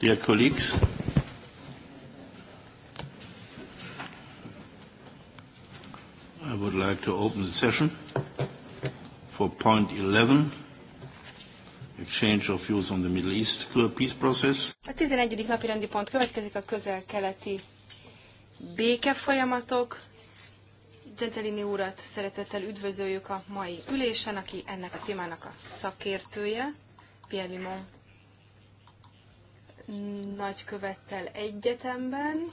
Dear colleagues, I would like to open the session for point 11, exchange of views on the Middle East peace process. A 11. napi rendi pont következik a közel-keleti békefolyamatok. Gentelini úrat szeretettel üdvözöljük a mai ülésen, aki ennek a témának a szakértője, Pierre Limon nagykövettel egyetemben,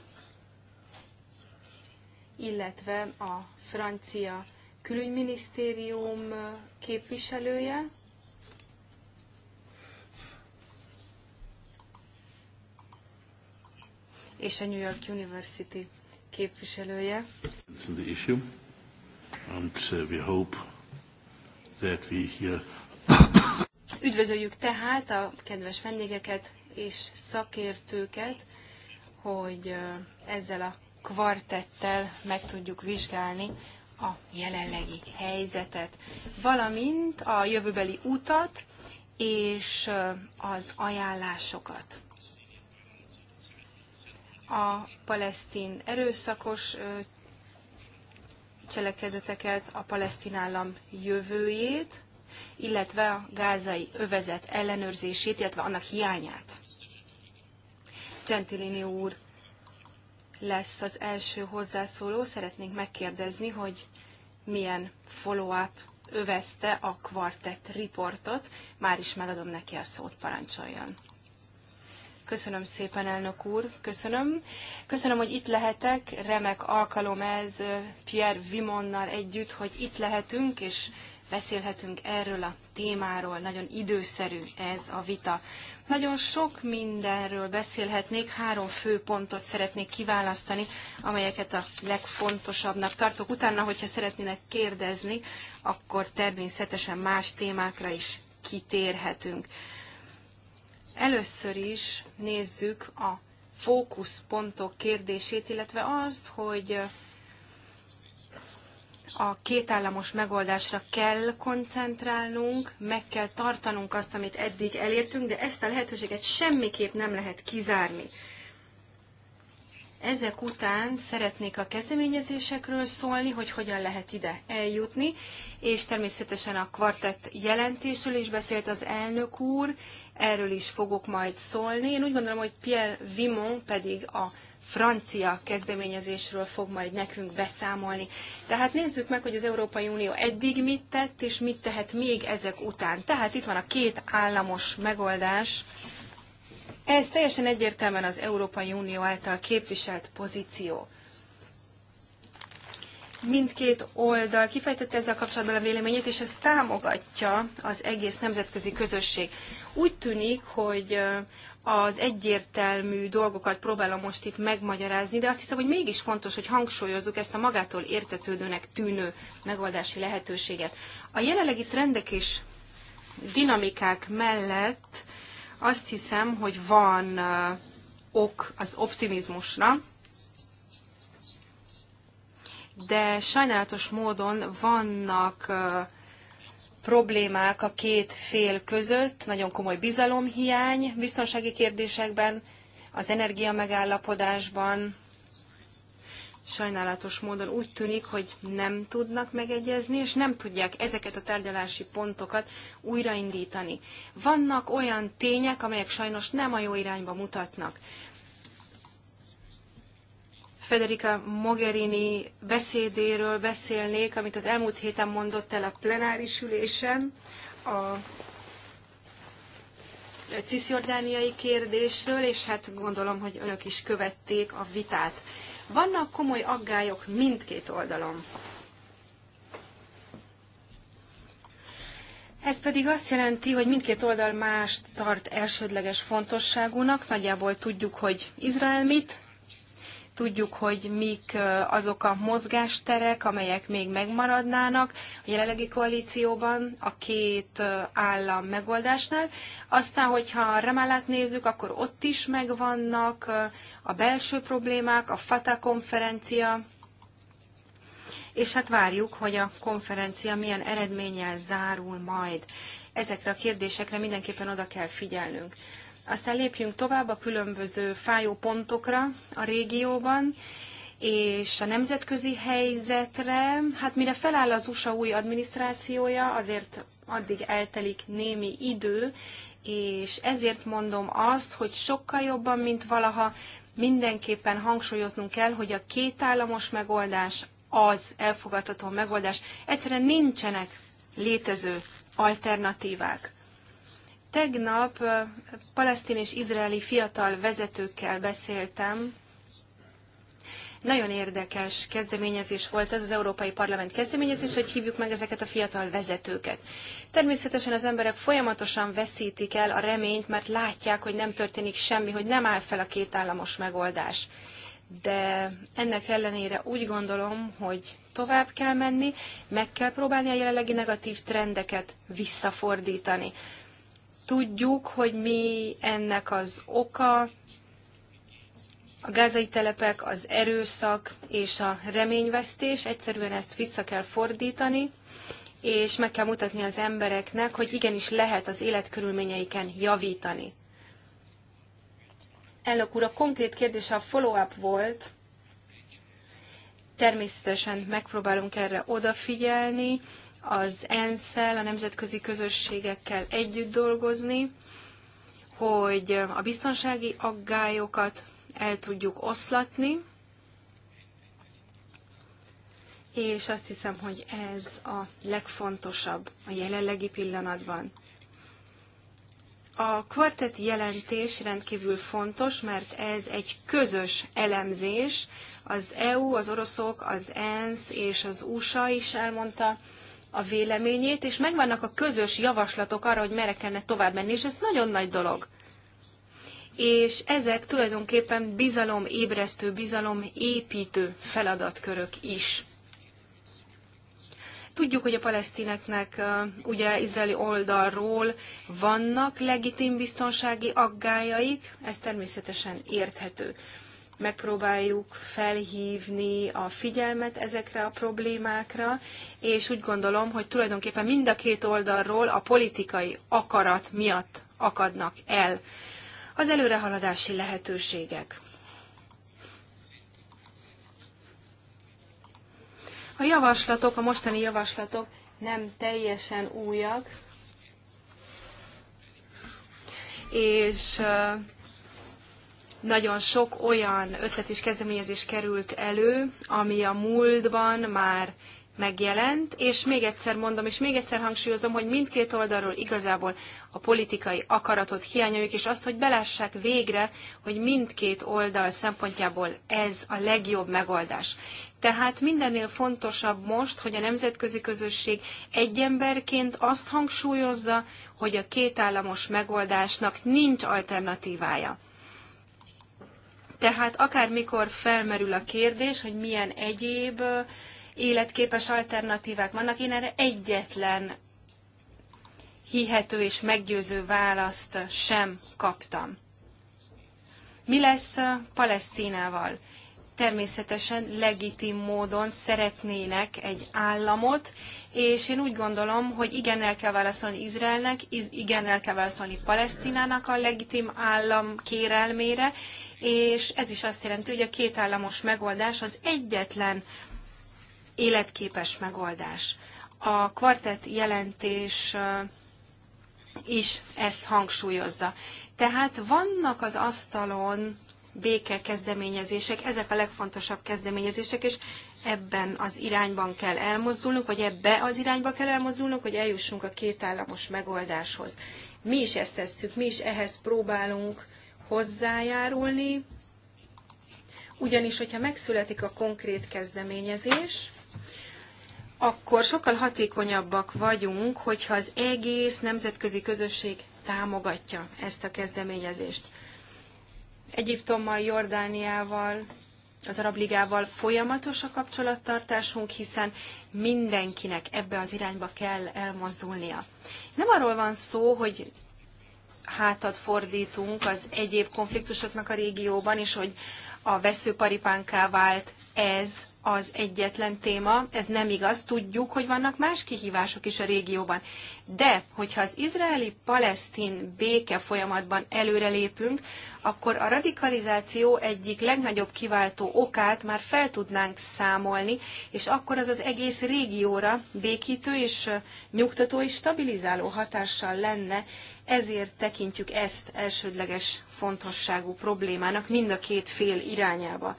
illetve a francia külügyminisztérium képviselője, és a New York University képviselője. It's the issue, and uh, we hope that we Üdvözöljük tehát a kedves vendégeket, és szakértőket, hogy ezzel a kvartettel meg tudjuk vizsgálni a jelenlegi helyzetet, valamint a jövőbeli utat és az ajánlásokat. A palesztin erőszakos cselekedeteket, a palesztin állam jövőjét, illetve a gázai övezet ellenőrzését, illetve annak hiányát. Gentilini úr lesz az első hozzászóló. Szeretnénk megkérdezni, hogy milyen follow-up övezte a kvartett riportot. Már is megadom neki a szót, parancsoljon. Köszönöm szépen, elnök úr, köszönöm. Köszönöm, hogy itt lehetek. Remek alkalom ez Pierre Vimonnal együtt, hogy itt lehetünk, és beszélhetünk erről a témáról. Nagyon időszerű ez a vita. Nagyon sok mindenről beszélhetnék, három fő pontot szeretnék kiválasztani, amelyeket a legfontosabbnak tartok. Utána, hogyha szeretnének kérdezni, akkor természetesen más témákra is kitérhetünk. Először is nézzük a fókuszpontok kérdését, illetve azt, hogy a kétállamos megoldásra kell koncentrálnunk, meg kell tartanunk azt, amit eddig elértünk, de ezt a lehetőséget semmiképp nem lehet kizárni. Ezek után szeretnék a kezdeményezésekről szólni, hogy hogyan lehet ide eljutni, és természetesen a kvartett jelentésről is beszélt az elnök úr, erről is fogok majd szólni. Én úgy gondolom, hogy Pierre Vimon pedig a francia kezdeményezésről fog majd nekünk beszámolni. Tehát nézzük meg, hogy az Európai Unió eddig mit tett, és mit tehet még ezek után. Tehát itt van a két államos megoldás, ez teljesen egyértelműen az Európai Unió által képviselt pozíció. Mindkét oldal kifejtette ezzel kapcsolatban a véleményét, és ezt támogatja az egész nemzetközi közösség. Úgy tűnik, hogy az egyértelmű dolgokat próbálom most itt megmagyarázni, de azt hiszem, hogy mégis fontos, hogy hangsúlyozzuk ezt a magától értetődőnek tűnő megoldási lehetőséget. A jelenlegi trendek és dinamikák mellett azt hiszem, hogy van ok az optimizmusra, de sajnálatos módon vannak problémák a két fél között, nagyon komoly bizalomhiány biztonsági kérdésekben, az energiamegállapodásban, sajnálatos módon úgy tűnik, hogy nem tudnak megegyezni, és nem tudják ezeket a tárgyalási pontokat újraindítani. Vannak olyan tények, amelyek sajnos nem a jó irányba mutatnak. Federica Mogherini beszédéről beszélnék, amit az elmúlt héten mondott el a plenáris ülésen a cisziordániai kérdésről, és hát gondolom, hogy önök is követték a vitát. Vannak komoly aggályok mindkét oldalon. Ez pedig azt jelenti, hogy mindkét oldal mást tart elsődleges fontosságúnak. Nagyjából tudjuk, hogy Izrael mit, tudjuk, hogy mik azok a mozgásterek, amelyek még megmaradnának a jelenlegi koalícióban a két állam megoldásnál. Aztán, hogyha Remálát nézzük, akkor ott is megvannak a belső problémák, a FATA konferencia, és hát várjuk, hogy a konferencia milyen eredménnyel zárul majd. Ezekre a kérdésekre mindenképpen oda kell figyelnünk. Aztán lépjünk tovább a különböző fájó pontokra a régióban, és a nemzetközi helyzetre, hát mire feláll az USA új adminisztrációja, azért addig eltelik némi idő, és ezért mondom azt, hogy sokkal jobban, mint valaha, mindenképpen hangsúlyoznunk kell, hogy a kétállamos megoldás az elfogadható megoldás. Egyszerűen nincsenek létező alternatívák. Tegnap palesztin és izraeli fiatal vezetőkkel beszéltem. Nagyon érdekes kezdeményezés volt ez az Európai Parlament kezdeményezés, hogy hívjuk meg ezeket a fiatal vezetőket. Természetesen az emberek folyamatosan veszítik el a reményt, mert látják, hogy nem történik semmi, hogy nem áll fel a kétállamos megoldás de ennek ellenére úgy gondolom, hogy tovább kell menni, meg kell próbálni a jelenlegi negatív trendeket visszafordítani. Tudjuk, hogy mi ennek az oka, a gázai telepek, az erőszak és a reményvesztés, egyszerűen ezt vissza kell fordítani, és meg kell mutatni az embereknek, hogy igenis lehet az életkörülményeiken javítani. Elnök úr, a konkrét kérdése a follow-up volt. Természetesen megpróbálunk erre odafigyelni, az ensz a nemzetközi közösségekkel együtt dolgozni, hogy a biztonsági aggályokat el tudjuk oszlatni, és azt hiszem, hogy ez a legfontosabb a jelenlegi pillanatban. A kvartett jelentés rendkívül fontos, mert ez egy közös elemzés. Az EU, az oroszok, az ENSZ és az USA is elmondta, a véleményét, és megvannak a közös javaslatok arra, hogy merre kellene tovább menni, és ez nagyon nagy dolog. És ezek tulajdonképpen bizalomébresztő, bizalomépítő feladatkörök is. Tudjuk, hogy a palesztineknek ugye izraeli oldalról vannak legitim biztonsági aggájaik, ez természetesen érthető megpróbáljuk felhívni a figyelmet ezekre a problémákra, és úgy gondolom, hogy tulajdonképpen mind a két oldalról a politikai akarat miatt akadnak el az előrehaladási lehetőségek. A javaslatok, a mostani javaslatok nem teljesen újak, és nagyon sok olyan ötlet és kezdeményezés került elő, ami a múltban már megjelent, és még egyszer mondom, és még egyszer hangsúlyozom, hogy mindkét oldalról igazából a politikai akaratot hiányoljuk, és azt, hogy belássák végre, hogy mindkét oldal szempontjából ez a legjobb megoldás. Tehát mindennél fontosabb most, hogy a nemzetközi közösség egy emberként azt hangsúlyozza, hogy a kétállamos megoldásnak nincs alternatívája. Tehát akármikor felmerül a kérdés, hogy milyen egyéb életképes alternatívák vannak, én erre egyetlen hihető és meggyőző választ sem kaptam. Mi lesz Palesztinával? természetesen legitim módon szeretnének egy államot, és én úgy gondolom, hogy igen, el kell válaszolni Izraelnek, igen, el kell válaszolni Palesztinának a legitim állam kérelmére, és ez is azt jelenti, hogy a két államos megoldás az egyetlen életképes megoldás. A kvartett jelentés is ezt hangsúlyozza. Tehát vannak az asztalon béke kezdeményezések, ezek a legfontosabb kezdeményezések, és ebben az irányban kell elmozdulnunk, vagy ebbe az irányba kell elmozdulnunk, hogy eljussunk a kétállamos megoldáshoz. Mi is ezt tesszük, mi is ehhez próbálunk hozzájárulni, ugyanis, hogyha megszületik a konkrét kezdeményezés, akkor sokkal hatékonyabbak vagyunk, hogyha az egész nemzetközi közösség támogatja ezt a kezdeményezést. Egyiptommal, Jordániával, az Arab Ligával folyamatos a kapcsolattartásunk, hiszen mindenkinek ebbe az irányba kell elmozdulnia. Nem arról van szó, hogy hátat fordítunk az egyéb konfliktusoknak a régióban, és hogy a veszőparipánká vált ez az egyetlen téma, ez nem igaz, tudjuk, hogy vannak más kihívások is a régióban. De, hogyha az izraeli-palesztin béke folyamatban előrelépünk, akkor a radikalizáció egyik legnagyobb kiváltó okát már fel tudnánk számolni, és akkor az az egész régióra békítő és nyugtató és stabilizáló hatással lenne, ezért tekintjük ezt elsődleges fontosságú problémának mind a két fél irányába.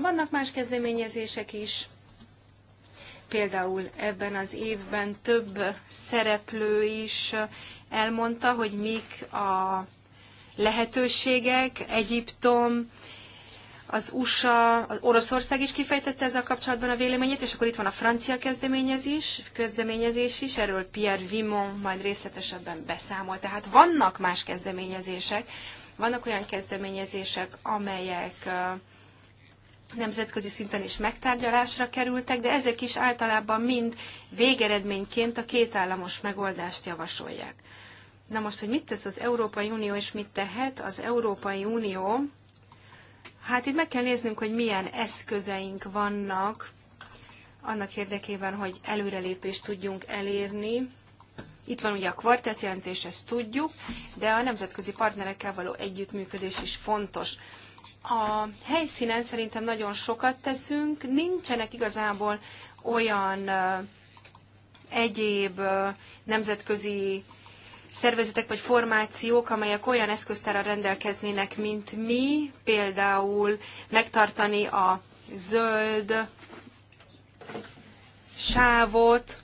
Vannak más kezdeményezések is, például ebben az évben több szereplő is elmondta, hogy mik a lehetőségek, Egyiptom, az USA, az Oroszország is kifejtette ezzel kapcsolatban a véleményét, és akkor itt van a francia kezdeményezés, közdeményezés is, erről Pierre Vimon majd részletesebben beszámol. Tehát vannak más kezdeményezések, vannak olyan kezdeményezések, amelyek uh, nemzetközi szinten is megtárgyalásra kerültek, de ezek is általában mind végeredményként a kétállamos megoldást javasolják. Na most, hogy mit tesz az Európai Unió, és mit tehet az Európai Unió? Hát itt meg kell néznünk, hogy milyen eszközeink vannak annak érdekében, hogy előrelépést tudjunk elérni. Itt van ugye a kvartett jelentés, ezt tudjuk, de a nemzetközi partnerekkel való együttműködés is fontos a helyszínen szerintem nagyon sokat teszünk, nincsenek igazából olyan egyéb nemzetközi szervezetek vagy formációk, amelyek olyan eszköztára rendelkeznének, mint mi, például megtartani a zöld sávot,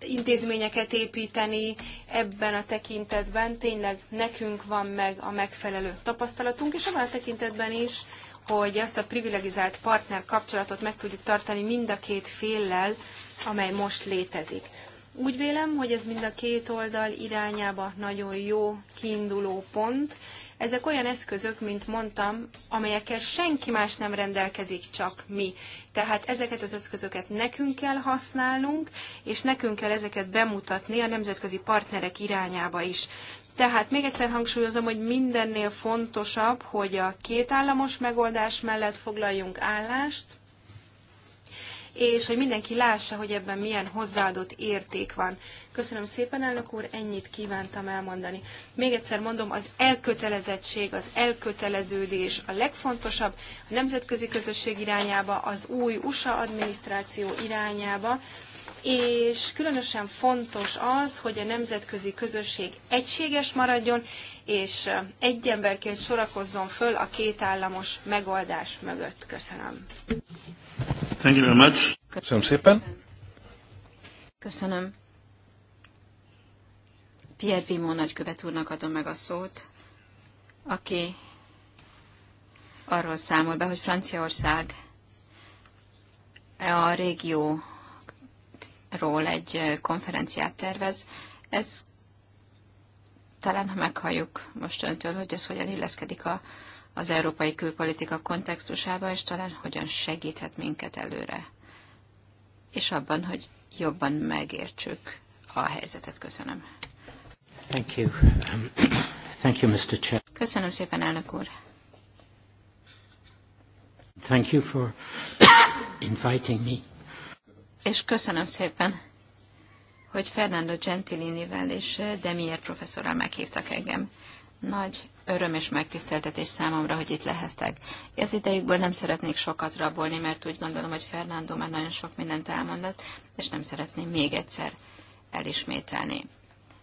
intézményeket építeni ebben a tekintetben. Tényleg nekünk van meg a megfelelő tapasztalatunk, és abban a tekintetben is, hogy ezt a privilegizált partner kapcsolatot meg tudjuk tartani mind a két féllel, amely most létezik. Úgy vélem, hogy ez mind a két oldal irányába nagyon jó kiinduló pont, ezek olyan eszközök, mint mondtam, amelyekkel senki más nem rendelkezik, csak mi. Tehát ezeket az eszközöket nekünk kell használnunk, és nekünk kell ezeket bemutatni a nemzetközi partnerek irányába is. Tehát még egyszer hangsúlyozom, hogy mindennél fontosabb, hogy a két államos megoldás mellett foglaljunk állást, és hogy mindenki lássa, hogy ebben milyen hozzáadott érték van. Köszönöm szépen, elnök úr, ennyit kívántam elmondani. Még egyszer mondom, az elkötelezettség, az elköteleződés a legfontosabb a nemzetközi közösség irányába, az új USA adminisztráció irányába, és különösen fontos az, hogy a nemzetközi közösség egységes maradjon, és egy emberként sorakozzon föl a kétállamos megoldás mögött. Köszönöm. Thank you very much. Köszönöm szépen. Köszönöm. Pierre Vimó nagykövet úrnak adom meg a szót, aki arról számol be, hogy Franciaország a régióról egy konferenciát tervez. Ez talán, ha meghalljuk most öntől, hogy ez hogyan illeszkedik a az európai külpolitika kontextusába, és talán hogyan segíthet minket előre. És abban, hogy jobban megértsük a helyzetet. Köszönöm. Thank you. Thank you, Mr. Chair. Köszönöm szépen, elnök úr. Thank you for inviting me. És köszönöm szépen, hogy Fernando Gentilinivel és Demier professzorral meghívtak engem. Nagy öröm és megtiszteltetés számomra, hogy itt lehetek. Ez idejükből nem szeretnék sokat rabolni, mert úgy gondolom, hogy Fernando már nagyon sok mindent elmondott, és nem szeretném még egyszer elismételni.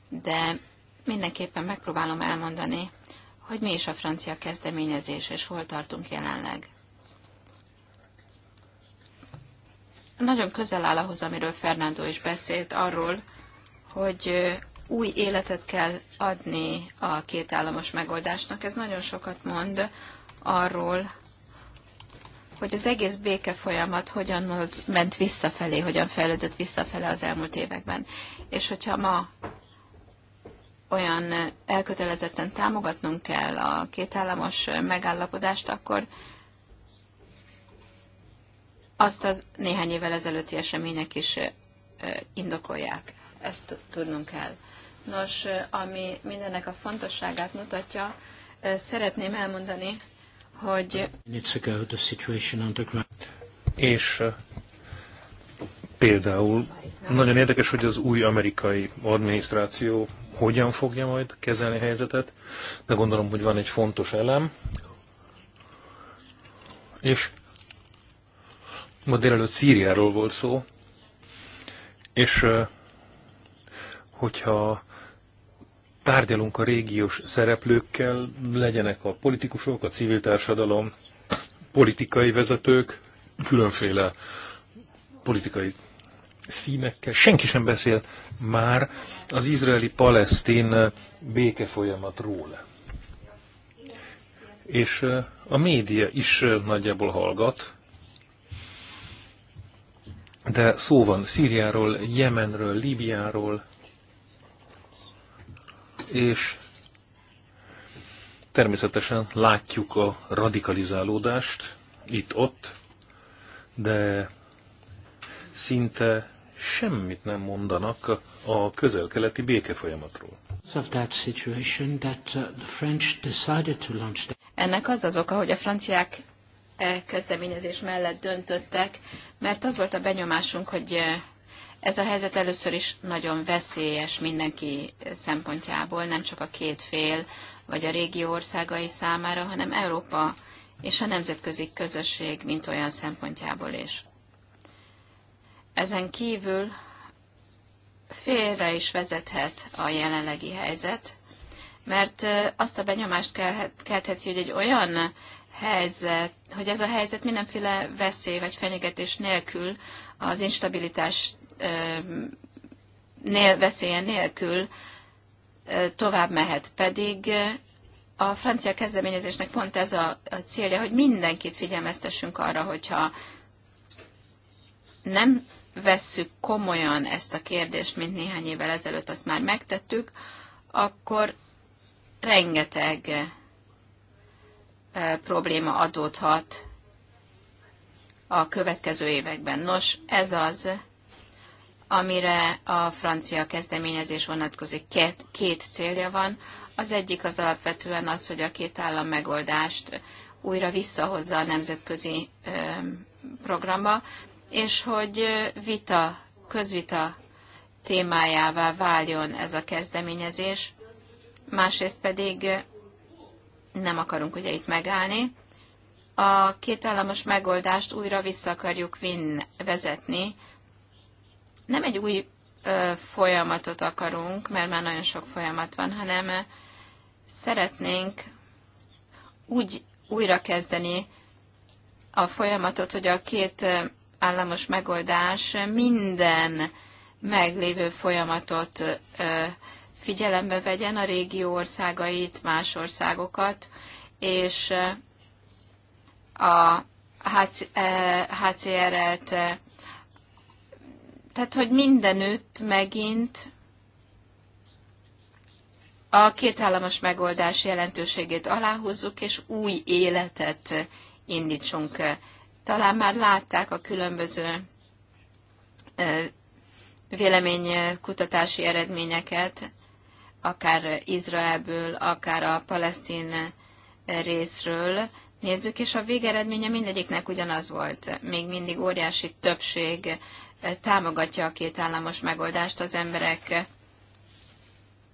De mindenképpen megpróbálom elmondani, hogy mi is a francia kezdeményezés, és hol tartunk jelenleg. Nagyon közel áll ahhoz, amiről Fernando is beszélt, arról, hogy új életet kell adni a két államos megoldásnak. Ez nagyon sokat mond arról, hogy az egész béke folyamat hogyan ment visszafelé, hogyan fejlődött visszafele az elmúlt években. És hogyha ma olyan elkötelezetten támogatnunk kell a kétállamos megállapodást, akkor azt az néhány évvel ezelőtti események is indokolják. Ezt tudnunk kell. Nos, ami mindennek a fontosságát mutatja, szeretném elmondani, hogy... És például nagyon érdekes, hogy az új amerikai adminisztráció hogyan fogja majd kezelni a helyzetet, de gondolom, hogy van egy fontos elem. És ma délelőtt Szíriáról volt szó, és hogyha tárgyalunk a régiós szereplőkkel, legyenek a politikusok, a civil társadalom, politikai vezetők, különféle politikai színekkel. Senki sem beszél már az izraeli-palesztin béke folyamatról. És eh, a média is eh, nagyjából hallgat, de szó van Szíriáról, Jemenről, Líbiáról, és természetesen látjuk a radikalizálódást itt-ott, de szinte semmit nem mondanak a közel-keleti békefolyamatról. Uh, Ennek az az oka, hogy a franciák e kezdeményezés mellett döntöttek, mert az volt a benyomásunk, hogy ez a helyzet először is nagyon veszélyes mindenki szempontjából, nem csak a két fél, vagy a régió országai számára, hanem Európa és a nemzetközi közösség, mint olyan szempontjából is. Ezen kívül félre is vezethet a jelenlegi helyzet, mert azt a benyomást keltheti, hogy egy olyan helyzet, hogy ez a helyzet mindenféle veszély vagy fenyegetés nélkül az instabilitás nél, veszélye nélkül tovább mehet. Pedig a francia kezdeményezésnek pont ez a, a célja, hogy mindenkit figyelmeztessünk arra, hogyha nem vesszük komolyan ezt a kérdést, mint néhány évvel ezelőtt azt már megtettük, akkor rengeteg probléma adódhat a következő években. Nos, ez az, amire a francia kezdeményezés vonatkozik. Két, két célja van. Az egyik az alapvetően az, hogy a két állam megoldást újra visszahozza a nemzetközi programba, és hogy vita, közvita témájává váljon ez a kezdeményezés. Másrészt pedig nem akarunk ugye itt megállni. A kétállamos megoldást újra vissza akarjuk vin, vezetni nem egy új folyamatot akarunk, mert már nagyon sok folyamat van, hanem szeretnénk úgy újrakezdeni a folyamatot, hogy a két államos megoldás minden meglévő folyamatot figyelembe vegyen, a régió országait, más országokat, és a HCR-et tehát, hogy mindenütt megint a kétállamos megoldás jelentőségét aláhúzzuk, és új életet indítsunk. Talán már látták a különböző véleménykutatási eredményeket, akár Izraelből, akár a palesztin részről. Nézzük, és a végeredménye mindegyiknek ugyanaz volt. Még mindig óriási többség támogatja a két államos megoldást az emberek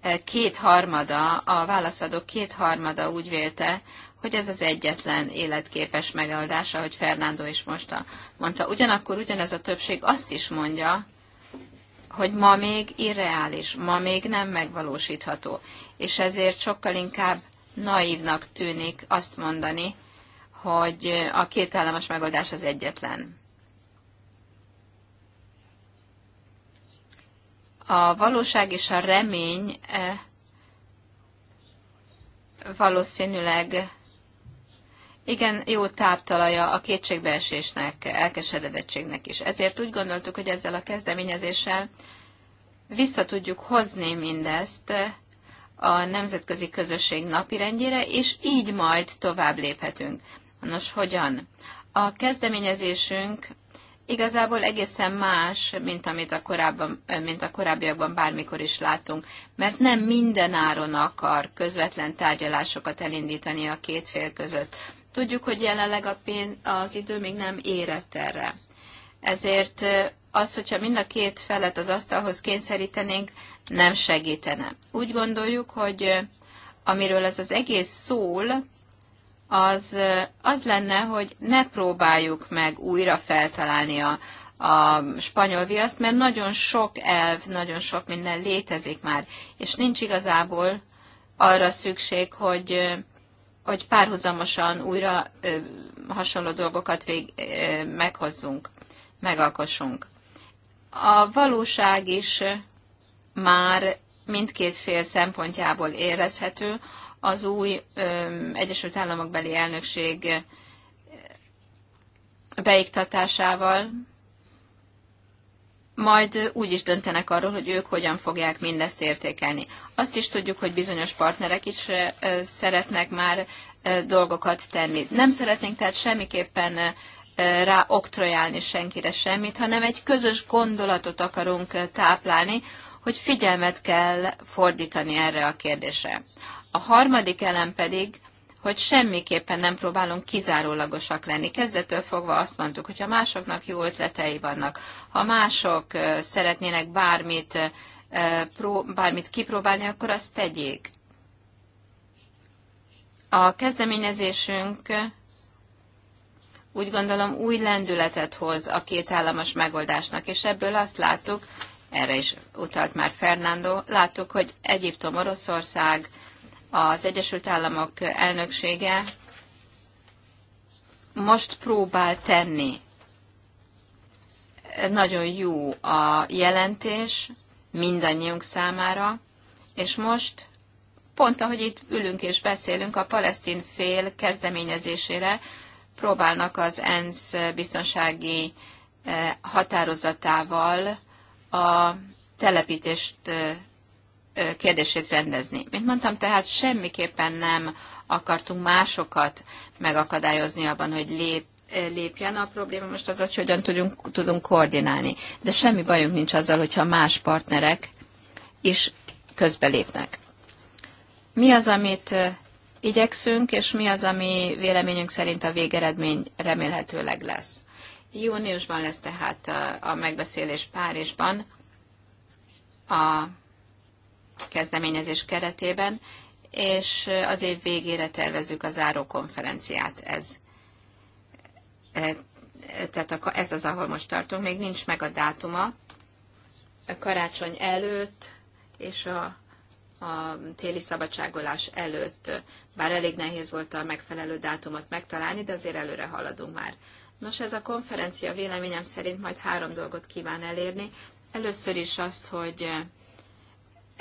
eh, kétharmada, a válaszadók kétharmada úgy vélte, hogy ez az egyetlen életképes megoldása, hogy Fernando is most mondta. Ugyanakkor ugyanez a többség azt is mondja, hogy ma még irreális, ma még nem megvalósítható, és ezért sokkal inkább naívnak tűnik azt mondani, hogy a kétállamos megoldás az egyetlen. a valóság és a remény eh, valószínűleg igen, jó táptalaja a kétségbeesésnek, elkeseredettségnek is. Ezért úgy gondoltuk, hogy ezzel a kezdeményezéssel vissza tudjuk hozni mindezt eh, a nemzetközi közösség napirendjére, és így majd tovább léphetünk. Nos, hogyan? A kezdeményezésünk igazából egészen más, mint amit a, korábban, mint a korábbiakban bármikor is látunk, mert nem minden áron akar közvetlen tárgyalásokat elindítani a két fél között. Tudjuk, hogy jelenleg a pénz, az idő még nem érett erre. Ezért az, hogyha mind a két felet az asztalhoz kényszerítenénk, nem segítene. Úgy gondoljuk, hogy amiről ez az egész szól, az, az lenne, hogy ne próbáljuk meg újra feltalálni a, a spanyol viaszt, mert nagyon sok elv, nagyon sok minden létezik már, és nincs igazából arra szükség, hogy, hogy párhuzamosan újra hasonló dolgokat vég, meghozzunk, megalkossunk. A valóság is már mindkét fél szempontjából érezhető, az új Egyesült Államok beli elnökség beiktatásával, majd úgy is döntenek arról, hogy ők hogyan fogják mindezt értékelni. Azt is tudjuk, hogy bizonyos partnerek is szeretnek már dolgokat tenni. Nem szeretnénk tehát semmiképpen rá oktrojálni senkire semmit, hanem egy közös gondolatot akarunk táplálni, hogy figyelmet kell fordítani erre a kérdésre. A harmadik elem pedig, hogy semmiképpen nem próbálunk kizárólagosak lenni. Kezdetől fogva azt mondtuk, hogy ha másoknak jó ötletei vannak, ha mások szeretnének bármit, bármit kipróbálni, akkor azt tegyék. A kezdeményezésünk úgy gondolom új lendületet hoz a két államos megoldásnak, és ebből azt láttuk, erre is utalt már Fernando, láttuk, hogy Egyiptom, Oroszország, az Egyesült Államok elnöksége most próbál tenni. Nagyon jó a jelentés mindannyiunk számára, és most pont ahogy itt ülünk és beszélünk, a palesztin fél kezdeményezésére próbálnak az ENSZ biztonsági eh, határozatával a telepítést eh, kérdését rendezni. Mint mondtam, tehát semmiképpen nem akartunk másokat megakadályozni abban, hogy lép, lépjen. A probléma most az, hogy hogyan tudunk, tudunk koordinálni. De semmi bajunk nincs azzal, hogyha más partnerek is közbelépnek. Mi az, amit igyekszünk, és mi az, ami véleményünk szerint a végeredmény remélhetőleg lesz. Júniusban lesz tehát a megbeszélés Párizsban a kezdeményezés keretében, és az év végére tervezzük a záró konferenciát. Ez, e, tehát ez az, ahol most tartunk. Még nincs meg a dátuma. A karácsony előtt és a, a téli szabadságolás előtt, bár elég nehéz volt a megfelelő dátumot megtalálni, de azért előre haladunk már. Nos, ez a konferencia véleményem szerint majd három dolgot kíván elérni. Először is azt, hogy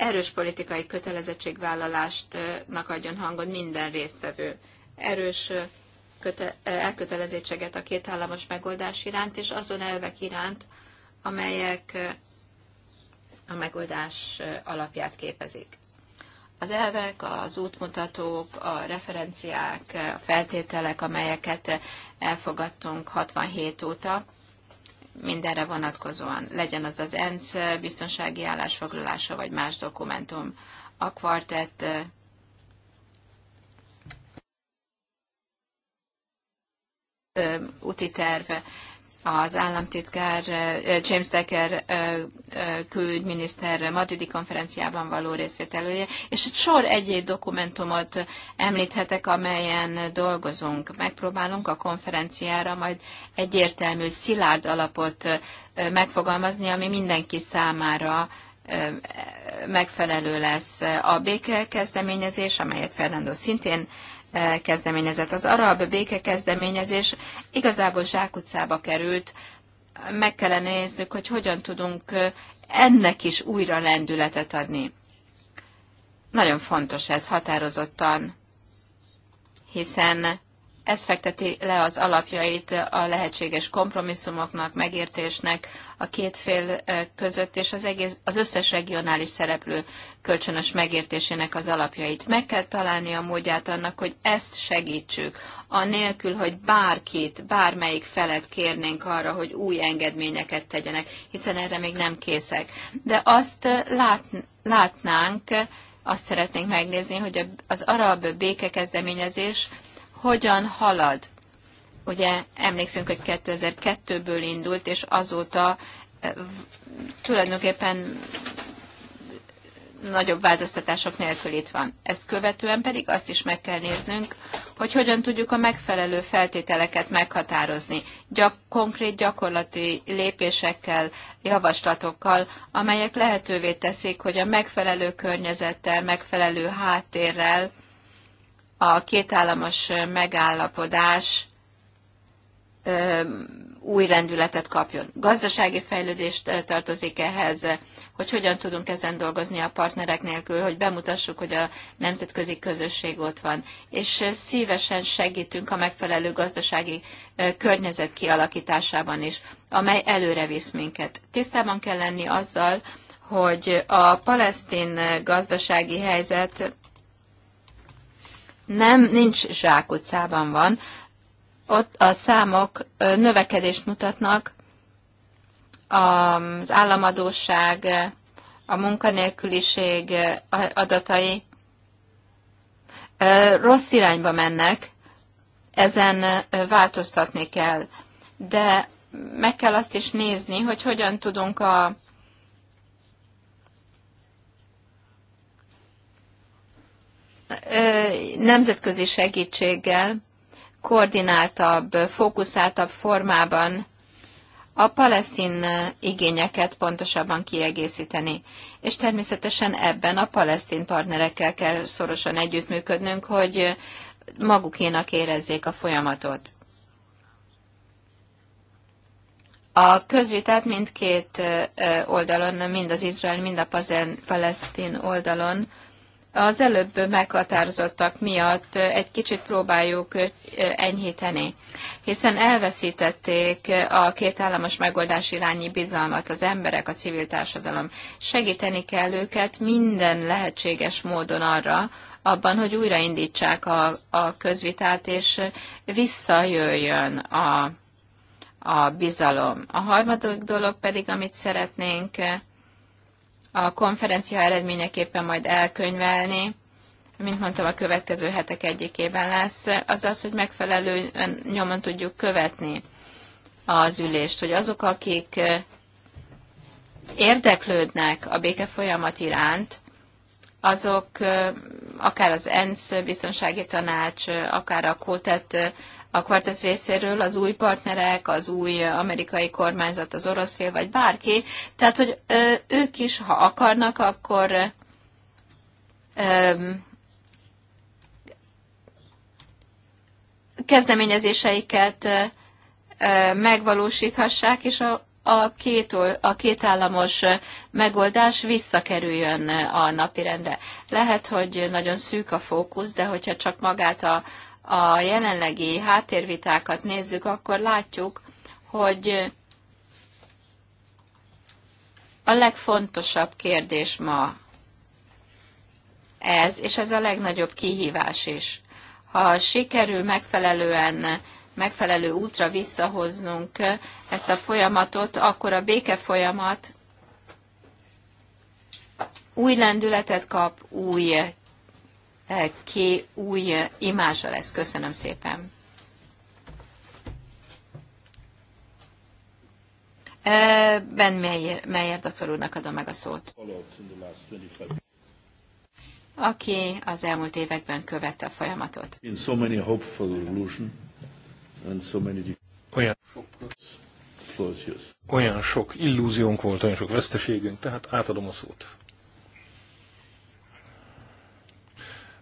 erős politikai kötelezettségvállalástnak adjon hangot minden résztvevő. Erős köte- elkötelezettséget a kétállamos megoldás iránt, és azon elvek iránt, amelyek a megoldás alapját képezik. Az elvek, az útmutatók, a referenciák, a feltételek, amelyeket elfogadtunk 67 óta, mindenre vonatkozóan, legyen az az ENSZ biztonsági állásfoglalása, vagy más dokumentum. A kvartett úti terve az államtitkár James Decker külügyminiszter madridi konferenciában való részvételője, és egy sor egyéb dokumentumot említhetek, amelyen dolgozunk. Megpróbálunk a konferenciára majd egyértelmű, szilárd alapot megfogalmazni, ami mindenki számára megfelelő lesz a békekezdeményezés, amelyet Fernando szintén E, kezdeményezett. Az arab béke kezdeményezés igazából zsákutcába került. Meg kellene néznünk, hogy hogyan tudunk e, ennek is újra lendületet adni. Nagyon fontos ez határozottan, hiszen ez fekteti le az alapjait a lehetséges kompromisszumoknak, megértésnek a két fél e, között, és az, egész, az összes regionális szereplő kölcsönös megértésének az alapjait. Meg kell találni a módját annak, hogy ezt segítsük, anélkül, hogy bárkit, bármelyik felet kérnénk arra, hogy új engedményeket tegyenek, hiszen erre még nem készek. De azt eh, lát, látnánk, azt szeretnénk megnézni, hogy az arab békekezdeményezés hogyan halad. Ugye emlékszünk, hogy 2002-ből indult, és azóta eh, tulajdonképpen nagyobb változtatások nélkül itt van. Ezt követően pedig azt is meg kell néznünk, hogy hogyan tudjuk a megfelelő feltételeket meghatározni, gyak, konkrét gyakorlati lépésekkel, javaslatokkal, amelyek lehetővé teszik, hogy a megfelelő környezettel, megfelelő háttérrel a kétállamos megállapodás új rendületet kapjon. Gazdasági fejlődést tartozik ehhez, hogy hogyan tudunk ezen dolgozni a partnerek nélkül, hogy bemutassuk, hogy a nemzetközi közösség ott van. És szívesen segítünk a megfelelő gazdasági környezet kialakításában is, amely előre visz minket. Tisztában kell lenni azzal, hogy a palesztin gazdasági helyzet nem, nincs zsákutcában van, ott a számok növekedést mutatnak, az államadóság, a munkanélküliség adatai rossz irányba mennek, ezen változtatni kell. De meg kell azt is nézni, hogy hogyan tudunk a nemzetközi segítséggel koordináltabb, fókuszáltabb formában a palesztin eh, igényeket pontosabban kiegészíteni. És természetesen ebben a palesztin partnerekkel kell szorosan együttműködnünk, hogy eh, magukénak érezzék a folyamatot. A közvitát mindkét eh, oldalon, mind az izrael, mind a palesztin oldalon az előbb meghatározottak miatt egy kicsit próbáljuk enyhíteni, hiszen elveszítették a két államos megoldás irányi bizalmat az emberek, a civil társadalom. Segíteni kell őket minden lehetséges módon arra, abban, hogy újraindítsák a, a közvitát, és visszajöjjön a, a bizalom. A harmadik dolog pedig, amit szeretnénk a konferencia eredményeképpen majd elkönyvelni, mint mondtam, a következő hetek egyikében lesz, az az, hogy megfelelő nyomon tudjuk követni az ülést, hogy azok, akik érdeklődnek a béke folyamat iránt, azok akár az ENSZ biztonsági tanács, akár a KOTET a kvartet részéről az új partnerek, az új amerikai kormányzat, az orosz fél, vagy bárki. Tehát, hogy ők is, ha akarnak, akkor kezdeményezéseiket megvalósíthassák, és a, a, két, a államos megoldás visszakerüljön a napirendre. Lehet, hogy nagyon szűk a fókusz, de hogyha csak magát a, a jelenlegi háttérvitákat nézzük, akkor látjuk, hogy a legfontosabb kérdés ma ez, és ez a legnagyobb kihívás is. Ha sikerül megfelelően, megfelelő útra visszahoznunk ezt a folyamatot, akkor a béke folyamat új lendületet kap, új ki új imázsa lesz. Köszönöm szépen. Ben Meyer, Meyer doktor úrnak adom meg a szót. Aki az elmúlt években követte a folyamatot. olyan sok illúziónk volt, olyan sok veszteségünk, tehát átadom a szót.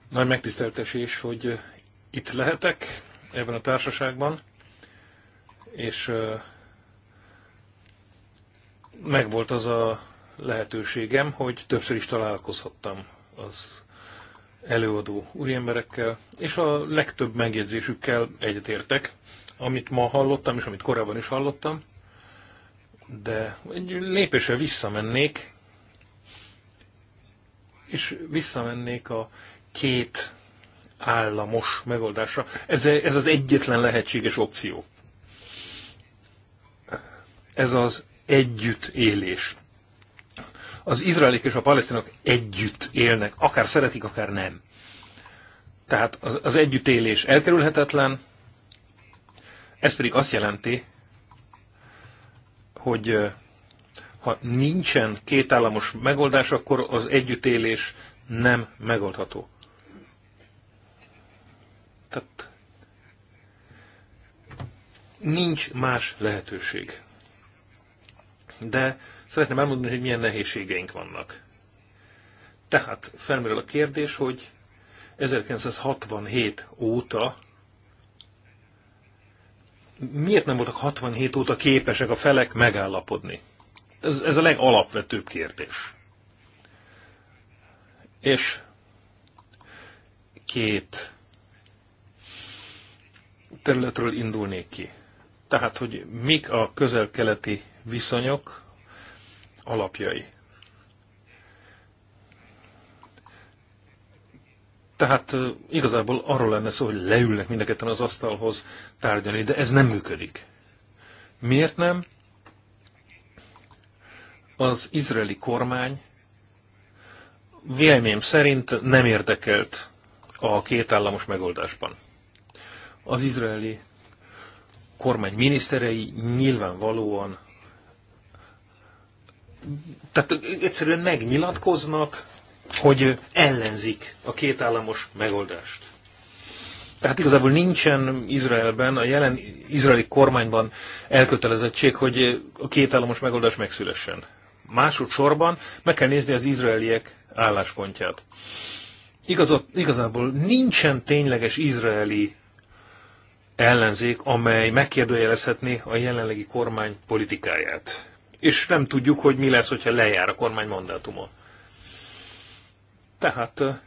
Nagy megtiszteltetés, hogy itt lehetek ebben a társaságban, és megvolt az a lehetőségem, hogy többször is találkozhattam az előadó úriemberekkel, és a legtöbb megjegyzésükkel egyetértek, amit ma hallottam, és amit korábban is hallottam, de egy lépésre visszamennék, és visszamennék a két államos megoldásra. Ez, ez az egyetlen lehetséges opció. Ez az együttélés. Az izraelik és a palesztinok együtt élnek, akár szeretik, akár nem. Tehát az, az együttélés elkerülhetetlen, ez pedig azt jelenti, hogy ha nincsen kétállamos megoldás, akkor az együttélés nem megoldható. Tehát nincs más lehetőség. De szeretném elmondani, hogy milyen nehézségeink vannak. Tehát felmerül a kérdés, hogy 1967 óta miért nem voltak 67 óta képesek a felek megállapodni? Ez, ez a legalapvetőbb kérdés. És két területről indulnék ki. Tehát, hogy mik a közel-keleti viszonyok alapjai. Tehát igazából arról lenne szó, hogy leülnek mindenketten az asztalhoz tárgyalni, de ez nem működik. Miért nem? Az izraeli kormány véleményem szerint nem érdekelt a két államos megoldásban. Az izraeli kormány miniszterei nyilvánvalóan tehát egyszerűen megnyilatkoznak, hogy ellenzik a kétállamos megoldást. Tehát igazából nincsen Izraelben, a jelen izraeli kormányban elkötelezettség, hogy a kétállamos megoldás megszülessen. Másodszorban meg kell nézni az izraeliek álláspontját. igazából nincsen tényleges izraeli ellenzék, amely megkérdőjelezhetné a jelenlegi kormány politikáját. És nem tudjuk, hogy mi lesz, hogyha lejár a kormány mandátuma. Tehát eh,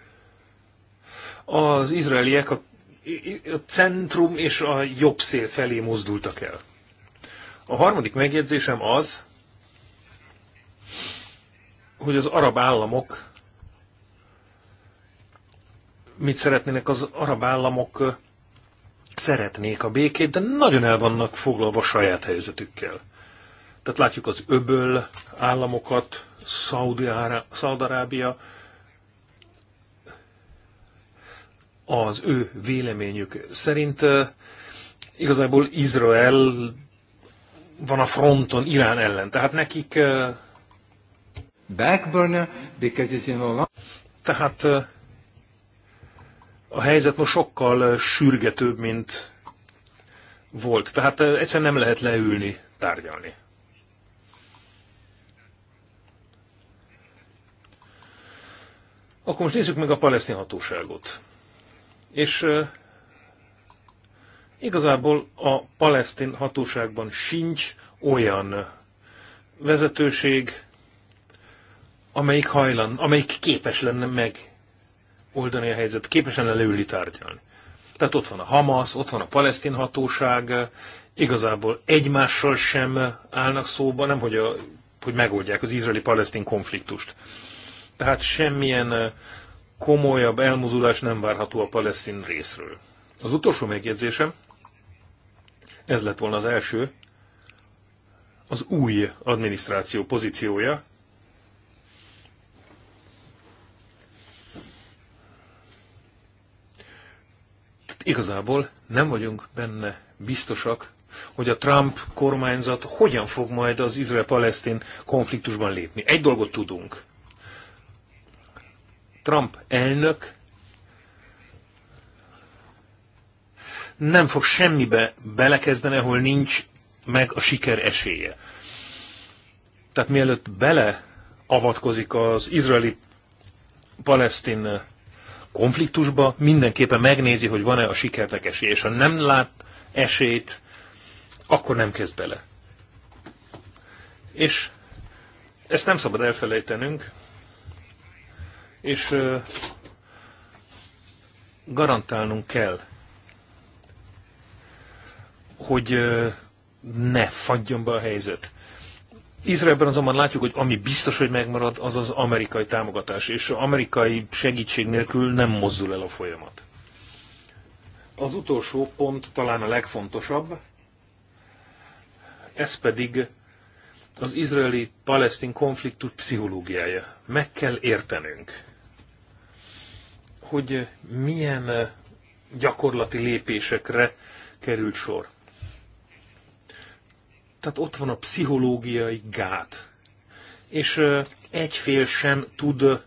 az izraeliek a, a centrum és a jobb szél felé mozdultak el. A harmadik megjegyzésem az, hogy az arab államok mit szeretnének az arab államok eh, szeretnék a békét, de nagyon el vannak foglalva a saját helyzetükkel. Tehát látjuk az öböl államokat, Szaudarábia, az ő véleményük szerint eh, igazából Izrael van a fronton Irán ellen. Tehát nekik... Eh, Backburner, because it's in Tehát eh, a helyzet most sokkal sürgetőbb, mint volt. Tehát egyszerűen nem lehet leülni, tárgyalni. Akkor most nézzük meg a palesztin hatóságot. És e, igazából a palesztin hatóságban sincs olyan vezetőség, amelyik hajlan, amelyik képes lenne meg oldani a helyzet, képesen leülni tárgyalni. Tehát ott van a Hamas, ott van a palesztin hatóság, igazából egymással sem állnak szóba, nem hogy, a, hogy megoldják az izraeli-palesztin konfliktust. Tehát semmilyen komolyabb elmozulás nem várható a palesztin részről. Az utolsó megjegyzésem, ez lett volna az első, az új adminisztráció pozíciója, igazából nem vagyunk benne biztosak, hogy a Trump kormányzat hogyan fog majd az Izrael-Palesztin konfliktusban lépni. Egy dolgot tudunk. Trump elnök nem fog semmibe belekezdeni, ahol nincs meg a siker esélye. Tehát mielőtt beleavatkozik az izraeli palesztin konfliktusba, mindenképpen megnézi, hogy van-e a sikertek esély, és ha nem lát esélyt, akkor nem kezd bele. És ezt nem szabad elfelejtenünk, és garantálnunk kell, hogy ne fagyjon be a helyzet. Izraelben azonban látjuk, hogy ami biztos, hogy megmarad, az az amerikai támogatás, és az amerikai segítség nélkül nem mozdul el a folyamat. Az utolsó pont talán a legfontosabb, ez pedig az izraeli-palesztin konfliktus pszichológiája. Meg kell értenünk, hogy milyen gyakorlati lépésekre került sor. Tehát ott van a pszichológiai gát. És egyfél sem tud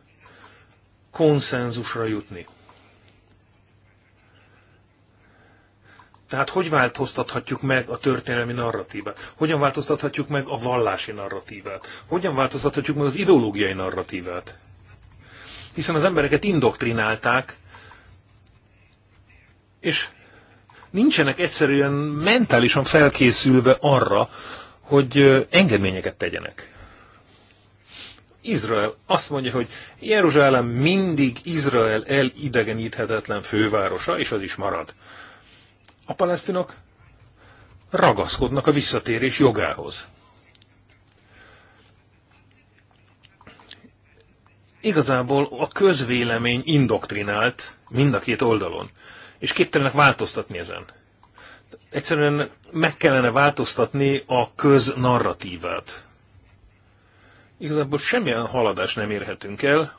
konszenzusra jutni. Tehát hogy változtathatjuk meg a történelmi narratívát? Hogyan változtathatjuk meg a vallási narratívát? Hogyan változtathatjuk meg az ideológiai narratívát? Hiszen az embereket indoktrinálták, és nincsenek egyszerűen mentálisan felkészülve arra, hogy engedményeket tegyenek. Izrael azt mondja, hogy Jeruzsálem mindig Izrael elidegeníthetetlen fővárosa, és az is marad. A palesztinok ragaszkodnak a visszatérés jogához. Igazából a közvélemény indoktrinált mind a két oldalon és képtelenek változtatni ezen. Egyszerűen meg kellene változtatni a köznarratívát. Igazából semmilyen haladás nem érhetünk el,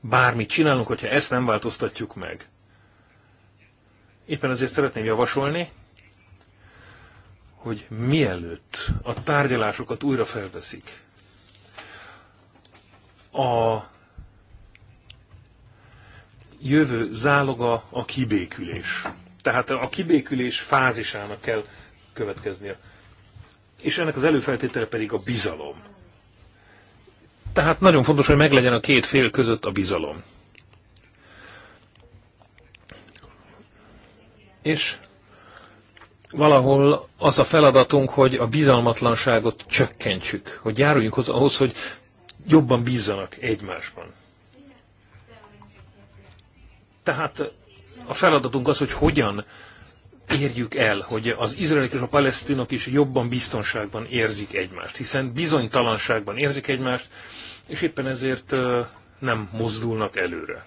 bármit csinálunk, hogyha ezt nem változtatjuk meg. Éppen ezért szeretném javasolni, hogy mielőtt a tárgyalásokat újra felveszik, a jövő záloga a kibékülés. Tehát a kibékülés fázisának kell következnie. És ennek az előfeltétele pedig a bizalom. Tehát nagyon fontos, hogy meglegyen a két fél között a bizalom. És valahol az a feladatunk, hogy a bizalmatlanságot csökkentsük, hogy járuljunk ahhoz, hogy jobban bízzanak egymásban. Tehát a feladatunk az, hogy hogyan érjük el, hogy az izraelek és a palesztinok is jobban biztonságban érzik egymást, hiszen bizonytalanságban érzik egymást, és éppen ezért nem mozdulnak előre.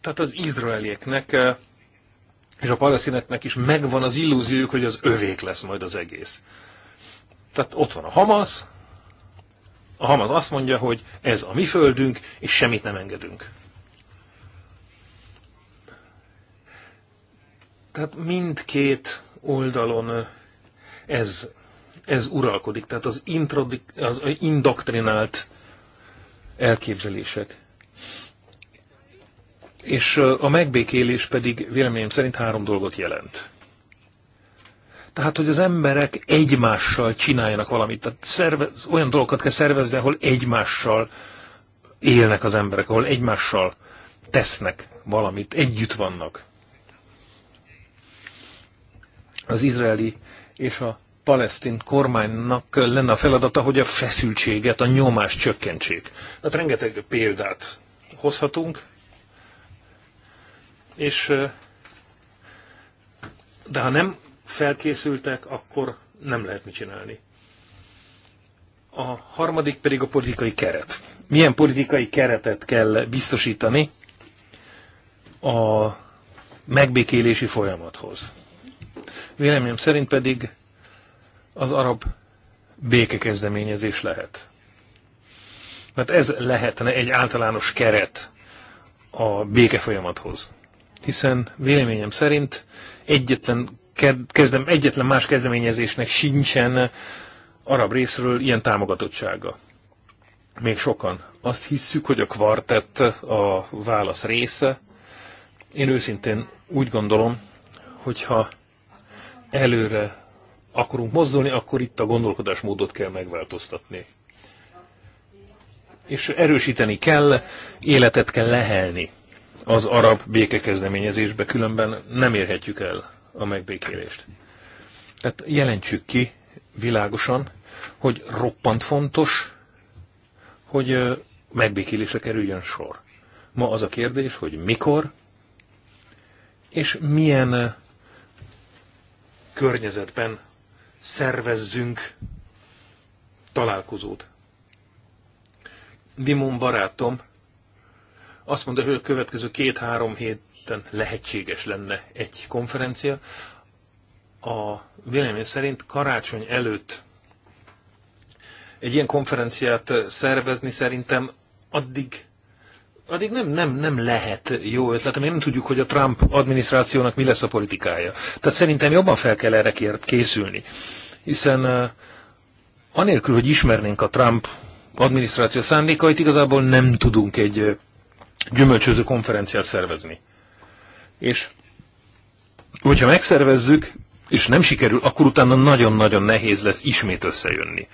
Tehát az izraelieknek és a palesztineknek is megvan az illúziójuk, hogy az övék lesz majd az egész. Tehát ott van a Hamas, a Hamas azt mondja, hogy ez a mi földünk, és semmit nem engedünk. Tehát mindkét oldalon ez, ez uralkodik, tehát az, introdik, az indoktrinált elképzelések. És a megbékélés pedig véleményem szerint három dolgot jelent. Tehát, hogy az emberek egymással csináljanak valamit. Tehát szervez, olyan dolgokat kell szervezni, ahol egymással élnek az emberek, ahol egymással tesznek valamit, együtt vannak. Az izraeli és a palesztin kormánynak lenne a feladata, hogy a feszültséget, a nyomást csökkentsék. Hát rengeteg példát hozhatunk, és de ha nem felkészültek, akkor nem lehet mit csinálni. A harmadik pedig a politikai keret. Milyen politikai keretet kell biztosítani a megbékélési folyamathoz? Véleményem szerint pedig az arab békekezdeményezés lehet. Mert ez lehetne egy általános keret a béke folyamathoz. Hiszen véleményem szerint egyetlen kezdem, egyetlen más kezdeményezésnek sincsen arab részről ilyen támogatottsága. Még sokan. Azt hisszük, hogy a kvartett a válasz része. Én őszintén úgy gondolom, hogyha előre akarunk mozdulni, akkor itt a gondolkodásmódot kell megváltoztatni. És erősíteni kell, életet kell lehelni az arab békekezdeményezésbe, különben nem érhetjük el a megbékélést. Tehát jelentsük ki világosan, hogy roppant fontos, hogy megbékélésre kerüljön sor. Ma az a kérdés, hogy mikor, és milyen környezetben szervezzünk találkozót. Dimon barátom azt mondta, hogy a következő két-három hét területen lehetséges lenne egy konferencia. A vélemény szerint karácsony előtt egy ilyen konferenciát szervezni szerintem addig addig nem, nem, nem lehet jó ötlet, mert nem tudjuk, hogy a Trump adminisztrációnak mi lesz a politikája. Tehát szerintem jobban fel kell erre készülni. Hiszen eh, anélkül, hogy ismernénk a Trump adminisztráció szándékait, igazából nem tudunk egy eh, gyümölcsöző konferenciát szervezni. És hogyha megszervezzük, és nem sikerül, akkor utána nagyon-nagyon nehéz lesz ismét összejönni.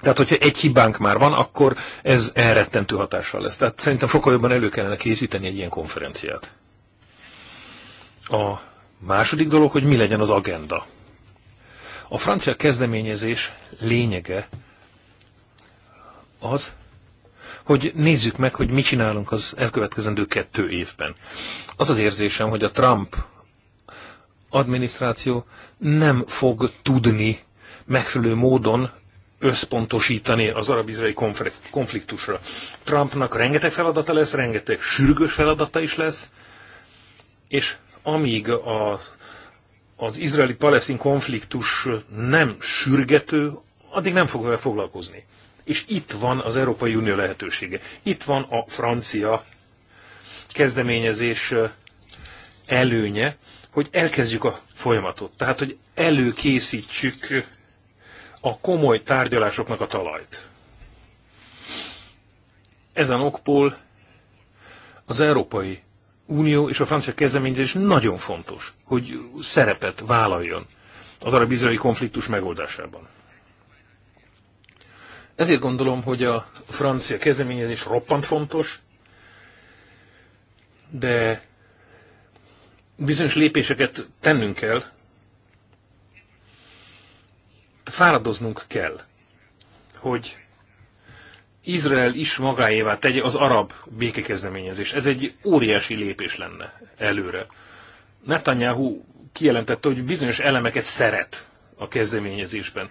Tehát, hogyha egy hibánk már van, akkor ez elrettentő hatással lesz. Tehát szerintem sokkal jobban elő kellene készíteni egy ilyen konferenciát. A második dolog, hogy mi legyen az agenda. A francia kezdeményezés lényege az, hogy nézzük meg, hogy mit csinálunk az elkövetkezendő kettő évben. Az az érzésem, hogy a Trump adminisztráció nem fog tudni megfelelő módon összpontosítani az arab-izraeli konfliktusra. Trumpnak rengeteg feladata lesz, rengeteg sürgős feladata is lesz, és amíg az, az izraeli-palesztin konfliktus nem sürgető, addig nem fog vele foglalkozni. És itt van az Európai Unió lehetősége. Itt van a francia kezdeményezés előnye, hogy elkezdjük a folyamatot. Tehát, hogy előkészítsük a komoly tárgyalásoknak a talajt. Ezen okból az Európai Unió és a francia kezdeményezés nagyon fontos, hogy szerepet vállaljon az arab-izraeli konfliktus megoldásában. Ezért gondolom, hogy a francia kezdeményezés roppant fontos, de bizonyos lépéseket tennünk kell, fáradoznunk kell, hogy Izrael is magáévá tegye az arab békekezdeményezés. Ez egy óriási lépés lenne előre. Netanyahu kijelentette, hogy bizonyos elemeket szeret a kezdeményezésben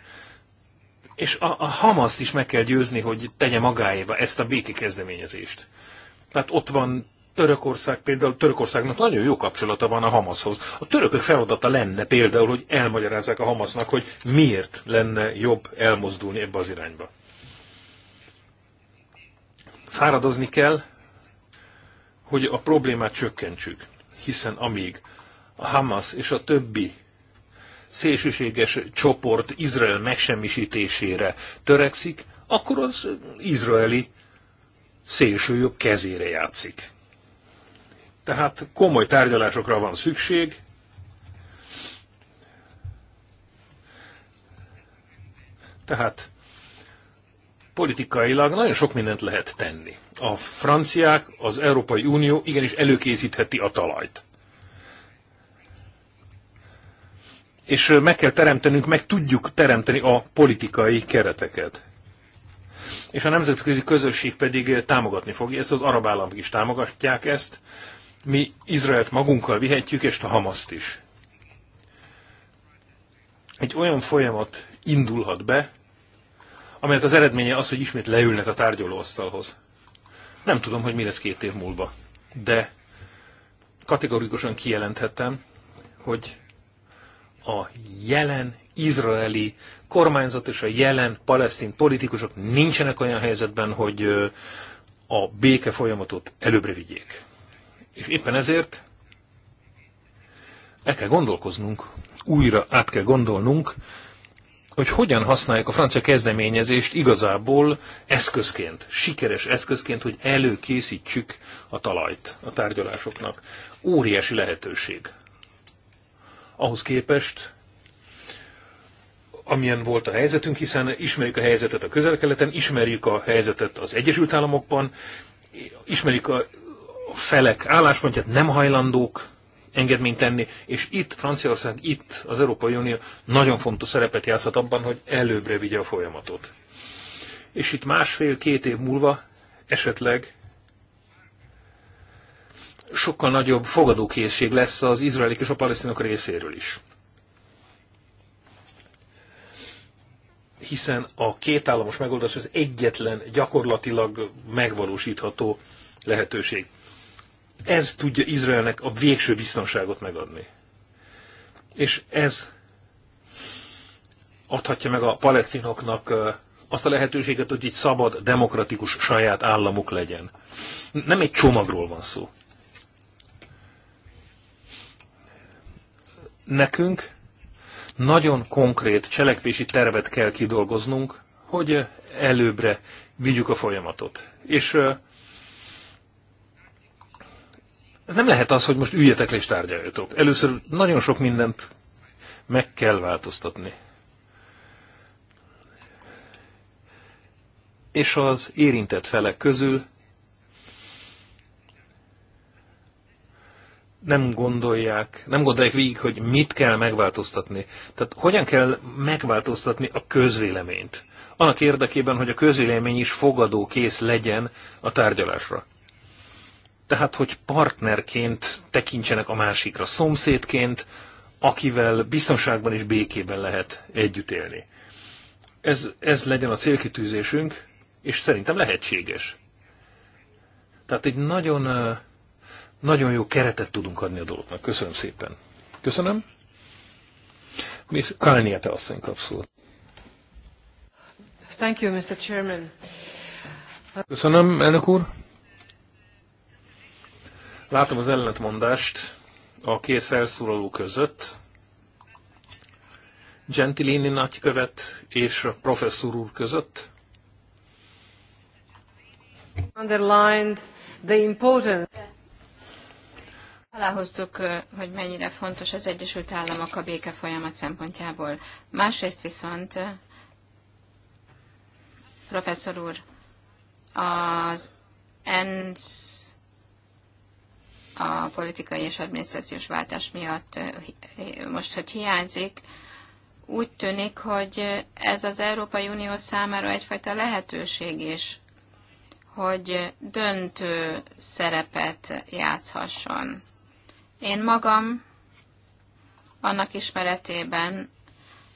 és a, a Hamaszt is meg kell győzni, hogy tegye magáéba ezt a béki kezdeményezést. Tehát ott van Törökország, például Törökországnak nagyon jó kapcsolata van a Hamaszhoz. A törökök feladata lenne például, hogy elmagyarázzák a Hamasznak, hogy miért lenne jobb elmozdulni ebbe az irányba. Fáradozni kell, hogy a problémát csökkentsük, hiszen amíg a Hamas és a többi szélsőséges csoport Izrael megsemmisítésére törekszik, akkor az izraeli szélsőjobb kezére játszik. Tehát komoly tárgyalásokra van szükség. Tehát politikailag nagyon sok mindent lehet tenni. A franciák, az Európai Unió igenis előkészítheti a talajt. és meg kell teremtenünk, meg tudjuk teremteni a politikai kereteket. És a nemzetközi közösség pedig támogatni fogja ezt, az arab államok is támogatják ezt, mi Izraelt magunkkal vihetjük, és a Hamaszt is. Egy olyan folyamat indulhat be, amelyek az eredménye az, hogy ismét leülnek a tárgyalóasztalhoz. Nem tudom, hogy mi lesz két év múlva, de kategorikusan kijelenthetem, hogy a jelen izraeli kormányzat és a jelen palesztin politikusok nincsenek olyan helyzetben, hogy a béke folyamatot előbbre vigyék. És éppen ezért el kell gondolkoznunk, újra át kell gondolnunk, hogy hogyan használják a francia kezdeményezést igazából eszközként, sikeres eszközként, hogy előkészítsük a talajt a tárgyalásoknak. Óriási lehetőség ahhoz képest, amilyen volt a helyzetünk, hiszen ismerjük a helyzetet a közel-keleten, ismerjük a helyzetet az Egyesült Államokban, ismerjük a felek álláspontját, nem hajlandók engedményt tenni, és itt Franciaország, itt az Európai Unió nagyon fontos szerepet játszhat abban, hogy előbbre vigye a folyamatot. És itt másfél-két év múlva esetleg sokkal nagyobb fogadókészség lesz az izraelik és a palesztinok részéről is. Hiszen a kétállamos megoldás az egyetlen gyakorlatilag megvalósítható lehetőség. Ez tudja Izraelnek a végső biztonságot megadni. És ez adhatja meg a palesztinoknak azt a lehetőséget, hogy egy szabad, demokratikus saját államuk legyen. Nem egy csomagról van szó. Nekünk nagyon konkrét cselekvési tervet kell kidolgoznunk, hogy előbbre vigyük a folyamatot. És ez nem lehet az, hogy most üljetek le és tárgyaljatok. Először nagyon sok mindent meg kell változtatni. És az érintett felek közül nem gondolják, nem gondolják végig, hogy mit kell megváltoztatni. Tehát hogyan kell megváltoztatni a közvéleményt. Annak érdekében, hogy a közvélemény is fogadó kész legyen a tárgyalásra. Tehát, hogy partnerként tekintsenek a másikra, szomszédként, akivel biztonságban és békében lehet együtt élni. Ez, ez legyen a célkitűzésünk, és szerintem lehetséges. Tehát egy nagyon nagyon jó keretet tudunk adni a dolognak. Köszönöm szépen. Köszönöm. Miss te asszony kap Thank you, Mr. Chairman. Köszönöm, elnök úr. Látom az ellentmondást a két felszólaló között. Gentilini nagykövet és a professzor úr között. Underlined the importance Aláhoztuk, hogy mennyire fontos az Egyesült Államok a béke folyamat szempontjából. Másrészt viszont, professzor úr, az ENSZ a politikai és adminisztrációs váltás miatt most, hogy hiányzik, úgy tűnik, hogy ez az Európai Unió számára egyfajta lehetőség is, hogy döntő szerepet játszhasson én magam annak ismeretében,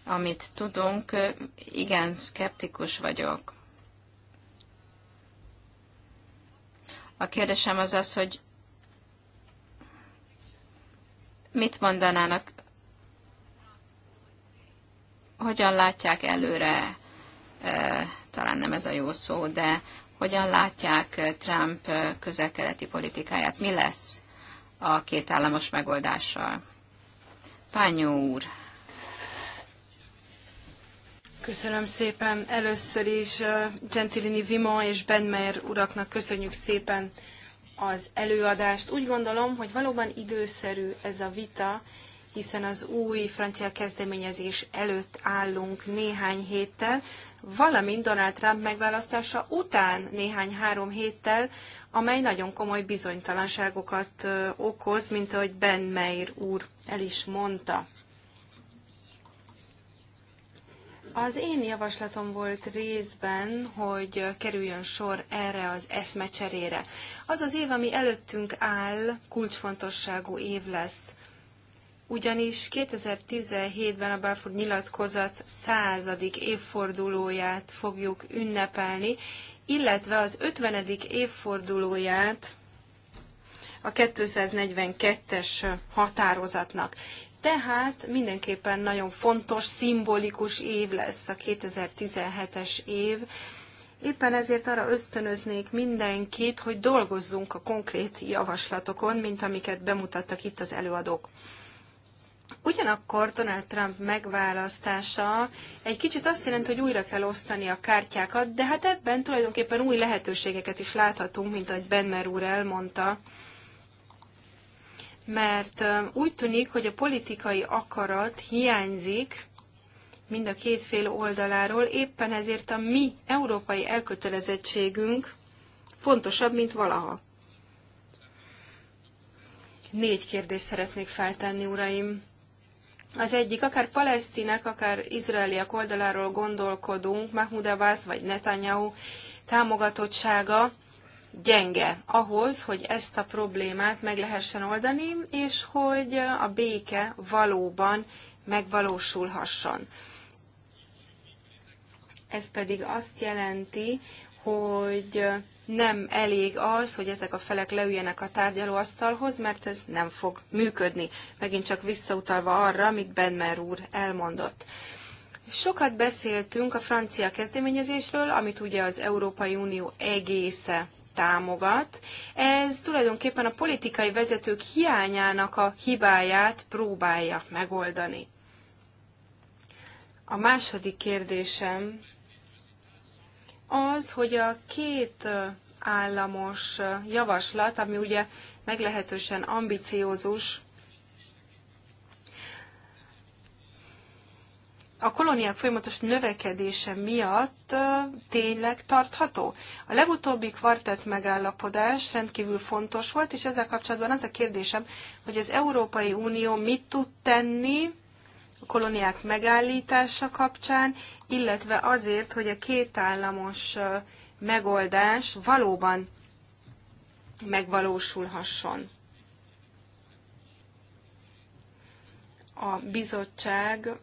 amit tudunk, igen, szkeptikus vagyok. A kérdésem az az, hogy mit mondanának, hogyan látják előre, talán nem ez a jó szó, de hogyan látják Trump közelkeleti politikáját, mi lesz? a két államos megoldással. Pányó úr! Köszönöm szépen. Először is uh, Gentilini Vima és Benmeyer uraknak köszönjük szépen az előadást. Úgy gondolom, hogy valóban időszerű ez a vita, hiszen az új francia kezdeményezés előtt állunk néhány héttel, valamint Donald Trump megválasztása után néhány három héttel, amely nagyon komoly bizonytalanságokat okoz, mint ahogy Ben Meir úr el is mondta. Az én javaslatom volt részben, hogy kerüljön sor erre az eszmecserére. Az az év, ami előttünk áll, kulcsfontosságú év lesz. Ugyanis 2017-ben a Balfour nyilatkozat századik évfordulóját fogjuk ünnepelni, illetve az 50. évfordulóját a 242-es határozatnak. Tehát mindenképpen nagyon fontos, szimbolikus év lesz a 2017-es év. Éppen ezért arra ösztönöznék mindenkit, hogy dolgozzunk a konkrét javaslatokon, mint amiket bemutattak itt az előadók. Ugyanakkor Donald Trump megválasztása egy kicsit azt jelenti, hogy újra kell osztani a kártyákat, de hát ebben tulajdonképpen új lehetőségeket is láthatunk, mint ahogy Mer úr elmondta. Mert úgy tűnik, hogy a politikai akarat hiányzik mind a két fél oldaláról, éppen ezért a mi európai elkötelezettségünk fontosabb, mint valaha. Négy kérdést szeretnék feltenni, uraim. Az egyik, akár palesztinek, akár izraeliek oldaláról gondolkodunk, Mahmoud Abbas vagy Netanyahu támogatottsága gyenge ahhoz, hogy ezt a problémát meg lehessen oldani, és hogy a béke valóban megvalósulhasson. Ez pedig azt jelenti, hogy nem elég az, hogy ezek a felek leüljenek a tárgyalóasztalhoz, mert ez nem fog működni. Megint csak visszautalva arra, amit Benmer úr elmondott. Sokat beszéltünk a francia kezdeményezésről, amit ugye az Európai Unió egésze támogat. Ez tulajdonképpen a politikai vezetők hiányának a hibáját próbálja megoldani. A második kérdésem az, hogy a két államos javaslat, ami ugye meglehetősen ambiciózus, a kolóniák folyamatos növekedése miatt tényleg tartható? A legutóbbi kvartett megállapodás rendkívül fontos volt, és ezzel kapcsolatban az a kérdésem, hogy az Európai Unió mit tud tenni kolóniák megállítása kapcsán, illetve azért, hogy a kétállamos megoldás valóban megvalósulhasson. A bizottság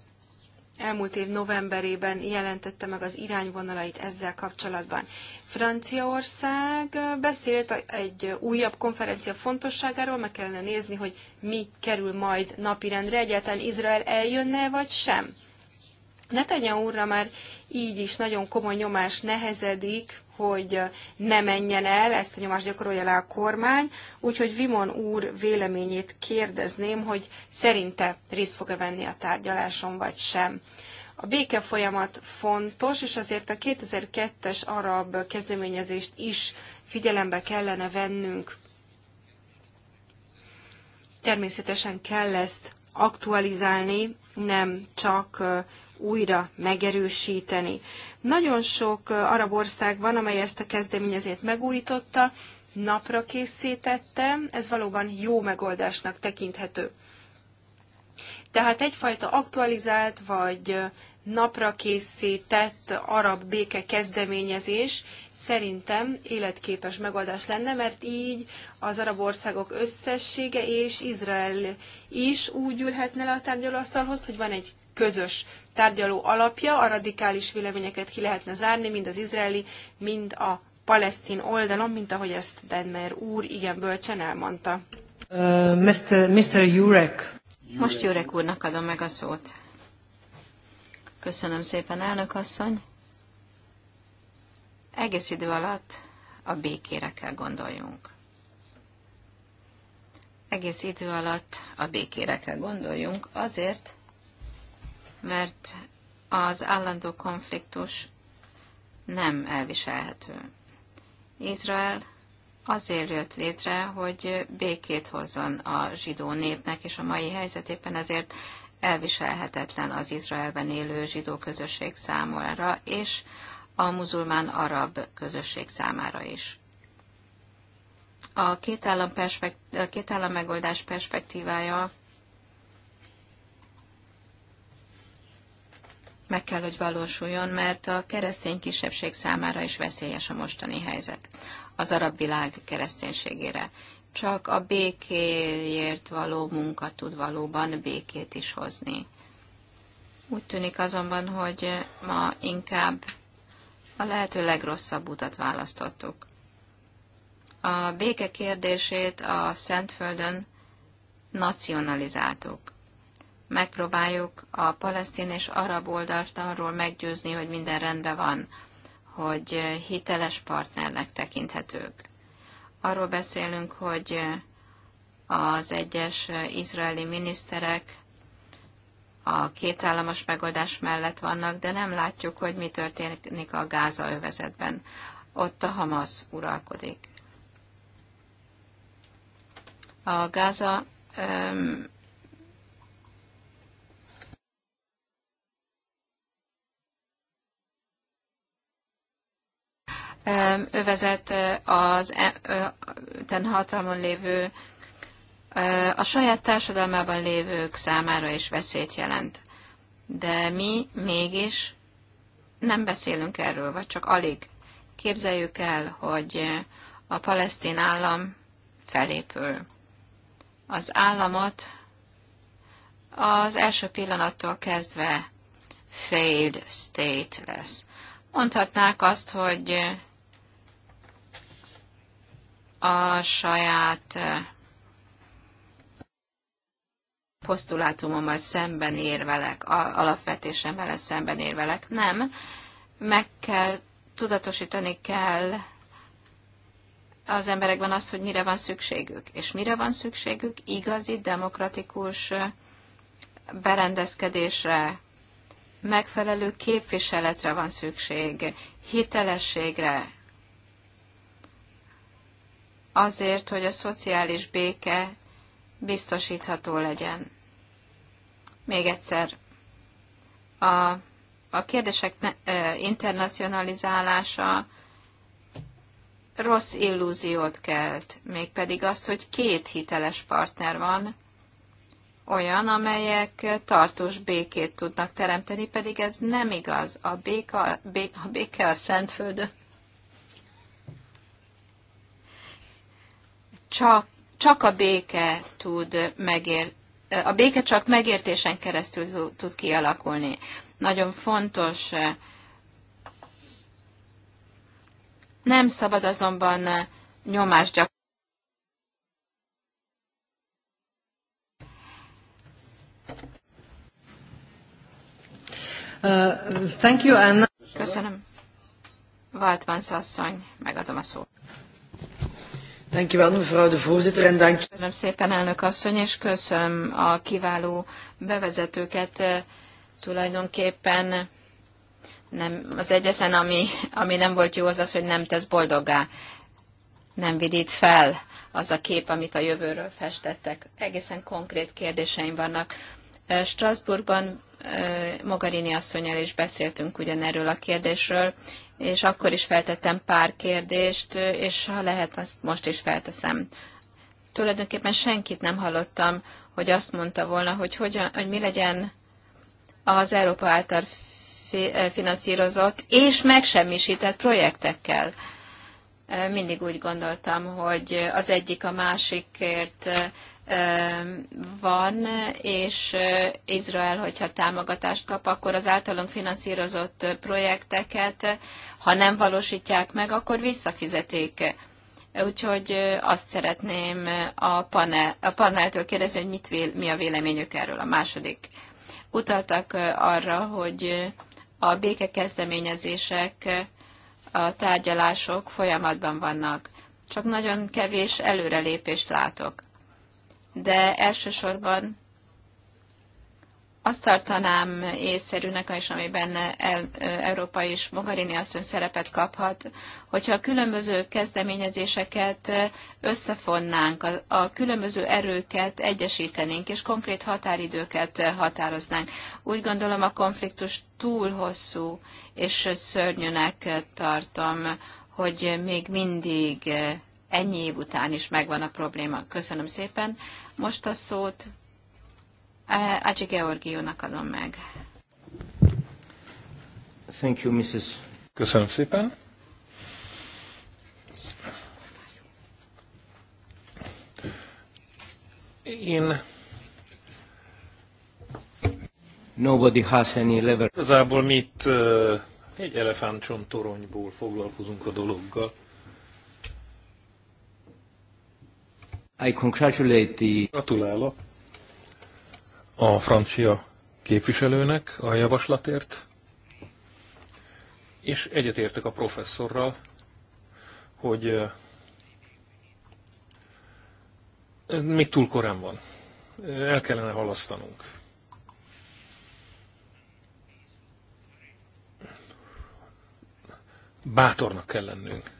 elmúlt év novemberében jelentette meg az irányvonalait ezzel kapcsolatban. Franciaország beszélt egy újabb konferencia fontosságáról, meg kellene nézni, hogy mi kerül majd napirendre, egyáltalán Izrael eljönne vagy sem. Netanyahu úrra már így is nagyon komoly nyomás nehezedik, hogy ne menjen el, ezt a nyomást gyakorolja le a kormány, úgyhogy Vimon úr véleményét kérdezném, hogy szerinte részt fog-e venni a tárgyaláson, vagy sem. A béke folyamat fontos, és azért a 2002-es arab kezdeményezést is figyelembe kellene vennünk. Természetesen kell ezt aktualizálni, nem csak újra megerősíteni. Nagyon sok arab ország van, amely ezt a kezdeményezést megújította, napra készítette, ez valóban jó megoldásnak tekinthető. Tehát egyfajta aktualizált vagy napra készített arab béke kezdeményezés szerintem életképes megoldás lenne, mert így az arab országok összessége és Izrael is úgy ülhetne le a tárgyalóasztalhoz, hogy van egy közös tárgyaló alapja, a radikális véleményeket ki lehetne zárni, mind az izraeli, mind a palesztin oldalon, mint ahogy ezt Benmer úr igen bölcsen elmondta. Uh, Mr. Mr. Jurek. Most Jurek úrnak adom meg a szót. Köszönöm szépen, elnök asszony. Egész idő alatt a békére kell gondoljunk. Egész idő alatt a békére kell gondoljunk, azért, mert az állandó konfliktus nem elviselhető. Izrael azért jött létre, hogy békét hozzon a zsidó népnek, és a mai helyzet éppen ezért elviselhetetlen az Izraelben élő zsidó közösség számára, és a muzulmán arab közösség számára is. A két állam, perspekt- a két állam megoldás perspektívája meg kell, hogy valósuljon, mert a keresztény kisebbség számára is veszélyes a mostani helyzet. Az arab világ kereszténységére. Csak a békéért való munka tud valóban békét is hozni. Úgy tűnik azonban, hogy ma inkább a lehető legrosszabb utat választottuk. A béke kérdését a Szentföldön nacionalizáltuk megpróbáljuk a palesztin és arab oldalt arról meggyőzni, hogy minden rendben van, hogy hiteles partnernek tekinthetők. Arról beszélünk, hogy az egyes izraeli miniszterek a kétállamos megoldás mellett vannak, de nem látjuk, hogy mi történik a Gáza övezetben. Ott a Hamas uralkodik. A Gáza öm, övezet az e, ten hatalmon lévő, a saját társadalmában lévők számára is veszélyt jelent. De mi mégis nem beszélünk erről, vagy csak alig. Képzeljük el, hogy a palesztin állam felépül. Az államot az első pillanattól kezdve failed state lesz. Mondhatnák azt, hogy a saját posztulátumommal szemben érvelek, alapvetésemmel szemben érvelek. Nem, meg kell, tudatosítani kell az emberekben azt, hogy mire van szükségük. És mire van szükségük? Igazi, demokratikus berendezkedésre, megfelelő képviseletre van szükség, hitelességre, azért, hogy a szociális béke biztosítható legyen. Még egyszer, a, a kérdések internacionalizálása rossz illúziót kelt, mégpedig azt, hogy két hiteles partner van, olyan, amelyek tartós békét tudnak teremteni, pedig ez nem igaz. A, béka, a béke a Szentföldön csak, csak a béke tud megér, a béke csak megértésen keresztül tud kialakulni. Nagyon fontos. Nem szabad azonban nyomást gyakorolni. Uh, thank you, Anna. Köszönöm. Valtvansz asszony, megadom a szót. Köszönöm szépen, elnök asszony, és köszönöm a kiváló bevezetőket. Eh, tulajdonképpen nem, az egyetlen, ami, ami nem volt jó, az az, hogy nem tesz boldoggá. Nem vidít fel az a kép, amit a jövőről festettek. Egészen konkrét kérdéseim vannak. Eh, Strasbourgban eh, Mogarini asszonyjal is beszéltünk ugyanerről a kérdésről, és akkor is feltettem pár kérdést, és ha lehet, azt most is felteszem. Tulajdonképpen senkit nem hallottam, hogy azt mondta volna, hogy, hogyan, hogy mi legyen az Európa által eh, finanszírozott és megsemmisített projektekkel. Eh, mindig úgy gondoltam, hogy az egyik a másikért eh, van, és Izrael, hogyha támogatást kap, akkor az általunk finanszírozott projekteket, ha nem valósítják meg, akkor visszafizeték. Úgyhogy azt szeretném a, panel, a paneltől kérdezni, hogy mit vél, mi a véleményük erről. A második. Utaltak arra, hogy a békekezdeményezések, a tárgyalások folyamatban vannak. Csak nagyon kevés előrelépést látok de elsősorban azt tartanám észszerűnek, és amiben el, Európa is Mogarini asszony szerepet kaphat, hogyha a különböző kezdeményezéseket összefonnánk, a, a különböző erőket egyesítenénk, és konkrét határidőket határoznánk. Úgy gondolom a konfliktus túl hosszú, és szörnyűnek tartom, hogy még mindig ennyi év után is megvan a probléma. Köszönöm szépen. Most a szót Ágyi Georgiónak adom meg. Thank you, Mrs. Köszönöm szépen. Én Nobody has any level. Igazából mit uh, egy elefántcsont toronyból foglalkozunk a dologgal. I congratulate the... Gratulálok a francia képviselőnek a javaslatért, és egyetértek a professzorral, hogy eh, még túl korán van. Eh, el kellene halasztanunk. Bátornak kell lennünk.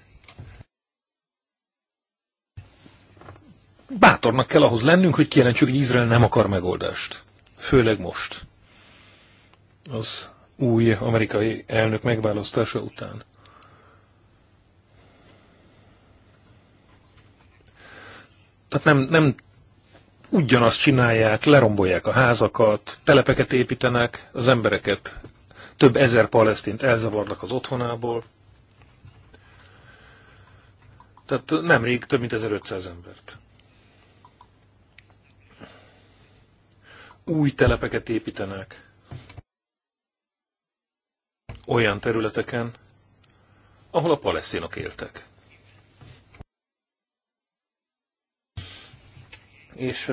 bátornak kell ahhoz lennünk, hogy kijelentsük, hogy Izrael nem akar megoldást. Főleg most. Az új amerikai elnök megválasztása után. Tehát nem, nem ugyanazt csinálják, lerombolják a házakat, telepeket építenek, az embereket, több ezer palesztint elzavarnak az otthonából. Tehát nemrég több mint 1500 embert. új telepeket építenek olyan területeken, ahol a palesztinok éltek. És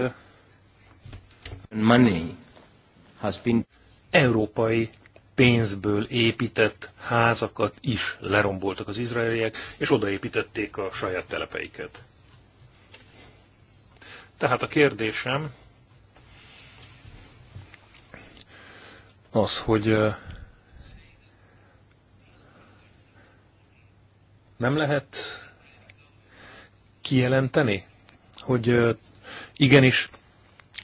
money has been európai pénzből épített házakat is leromboltak az izraeliek, és odaépítették a saját telepeiket. Tehát a kérdésem, az, hogy nem lehet kijelenteni, hogy igenis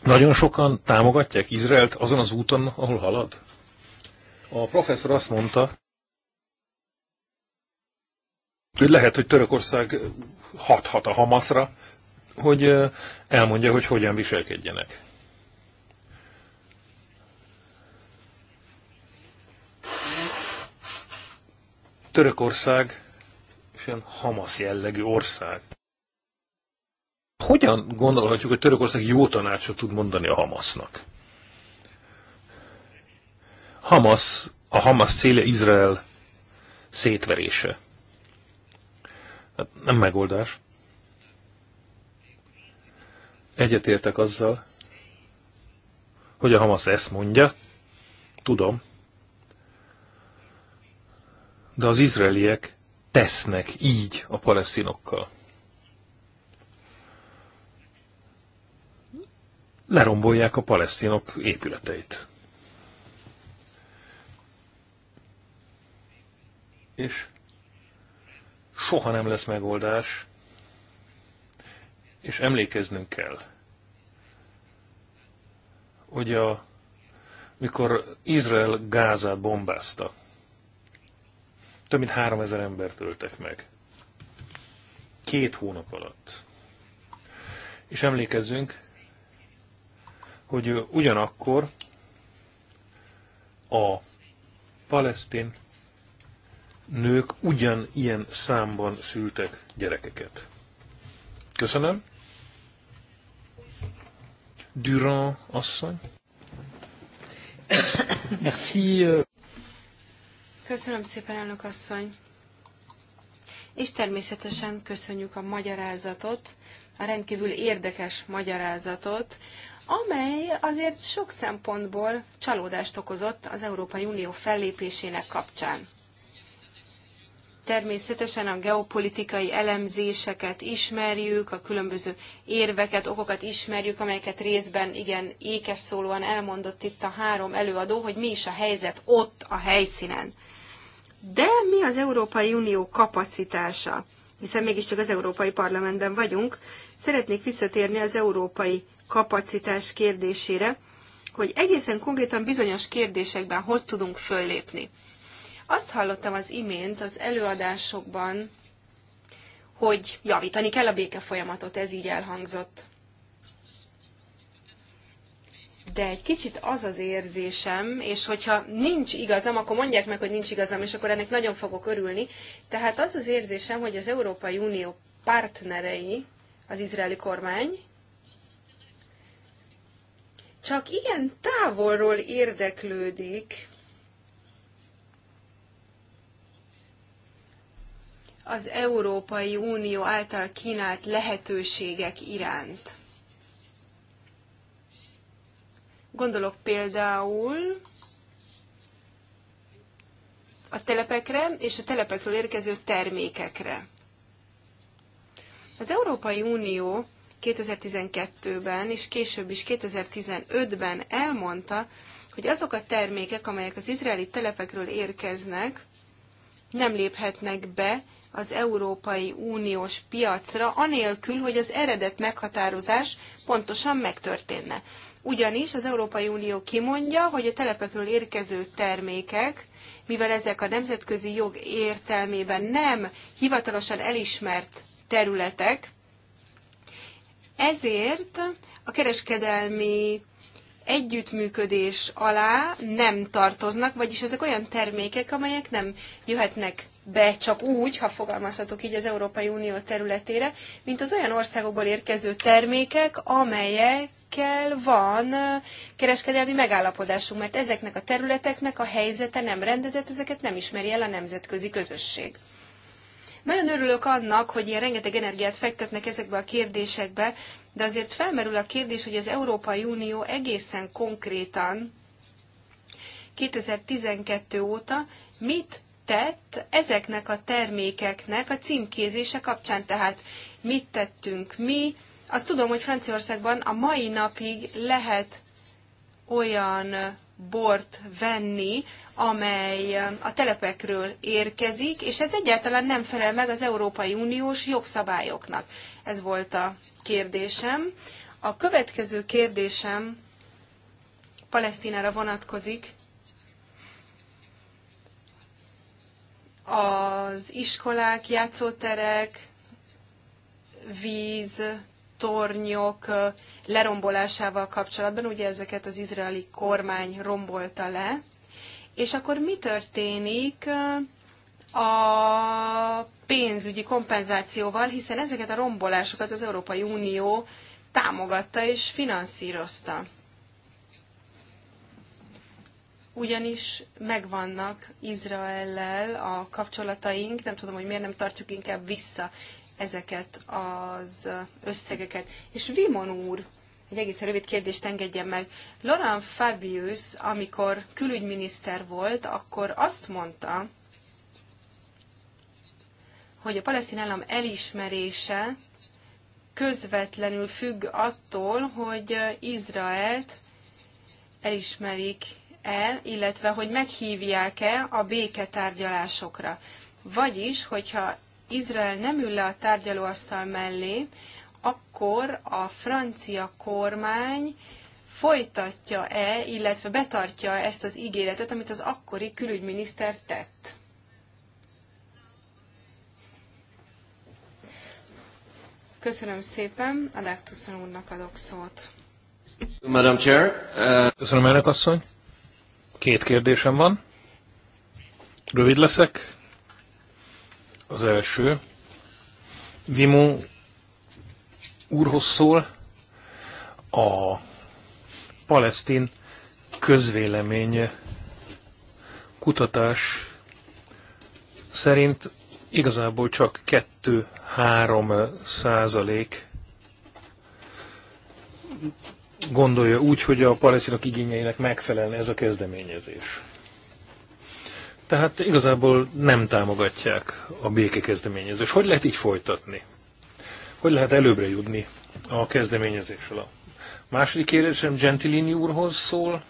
nagyon sokan támogatják Izraelt azon az úton, ahol halad? A professzor azt mondta, hogy lehet, hogy Törökország hathat a Hamaszra, hogy elmondja, hogy hogyan viselkedjenek. Törökország és ilyen hamasz jellegű ország. Hogyan gondolhatjuk, hogy Törökország jó tanácsot tud mondani a Hamasnak? Hamas, a Hamas célja Izrael szétverése. Hát nem megoldás. Egyetértek azzal, hogy a Hamas ezt mondja, tudom, de az izraeliek tesznek így a palesztinokkal. Lerombolják a palesztinok épületeit. És soha nem lesz megoldás, és emlékeznünk kell, hogy a, mikor Izrael Gázát bombázta, több mint 3000 embert öltek meg. Két hónap alatt. És emlékezzünk, hogy ugyanakkor a palesztin nők ugyanilyen számban szültek gyerekeket. Köszönöm. Durand asszony. Merci. Euh, Köszönöm szépen, elnök asszony. És természetesen köszönjük a magyarázatot, a rendkívül érdekes magyarázatot, amely azért sok szempontból csalódást okozott az Európai Unió fellépésének kapcsán. Természetesen a geopolitikai elemzéseket ismerjük, a különböző érveket, okokat ismerjük, amelyeket részben igen ékes szólóan elmondott itt a három előadó, hogy mi is a helyzet ott a helyszínen de mi az Európai Unió kapacitása? Hiszen mégiscsak az Európai Parlamentben vagyunk. Szeretnék visszatérni az európai kapacitás kérdésére, hogy egészen konkrétan bizonyos kérdésekben hogy tudunk föllépni. Azt hallottam az imént az előadásokban, hogy javítani kell a béke folyamatot, ez így elhangzott de egy kicsit az az érzésem, és hogyha nincs igazam, akkor mondják meg, hogy nincs igazam, és akkor ennek nagyon fogok örülni. Tehát az az érzésem, hogy az Európai Unió partnerei, az izraeli kormány, csak igen távolról érdeklődik az Európai Unió által kínált lehetőségek iránt. Gondolok például a telepekre és a telepekről érkező termékekre. Az Európai Unió 2012-ben és később is 2015-ben elmondta, hogy azok a termékek, amelyek az izraeli telepekről érkeznek, nem léphetnek be az Európai Uniós piacra, anélkül, hogy az eredet meghatározás pontosan megtörténne. Ugyanis az Európai Unió kimondja, hogy a telepekről érkező termékek, mivel ezek a nemzetközi jog értelmében nem hivatalosan elismert területek, ezért a kereskedelmi együttműködés alá nem tartoznak, vagyis ezek olyan termékek, amelyek nem jöhetnek be csak úgy, ha fogalmazhatok így az Európai Unió területére, mint az olyan országokból érkező termékek, amelyekkel van kereskedelmi megállapodásunk, mert ezeknek a területeknek a helyzete nem rendezett, ezeket nem ismeri el a nemzetközi közösség. Nagyon örülök annak, hogy ilyen rengeteg energiát fektetnek ezekbe a kérdésekbe, de azért felmerül a kérdés, hogy az Európai Unió egészen konkrétan 2012 óta mit tett ezeknek a termékeknek a címkézése kapcsán, tehát mit tettünk mi. Azt tudom, hogy Franciaországban a mai napig lehet olyan bort venni, amely a telepekről érkezik, és ez egyáltalán nem felel meg az Európai Uniós jogszabályoknak. Ez volt a kérdésem. A következő kérdésem Palesztinára vonatkozik. Az iskolák, játszóterek, víz, tornyok lerombolásával kapcsolatban, ugye ezeket az izraeli kormány rombolta le, és akkor mi történik a pénzügyi kompenzációval, hiszen ezeket a rombolásokat az Európai Unió támogatta és finanszírozta. Ugyanis megvannak Izraellel a kapcsolataink, nem tudom, hogy miért nem tartjuk inkább vissza ezeket az összegeket. És Vimon úr, egy egészen rövid kérdést engedjen meg. Laurent Fabius, amikor külügyminiszter volt, akkor azt mondta, hogy a palesztin állam elismerése közvetlenül függ attól, hogy Izraelt elismerik-e, illetve hogy meghívják-e a béketárgyalásokra. Vagyis, hogyha Izrael nem ül le a tárgyalóasztal mellé, akkor a francia kormány folytatja-e, illetve betartja ezt az ígéretet, amit az akkori külügyminiszter tett. Köszönöm szépen, Adaktuszon úrnak adok szót. Madam Chair. Uh... Köszönöm, elnök asszony. Két kérdésem van. Rövid leszek. Az első. Vimó úrhoz szól a palesztin közvélemény kutatás szerint igazából csak kettő 3 százalék gondolja úgy, hogy a palesztinok igényeinek megfelelne ez a kezdeményezés. Tehát igazából nem támogatják a békekezdeményezést. Hogy lehet így folytatni? Hogy lehet előbbre jutni a kezdeményezésről? A második kérdésem Gentilini úrhoz szól.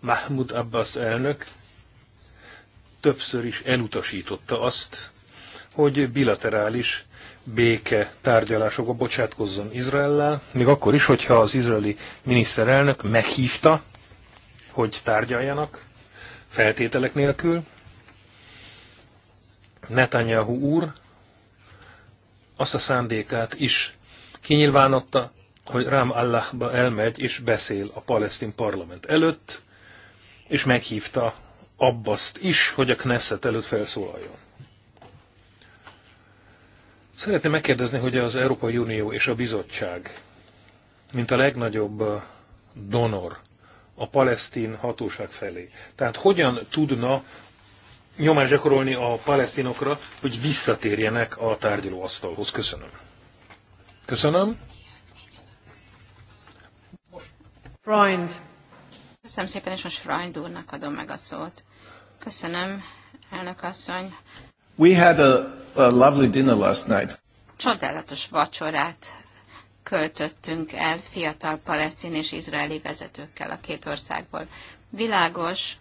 Mahmoud Abbas elnök többször is elutasította azt, hogy bilaterális béke tárgyalásokba bocsátkozzon Izraellel, még akkor is, hogyha az izraeli miniszterelnök meghívta, hogy tárgyaljanak, feltételek nélkül. Netanyahu úr azt a szándékát is kinyilvánotta, hogy Rám Allahba elmegy és beszél a palesztin parlament előtt, és meghívta Abbaszt is, hogy a Knesset előtt felszólaljon. Szeretném megkérdezni, hogy az Európai Unió és a bizottság, mint a legnagyobb uh, donor a palesztin hatóság felé, tehát hogyan tudna nyomást gyakorolni a palesztinokra, hogy visszatérjenek a tárgyalóasztalhoz? Köszönöm. Köszönöm. Freund. Köszönöm szépen, és most Freund úrnak adom meg a szót. Köszönöm, elnök asszony. We had a a lovely dinner last night. Csodálatos vacsorát költöttünk el fiatal palesztin és izraeli vezetőkkel a két országból. Világos,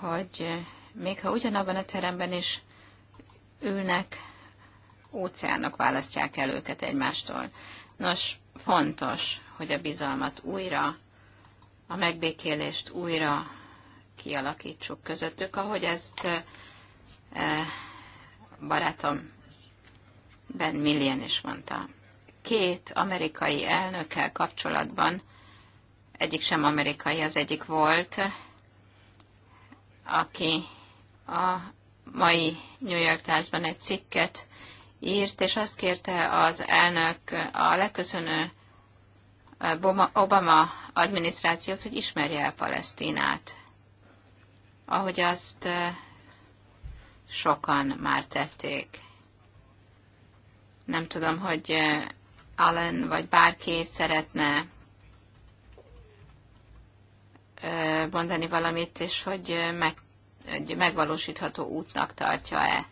hogy még ha ugyanabban a teremben is ülnek, óceánok választják el őket egymástól. Nos, fontos, hogy a bizalmat újra, a megbékélést újra kialakítsuk közöttük, ahogy ezt Eh, barátom Ben Millian is mondta. Két amerikai elnökkel kapcsolatban, egyik sem amerikai, az egyik volt, aki a mai New York Times-ban egy cikket írt, és azt kérte az elnök a leköszönő eh, Obama adminisztrációt, hogy ismerje el Palesztinát. Ahogy azt eh, sokan már tették. Nem tudom, hogy eh, Allen vagy bárki szeretne eh, mondani valamit, és hogy, eh, meg, egy megvalósítható útnak tartja-e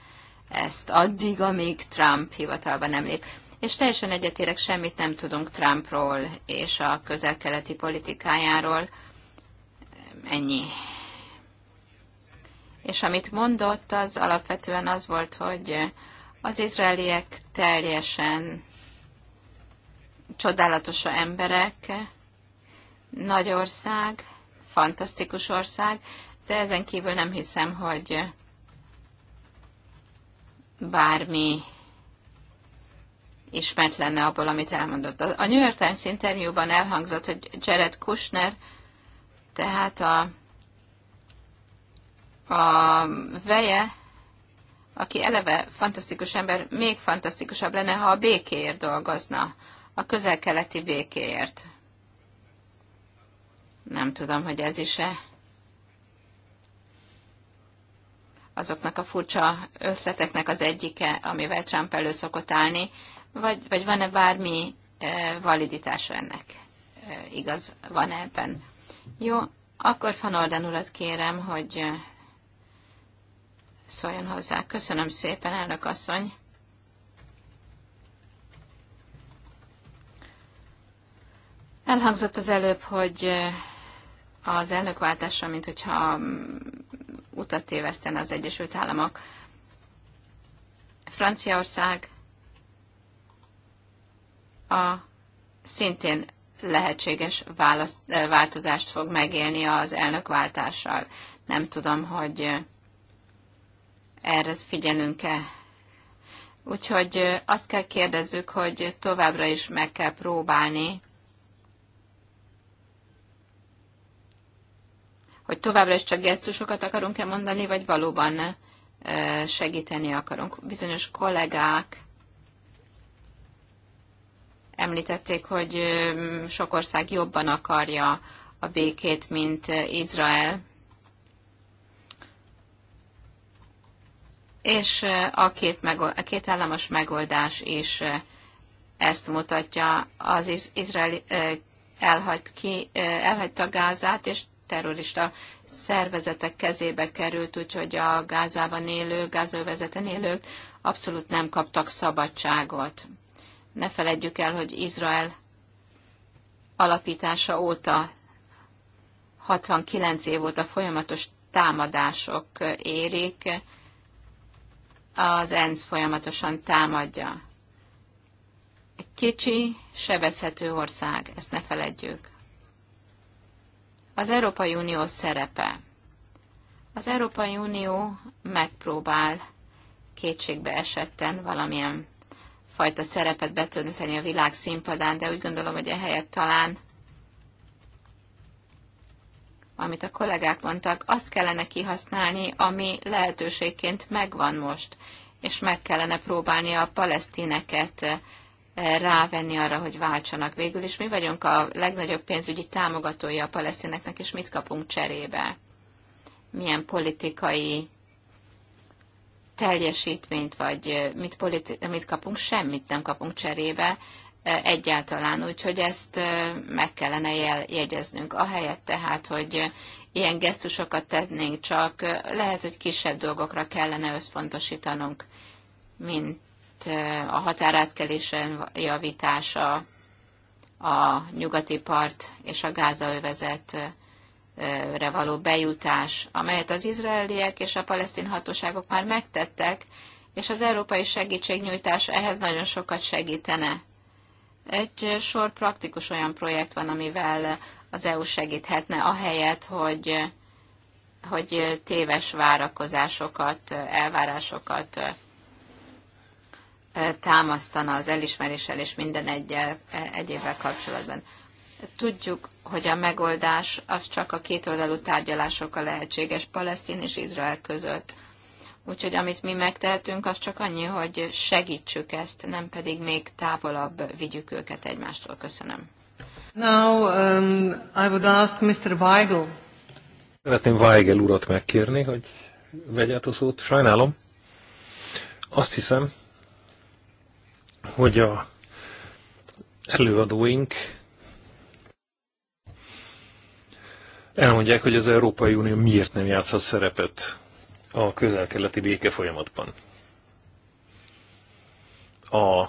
ezt addig, amíg Trump hivatalba nem lép. És teljesen egyetérek, semmit nem tudunk Trumpról és a közel-keleti politikájáról. Ennyi és amit mondott, az alapvetően az volt, hogy az izraeliek teljesen csodálatos emberek, nagy ország, fantasztikus ország, de ezen kívül nem hiszem, hogy bármi ismert lenne abból, amit elmondott. A New York Times interjúban elhangzott, hogy Jared Kushner, tehát a a veje, aki eleve fantasztikus ember, még fantasztikusabb lenne, ha a békéért dolgozna, a közel-keleti békéért. Nem tudom, hogy ez is-e azoknak a furcsa ötleteknek az egyike, amivel Trump elő szokott állni, vagy, vagy van-e bármi e, validitása ennek? E, igaz van -e ebben? Jó, akkor Van urat kérem, hogy szóljon hozzá. Köszönöm szépen, elnök asszony. Elhangzott az előbb, hogy eh, az elnökváltásra, mint hogyha mm, utat tévesztene az Egyesült Államok. Franciaország a szintén lehetséges választ, eh, változást fog megélni az elnökváltással. Nem tudom, hogy eh, erre figyelünk-e. Úgyhogy azt kell kérdezzük, hogy továbbra is meg kell próbálni, hogy továbbra is csak gesztusokat akarunk-e mondani, vagy valóban segíteni akarunk. Bizonyos kollégák említették, hogy sok ország jobban akarja a békét, mint Izrael. és a két, megold, a két államos megoldás is ezt mutatja. Az Izrael elhagy, ki, elhagyta Gázát, és terrorista szervezetek kezébe került, úgyhogy a Gázában élő Gázövezeten élők abszolút nem kaptak szabadságot. Ne feledjük el, hogy Izrael alapítása óta 69 év óta folyamatos támadások érik, az ENSZ folyamatosan támadja. Egy kicsi, sebezhető ország, ezt ne feledjük. Az Európai Unió szerepe. Az Európai Unió megpróbál kétségbe esetten valamilyen fajta szerepet betölteni a világ színpadán, de úgy gondolom, hogy ehelyett talán amit a kollégák mondtak, azt kellene kihasználni, ami lehetőségként megvan most, és meg kellene próbálni a palesztineket eh, rávenni arra, hogy váltsanak végül, és mi vagyunk a legnagyobb pénzügyi támogatója a palesztineknek, és mit kapunk cserébe? Milyen politikai teljesítményt, vagy eh, mit, politi- mit kapunk, semmit nem kapunk cserébe, egyáltalán, úgyhogy ezt meg kellene jegyeznünk. Ahelyett tehát, hogy ilyen gesztusokat tennénk, csak lehet, hogy kisebb dolgokra kellene összpontosítanunk, mint a határátkelésen javítása, a nyugati part és a gázaövezetre való bejutás, amelyet az izraeliek és a palesztin hatóságok már megtettek, és az európai segítségnyújtás ehhez nagyon sokat segítene egy sor praktikus olyan projekt van, amivel az EU segíthetne, a helyet, hogy, hogy téves várakozásokat, elvárásokat támasztana az elismeréssel és minden egyel, e, egyébbel kapcsolatban. Tudjuk, hogy a megoldás az csak a kétoldalú tárgyalásokkal lehetséges Palesztin és Izrael között Úgyhogy amit mi megtehetünk, az csak annyi, hogy segítsük ezt, nem pedig még távolabb vigyük őket egymástól. Köszönöm. Now um, I would ask Mr. Weigel. Szeretném Weigel urat megkérni, hogy vegye át a szót. Sajnálom. Azt hiszem, hogy a előadóink elmondják, hogy az Európai Unió miért nem játszhat szerepet a közel-keleti béke folyamatban. A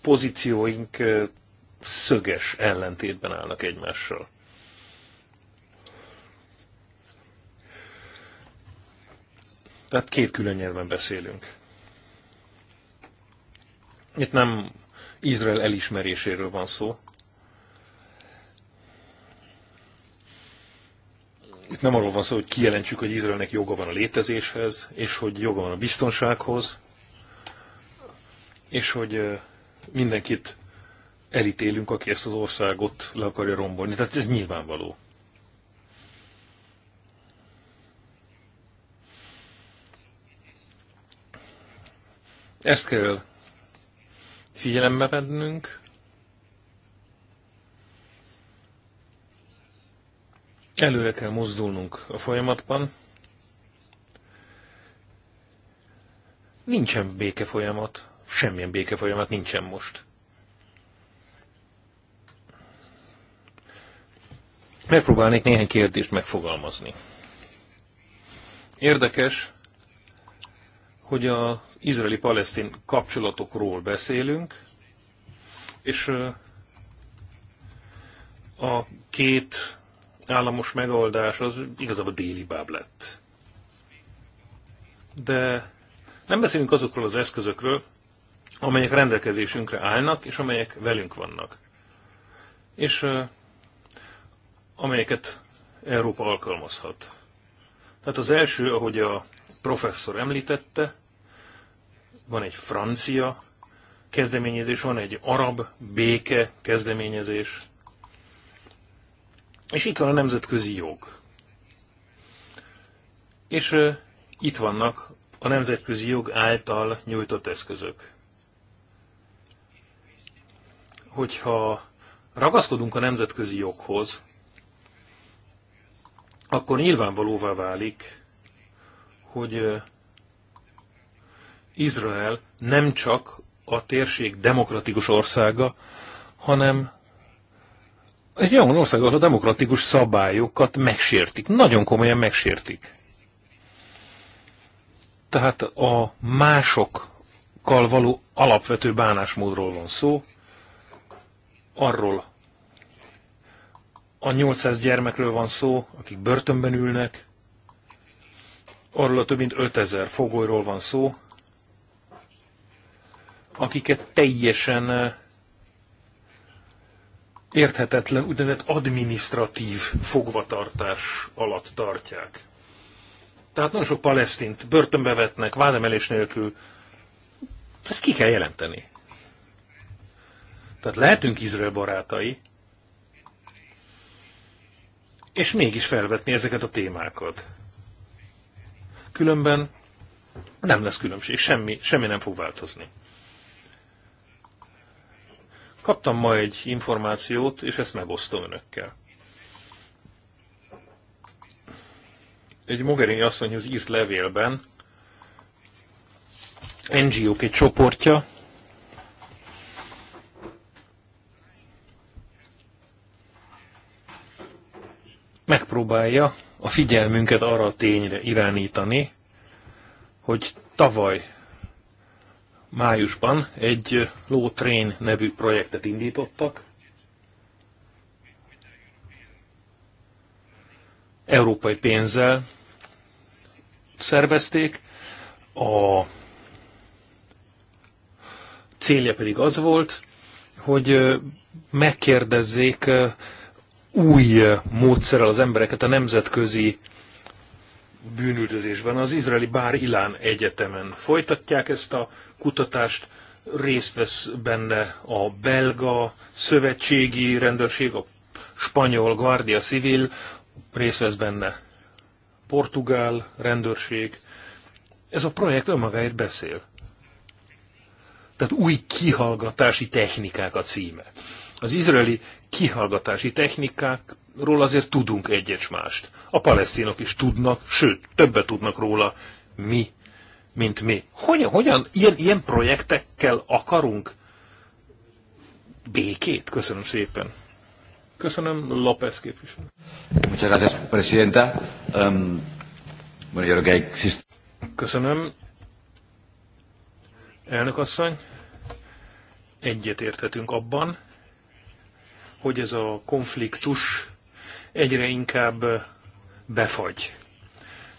pozícióink szöges ellentétben állnak egymással. Tehát két külön nyelven beszélünk. Itt nem Izrael elismeréséről van szó, Itt nem arról van szó, hogy kijelentsük, hogy Izraelnek joga van a létezéshez, és hogy joga van a biztonsághoz, és hogy mindenkit elítélünk, aki ezt az országot le akarja rombolni. Tehát ez nyilvánvaló. Ezt kell figyelembe vennünk, Előre kell mozdulnunk a folyamatban. Nincsen béke folyamat, semmilyen béke folyamat nincsen most. Megpróbálnék néhány kérdést megfogalmazni. Érdekes, hogy a izraeli-palesztin kapcsolatokról beszélünk, és a két államos megoldás az igazából déli báb lett. De nem beszélünk azokról az eszközökről, amelyek rendelkezésünkre állnak, és amelyek velünk vannak. És uh, amelyeket Európa alkalmazhat. Tehát az első, ahogy a professzor említette, van egy francia kezdeményezés, van egy arab béke kezdeményezés, és itt van a nemzetközi jog. És uh, itt vannak a nemzetközi jog által nyújtott eszközök. Hogyha ragaszkodunk a nemzetközi joghoz, akkor nyilvánvalóvá válik, hogy uh, Izrael nem csak a térség demokratikus országa, hanem egy olyan ország, ahol a demokratikus szabályokat megsértik, nagyon komolyan megsértik. Tehát a másokkal való alapvető bánásmódról van szó, arról a 800 gyermekről van szó, akik börtönben ülnek, arról a több mint 5000 fogolyról van szó, akiket teljesen érthetetlen úgynevezett adminisztratív fogvatartás alatt tartják. Tehát nagyon sok palesztint börtönbe vetnek, vádemelés nélkül. Ezt ki kell jelenteni. Tehát lehetünk Izrael barátai, és mégis felvetni ezeket a témákat. Különben nem lesz különbség, semmi, semmi nem fog változni. Kaptam ma egy információt, és ezt megosztom önökkel. Egy Mogherini az írt levélben NGO-k egy csoportja megpróbálja a figyelmünket arra a tényre irányítani, hogy tavaly májusban egy Low Train nevű projektet indítottak. Európai pénzzel szervezték, a célja pedig az volt, hogy megkérdezzék új módszerrel az embereket a nemzetközi bűnüldözésben. Az izraeli Bár Ilán Egyetemen folytatják ezt a kutatást, részt vesz benne a belga szövetségi rendőrség, a spanyol Guardia Civil, részt vesz benne portugál rendőrség. Ez a projekt önmagáért beszél. Tehát új kihallgatási technikák a címe. Az izraeli kihallgatási technikák róla azért tudunk egyes mást. A palesztinok is tudnak, sőt, többet tudnak róla mi, mint mi. Hogyan, hogyan ilyen, ilyen projektekkel akarunk békét? Köszönöm szépen. Köszönöm, López képviselő. Muchas gracias, presidenta. Um, bueno, yo creo que existe... Köszönöm. Elnök asszony, egyetérthetünk abban, hogy ez a konfliktus egyre inkább befagy.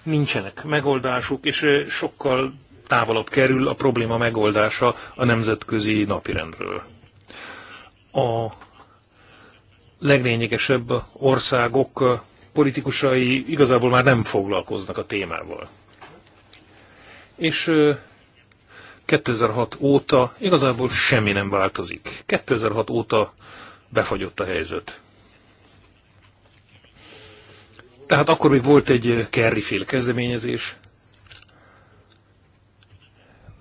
Nincsenek megoldásuk, és sokkal távolabb kerül a probléma megoldása a nemzetközi napirendről. A leglényegesebb országok politikusai igazából már nem foglalkoznak a témával. És 2006 óta igazából semmi nem változik. 2006 óta befagyott a helyzet. Tehát akkor még volt egy eh, Kerry-féle kezdeményezés.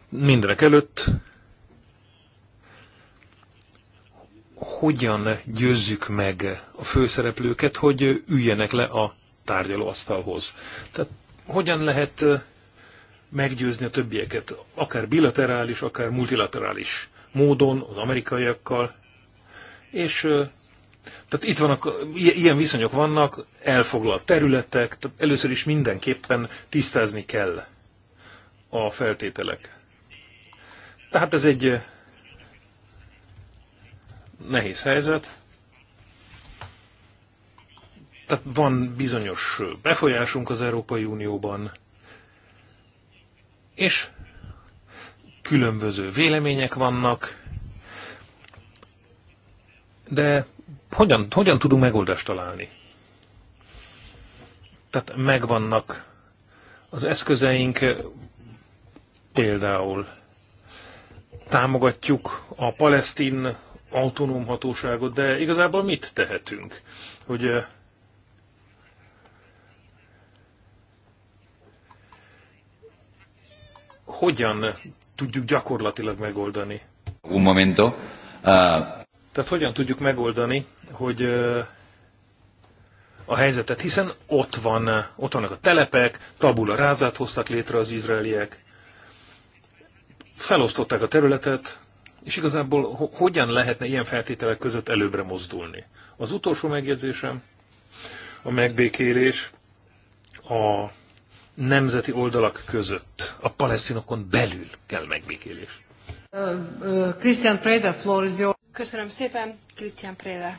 Mindenek előtt hogyan győzzük meg a főszereplőket, hogy eh, üljenek le a tárgyalóasztalhoz. Tehát hogyan lehet eh, meggyőzni a többieket, akár bilaterális, akár multilaterális módon, az amerikaiakkal, és tehát itt vannak, ilyen viszonyok vannak, elfoglalt területek, tehát először is mindenképpen tisztázni kell a feltételek. Tehát ez egy nehéz helyzet. Tehát van bizonyos befolyásunk az Európai Unióban, és különböző vélemények vannak, de hogyan, hogyan tudunk megoldást találni? Tehát megvannak az eszközeink, például támogatjuk a palesztin autonóm hatóságot, de igazából mit tehetünk? Hogy hogyan tudjuk gyakorlatilag megoldani? Un momento. Uh... Tehát hogyan tudjuk megoldani, hogy a helyzetet, hiszen ott, van, ott vannak a telepek, tabula rázát hoztak létre az izraeliek, felosztották a területet, és igazából hogyan lehetne ilyen feltételek között előbbre mozdulni? Az utolsó megjegyzésem, a megbékélés a nemzeti oldalak között, a palesztinokon belül kell megbékélés. Uh, uh, Christian Preda, floor is your... Köszönöm szépen, Krisztián Préle.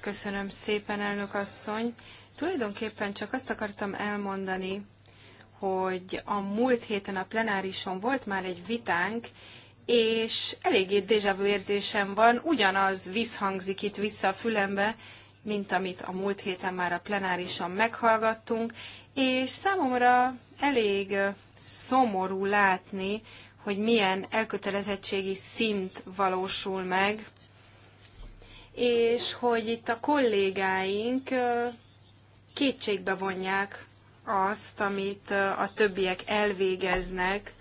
Köszönöm szépen, elnök asszony. Tulajdonképpen csak azt akartam elmondani, hogy a múlt héten a plenárison volt már egy vitánk, és eléggé déjavű érzésem van, ugyanaz visszhangzik itt vissza a fülembe, mint amit a múlt héten már a plenárison meghallgattunk, és számomra elég szomorú látni, hogy milyen elkötelezettségi szint valósul meg, és hogy itt a kollégáink kétségbe vonják azt, amit a többiek elvégeznek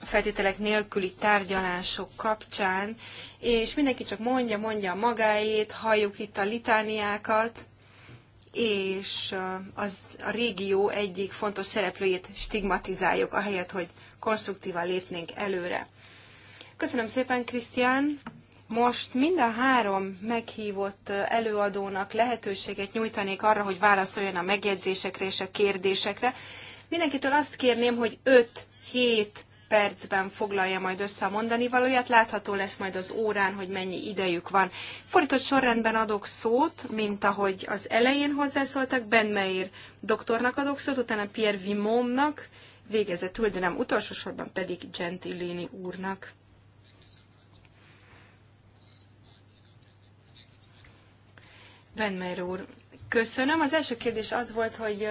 feltételek nélküli tárgyalások kapcsán, és mindenki csak mondja, mondja magáét, halljuk itt a litániákat, és az a régió egyik fontos szereplőjét stigmatizáljuk, ahelyett, hogy konstruktívan lépnénk előre. Köszönöm szépen, Krisztián! Most mind a három meghívott előadónak lehetőséget nyújtanék arra, hogy válaszoljon a megjegyzésekre és a kérdésekre. Mindenkitől azt kérném, hogy 5-7 percben foglalja majd össze a mondani valóját, látható lesz majd az órán, hogy mennyi idejük van. Fordított sorrendben adok szót, mint ahogy az elején hozzászóltak, Ben Meir doktornak adok szót, utána Pierre Vimomnak, Végezetül, de nem utolsó sorban pedig Gentilini úrnak. Benmer úr, köszönöm. Az első kérdés az volt, hogy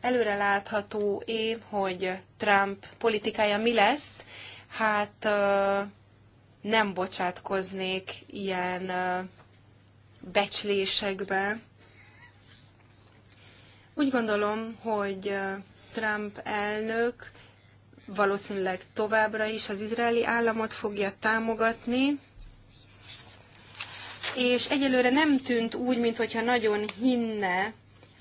előre látható é, hogy Trump politikája mi lesz. Hát nem bocsátkoznék ilyen becslésekbe. Úgy gondolom, hogy Trump elnök valószínűleg továbbra is az izraeli államot fogja támogatni, és egyelőre nem tűnt úgy, mintha nagyon hinne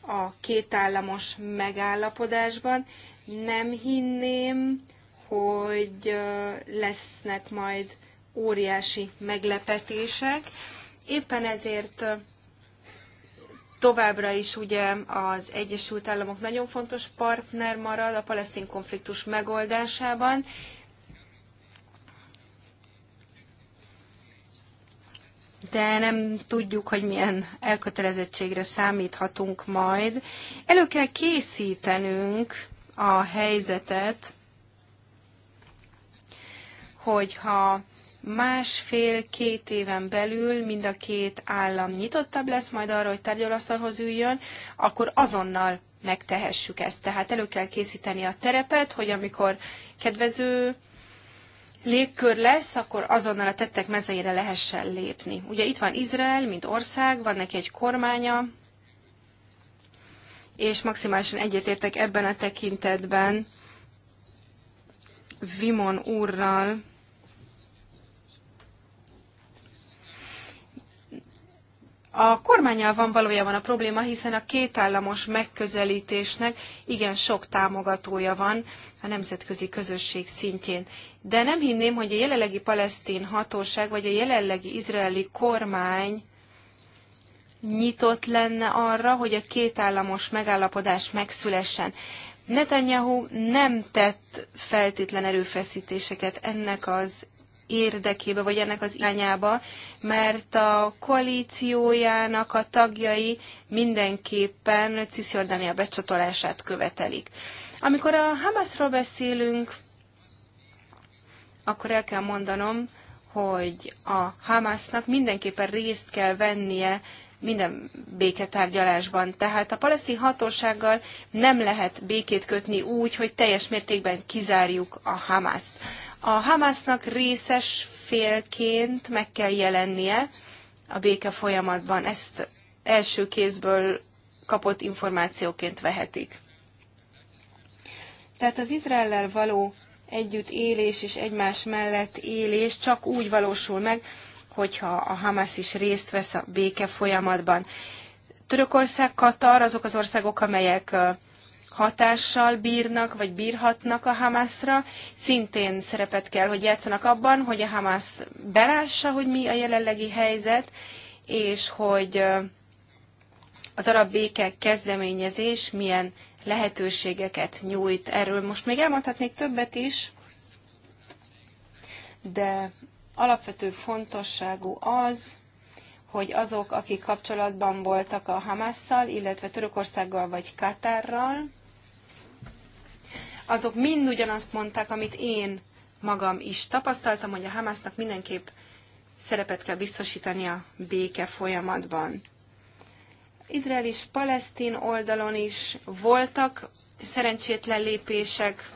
a kétállamos megállapodásban. Nem hinném, hogy lesznek majd óriási meglepetések. Éppen ezért Továbbra is ugye az Egyesült Államok nagyon fontos partner marad a palesztin konfliktus megoldásában, de nem tudjuk, hogy milyen elkötelezettségre számíthatunk majd. Elő kell készítenünk a helyzetet, hogyha másfél-két éven belül mind a két állam nyitottabb lesz majd arra, hogy tárgyalasztalhoz üljön, akkor azonnal megtehessük ezt. Tehát elő kell készíteni a terepet, hogy amikor kedvező légkör lesz, akkor azonnal a tettek mezeire lehessen lépni. Ugye itt van Izrael, mint ország, van neki egy kormánya, és maximálisan egyetértek ebben a tekintetben Vimon úrral, A kormányjal van valójában a probléma, hiszen a kétállamos megközelítésnek igen sok támogatója van a nemzetközi közösség szintjén. De nem hinném, hogy a jelenlegi palesztin hatóság vagy a jelenlegi izraeli kormány nyitott lenne arra, hogy a kétállamos megállapodás megszülessen. Netanyahu nem tett feltétlen erőfeszítéseket ennek az érdekébe, vagy ennek az irányába, mert a koalíciójának a tagjai mindenképpen Cisziordánia becsatolását követelik. Amikor a Hamasról beszélünk, akkor el kell mondanom, hogy a Hamasnak mindenképpen részt kell vennie minden béketárgyalásban. Tehát a palesztin hatósággal nem lehet békét kötni úgy, hogy teljes mértékben kizárjuk a Hamászt. A Hamásznak részes félként meg kell jelennie a béke folyamatban. Ezt első kézből kapott információként vehetik. Tehát az Izraellel való együtt élés és egymás mellett élés csak úgy valósul meg, hogyha a Hamas is részt vesz a béke folyamatban. Törökország, Katar, azok az országok, amelyek hatással bírnak, vagy bírhatnak a Hamászra, szintén szerepet kell, hogy játszanak abban, hogy a Hamász belássa, hogy mi a jelenlegi helyzet, és hogy az arab béke kezdeményezés milyen lehetőségeket nyújt. Erről most még elmondhatnék többet is, de Alapvető fontosságú az, hogy azok, akik kapcsolatban voltak a Hamasszal, illetve Törökországgal vagy Katárral, azok mind ugyanazt mondták, amit én magam is tapasztaltam, hogy a Hamásznak mindenképp szerepet kell biztosítani a béke folyamatban. Izrael és palesztin oldalon is voltak szerencsétlen lépések.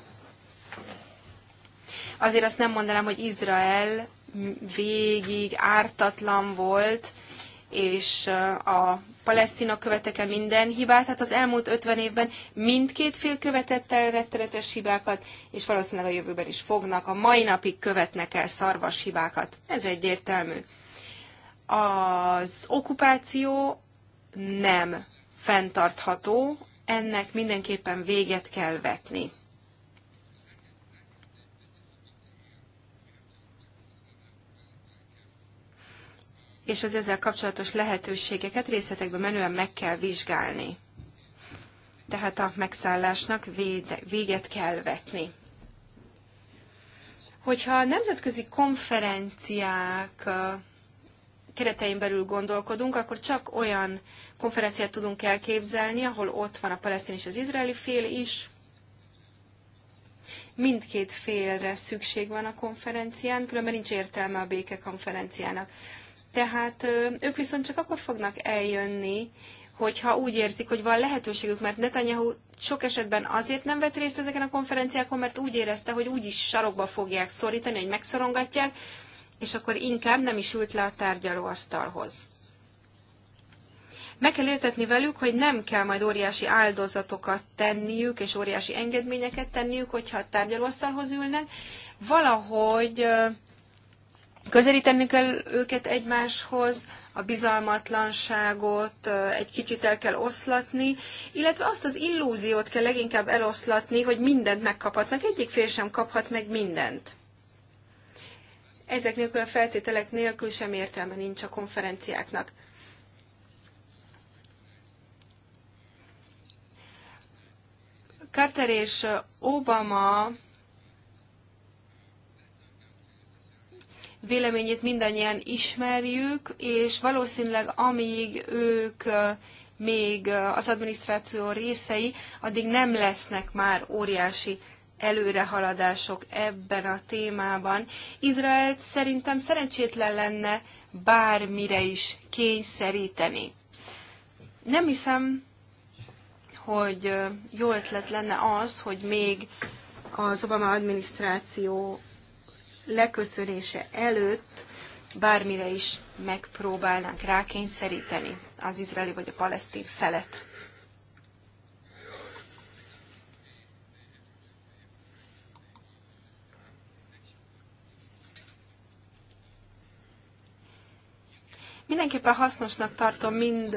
Azért azt nem mondanám, hogy Izrael végig ártatlan volt, és a palesztina követeke minden hibát, hát az elmúlt 50 évben mindkét fél követett el rettenetes hibákat, és valószínűleg a jövőben is fognak, a mai napig követnek el szarvas hibákat. Ez egyértelmű. Az okupáció nem fenntartható, ennek mindenképpen véget kell vetni. és az ezzel kapcsolatos lehetőségeket részletekben menően meg kell vizsgálni. Tehát a megszállásnak véde, véget kell vetni. Hogyha nemzetközi konferenciák keretein belül gondolkodunk, akkor csak olyan konferenciát tudunk elképzelni, ahol ott van a palesztin és az izraeli fél is. Mindkét félre szükség van a konferencián, különben nincs értelme a béke konferenciának. Tehát ők viszont csak akkor fognak eljönni, hogyha úgy érzik, hogy van lehetőségük, mert Netanyahu sok esetben azért nem vett részt ezeken a konferenciákon, mert úgy érezte, hogy úgyis sarokba fogják szorítani, hogy megszorongatják, és akkor inkább nem is ült le a tárgyalóasztalhoz. Meg kell értetni velük, hogy nem kell majd óriási áldozatokat tenniük, és óriási engedményeket tenniük, hogyha a tárgyalóasztalhoz ülnek. Valahogy Közelíteni kell őket egymáshoz, a bizalmatlanságot egy kicsit el kell oszlatni, illetve azt az illúziót kell leginkább eloszlatni, hogy mindent megkaphatnak, egyik fél sem kaphat meg mindent. Ezek nélkül a feltételek nélkül sem értelme nincs a konferenciáknak. Carter és Obama véleményét mindannyian ismerjük, és valószínűleg amíg ők még az adminisztráció részei, addig nem lesznek már óriási előrehaladások ebben a témában. Izraelt szerintem szerencsétlen lenne bármire is kényszeríteni. Nem hiszem, hogy jó ötlet lenne az, hogy még az Obama adminisztráció leköszönése előtt bármire is megpróbálnánk rákényszeríteni az izraeli vagy a palesztin felet. Mindenképpen hasznosnak tartom mind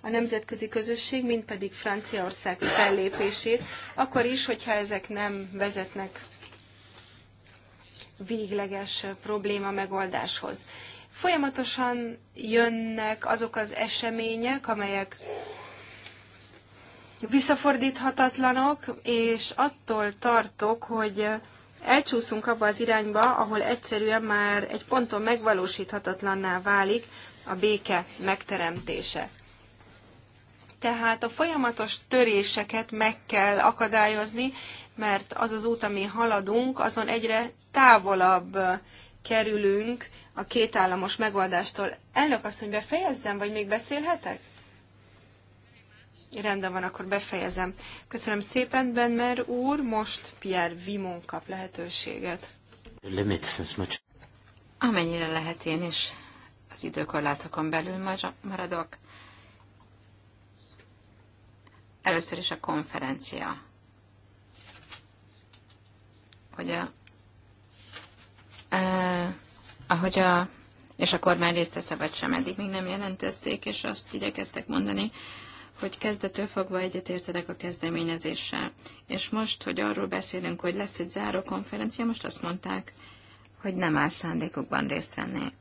a nemzetközi közösség, mind pedig Franciaország fellépését, akkor is, hogyha ezek nem vezetnek végleges probléma megoldáshoz. Folyamatosan jönnek azok az események, amelyek visszafordíthatatlanok, és attól tartok, hogy elcsúszunk abba az irányba, ahol egyszerűen már egy ponton megvalósíthatatlanná válik a béke megteremtése. Tehát a folyamatos töréseket meg kell akadályozni, mert az az út, ami haladunk, azon egyre távolabb kerülünk a kétállamos megoldástól. Elnök asszony, befejezzem, vagy még beszélhetek? Rendben van, akkor befejezem. Köszönöm szépen, Benmer úr. Most Pierre Vimon kap lehetőséget. Amennyire lehet én is az időkorlátokon belül maradok. Először is a konferencia. Hogy a Eh, ahogy a, és a kormány részt vesz vagy sem, eddig még nem jelentezték, és azt igyekeztek mondani, hogy kezdetől fogva egyetértenek a kezdeményezéssel. És most, hogy arról beszélünk, hogy lesz egy záró konferencia, most azt mondták, hogy nem áll szándékukban részt venni.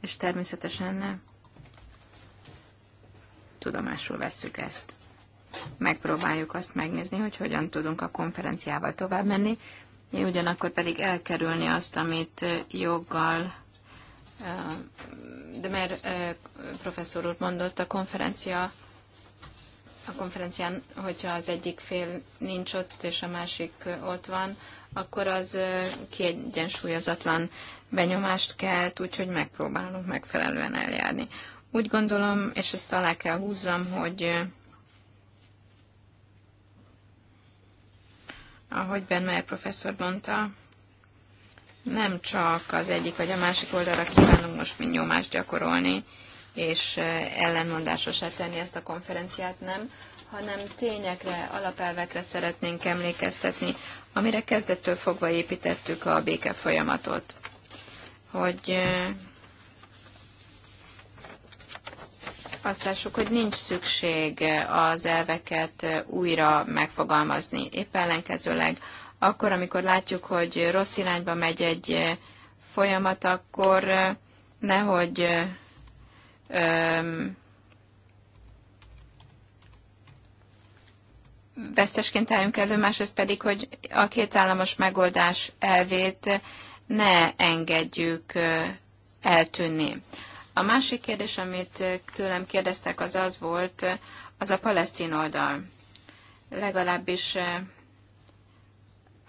És természetesen ne, Tudomásul vesszük ezt. Megpróbáljuk azt megnézni, hogy hogyan tudunk a konferenciával tovább menni, ugyanakkor pedig elkerülni azt, amit joggal, de mert professzor úr mondott, a konferencia a konferencián, hogyha az egyik fél nincs ott, és a másik ott van, akkor az kiegyensúlyozatlan benyomást kelt, úgyhogy megpróbálunk megfelelően eljárni. Úgy gondolom, és ezt alá kell húzzam, hogy ahogy Benmeyer professzor mondta, nem csak az egyik vagy a másik oldalra kívánunk most mind nyomást gyakorolni, és eh, ellenmondásosá tenni ezt a konferenciát, nem, hanem tényekre, alapelvekre szeretnénk emlékeztetni, amire kezdettől fogva építettük a béke folyamatot. Hogy eh, azt lássuk, hogy nincs szükség eh, az elveket eh, újra megfogalmazni. Épp ellenkezőleg, akkor, amikor látjuk, hogy rossz irányba megy egy eh, folyamat, akkor nehogy öm, vesztesként álljunk elő, másrészt pedig, hogy a két államos megoldás elvét ne engedjük eltűnni. A másik kérdés, amit tőlem kérdeztek, az az volt, az a palesztin oldal. Legalábbis eh,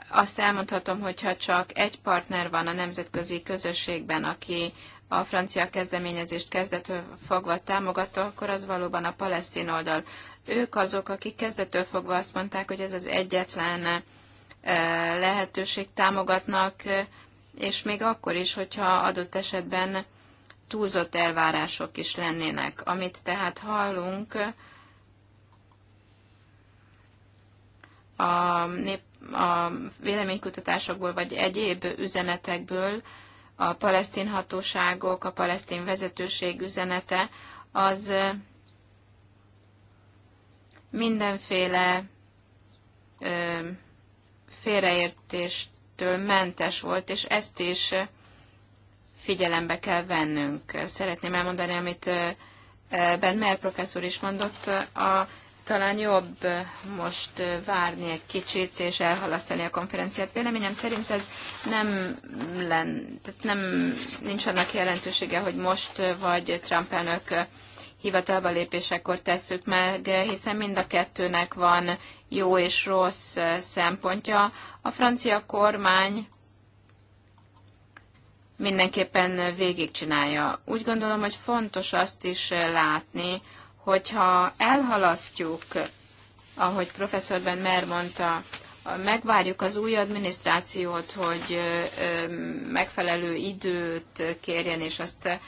azt elmondhatom, hogyha csak egy partner van a nemzetközi közösségben, aki a francia kezdeményezést kezdetől fogva támogatta, akkor az valóban a palesztin oldal. Ők azok, akik kezdetől fogva azt mondták, hogy ez az egyetlen eh, lehetőség támogatnak, eh, és még akkor is, hogyha adott esetben túlzott elvárások is lennének. Amit tehát hallunk, a, nép, a véleménykutatásokból vagy egyéb üzenetekből a palesztin hatóságok, a palesztin vezetőség üzenete, az mindenféle ö, félreértéstől mentes volt, és ezt is figyelembe kell vennünk. Szeretném elmondani, amit Ben Mer professzor is mondott, a, talán jobb most várni egy kicsit és elhalasztani a konferenciát. Véleményem szerint ez nem, len, tehát nem nincs annak jelentősége, hogy most vagy Trump elnök hivatalba lépésekor tesszük meg, hiszen mind a kettőnek van jó és rossz szempontja. A francia kormány mindenképpen végigcsinálja. Úgy gondolom, hogy fontos azt is látni, hogyha elhalasztjuk, ahogy professzor Ben Mer mondta, megvárjuk az új adminisztrációt, hogy megfelelő időt kérjen, és azt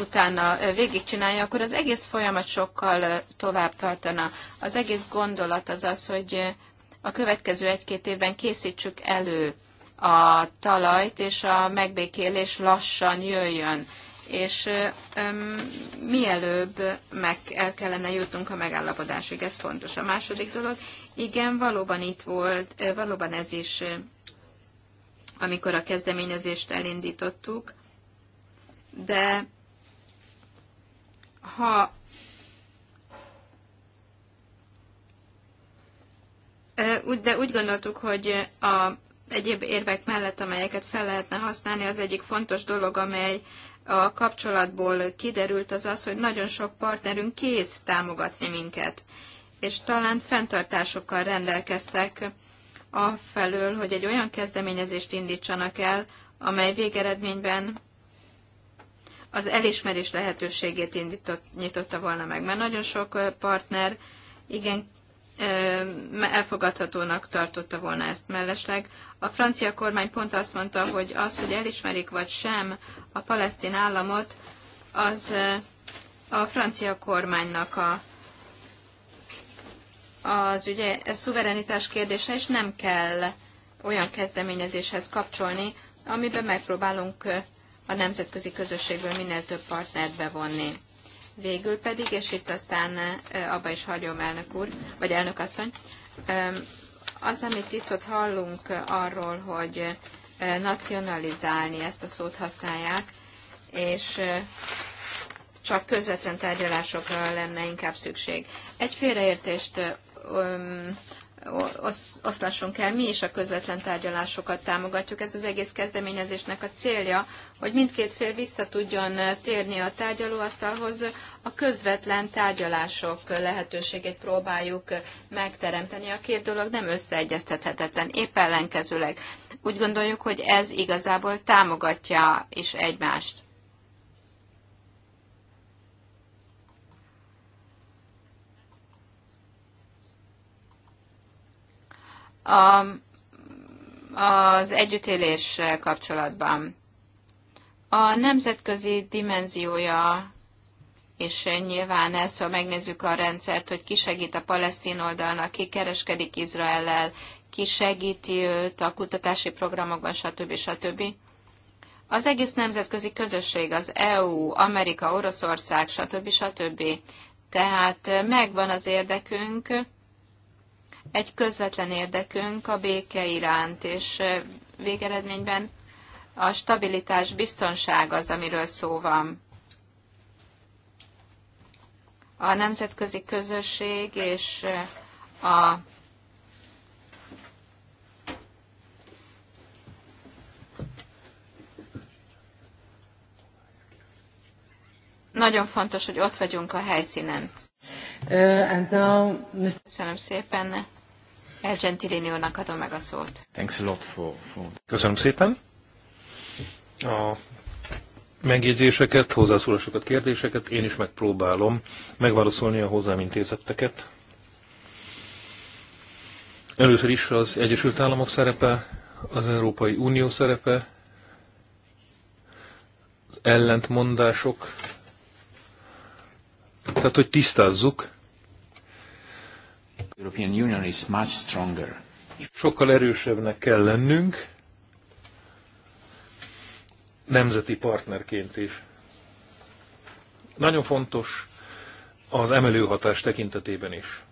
utána végigcsinálja, akkor az egész folyamat sokkal tovább tartana. Az egész gondolat az az, hogy a következő egy-két évben készítsük elő a talajt, és a megbékélés lassan jöjjön. És öm, mielőbb meg el kellene jutnunk a megállapodásig, ez fontos. A második dolog, igen, valóban itt volt, valóban ez is, amikor a kezdeményezést elindítottuk, de ha de úgy gondoltuk, hogy a egyéb érvek mellett, amelyeket fel lehetne használni, az egyik fontos dolog, amely a kapcsolatból kiderült, az az, hogy nagyon sok partnerünk kész támogatni minket, és talán fenntartásokkal rendelkeztek afelől, hogy egy olyan kezdeményezést indítsanak el, amely végeredményben az elismerés lehetőségét indított, nyitotta volna meg. Mert nagyon sok partner igen elfogadhatónak tartotta volna ezt mellesleg. A francia kormány pont azt mondta, hogy az, hogy elismerik vagy sem a palesztin államot, az a francia kormánynak a, az ugye a szuverenitás kérdése, és nem kell olyan kezdeményezéshez kapcsolni, amiben megpróbálunk a nemzetközi közösségből minél több partnert bevonni. Végül pedig, és itt aztán abba is hagyom elnök úr, vagy elnök asszony, az, amit itt ott hallunk arról, hogy nacionalizálni ezt a szót használják, és csak közvetlen tárgyalásokra lenne inkább szükség. Egy félreértést oszlassunk el, mi is a közvetlen tárgyalásokat támogatjuk. Ez az egész kezdeményezésnek a célja, hogy mindkét fél vissza tudjon térni a tárgyalóasztalhoz, a közvetlen tárgyalások lehetőségét próbáljuk megteremteni. A két dolog nem összeegyeztethetetlen, épp ellenkezőleg. Úgy gondoljuk, hogy ez igazából támogatja is egymást. A, az együttélés kapcsolatban. A nemzetközi dimenziója, és nyilván ez, ha megnézzük a rendszert, hogy ki segít a palesztin oldalnak, ki kereskedik el ki segíti őt a kutatási programokban, stb. stb. Az egész nemzetközi közösség, az EU, Amerika, Oroszország, stb. stb. Tehát megvan az érdekünk, egy közvetlen érdekünk a béke iránt, és végeredményben a stabilitás, biztonság az, amiről szó van. A nemzetközi közösség és a Nagyon fontos, hogy ott vagyunk a helyszínen. Uh, now, Köszönöm szépen. El úrnak adom meg a szót. Thanks a lot for, for... Köszönöm szépen. A megjegyzéseket, hozzászólásokat, kérdéseket én is megpróbálom megválaszolni a hozzám intézetteket. Először is az Egyesült Államok szerepe, az Európai Unió szerepe, az ellentmondások, tehát hogy tisztázzuk, European Union is much stronger. Sokkal erősebbnek kell lennünk, nemzeti partnerként is. Nagyon fontos az emelőhatás tekintetében is.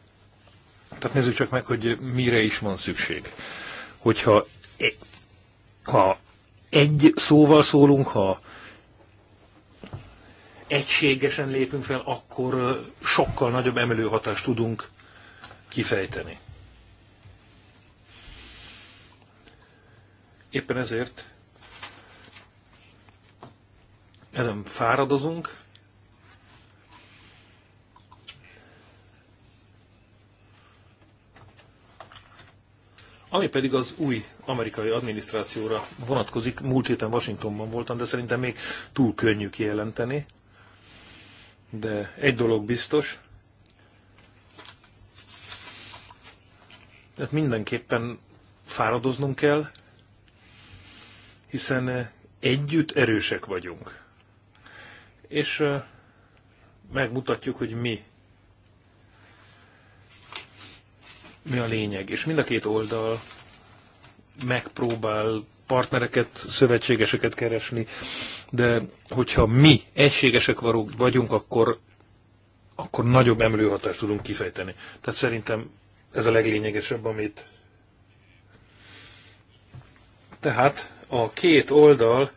Tehát nézzük csak meg, hogy mire is van szükség. Hogyha e- ha egy szóval szólunk, ha egységesen lépünk fel, akkor sokkal nagyobb emelőhatást tudunk kifejteni. Éppen ezért ezen fáradozunk, Ami pedig az új amerikai adminisztrációra vonatkozik, múlt héten Washingtonban voltam, de szerintem még túl könnyű kijelenteni. De egy dolog biztos, Tehát mindenképpen fáradoznunk kell, hiszen eh, együtt erősek vagyunk. És eh, megmutatjuk, hogy mi mi a lényeg. És mind a két oldal megpróbál partnereket, szövetségeseket keresni, de hogyha mi egységesek vagyunk, akkor, akkor nagyobb emlőhatást tudunk kifejteni. Tehát szerintem ez a leglényegesebb, amit. Tehát a két oldal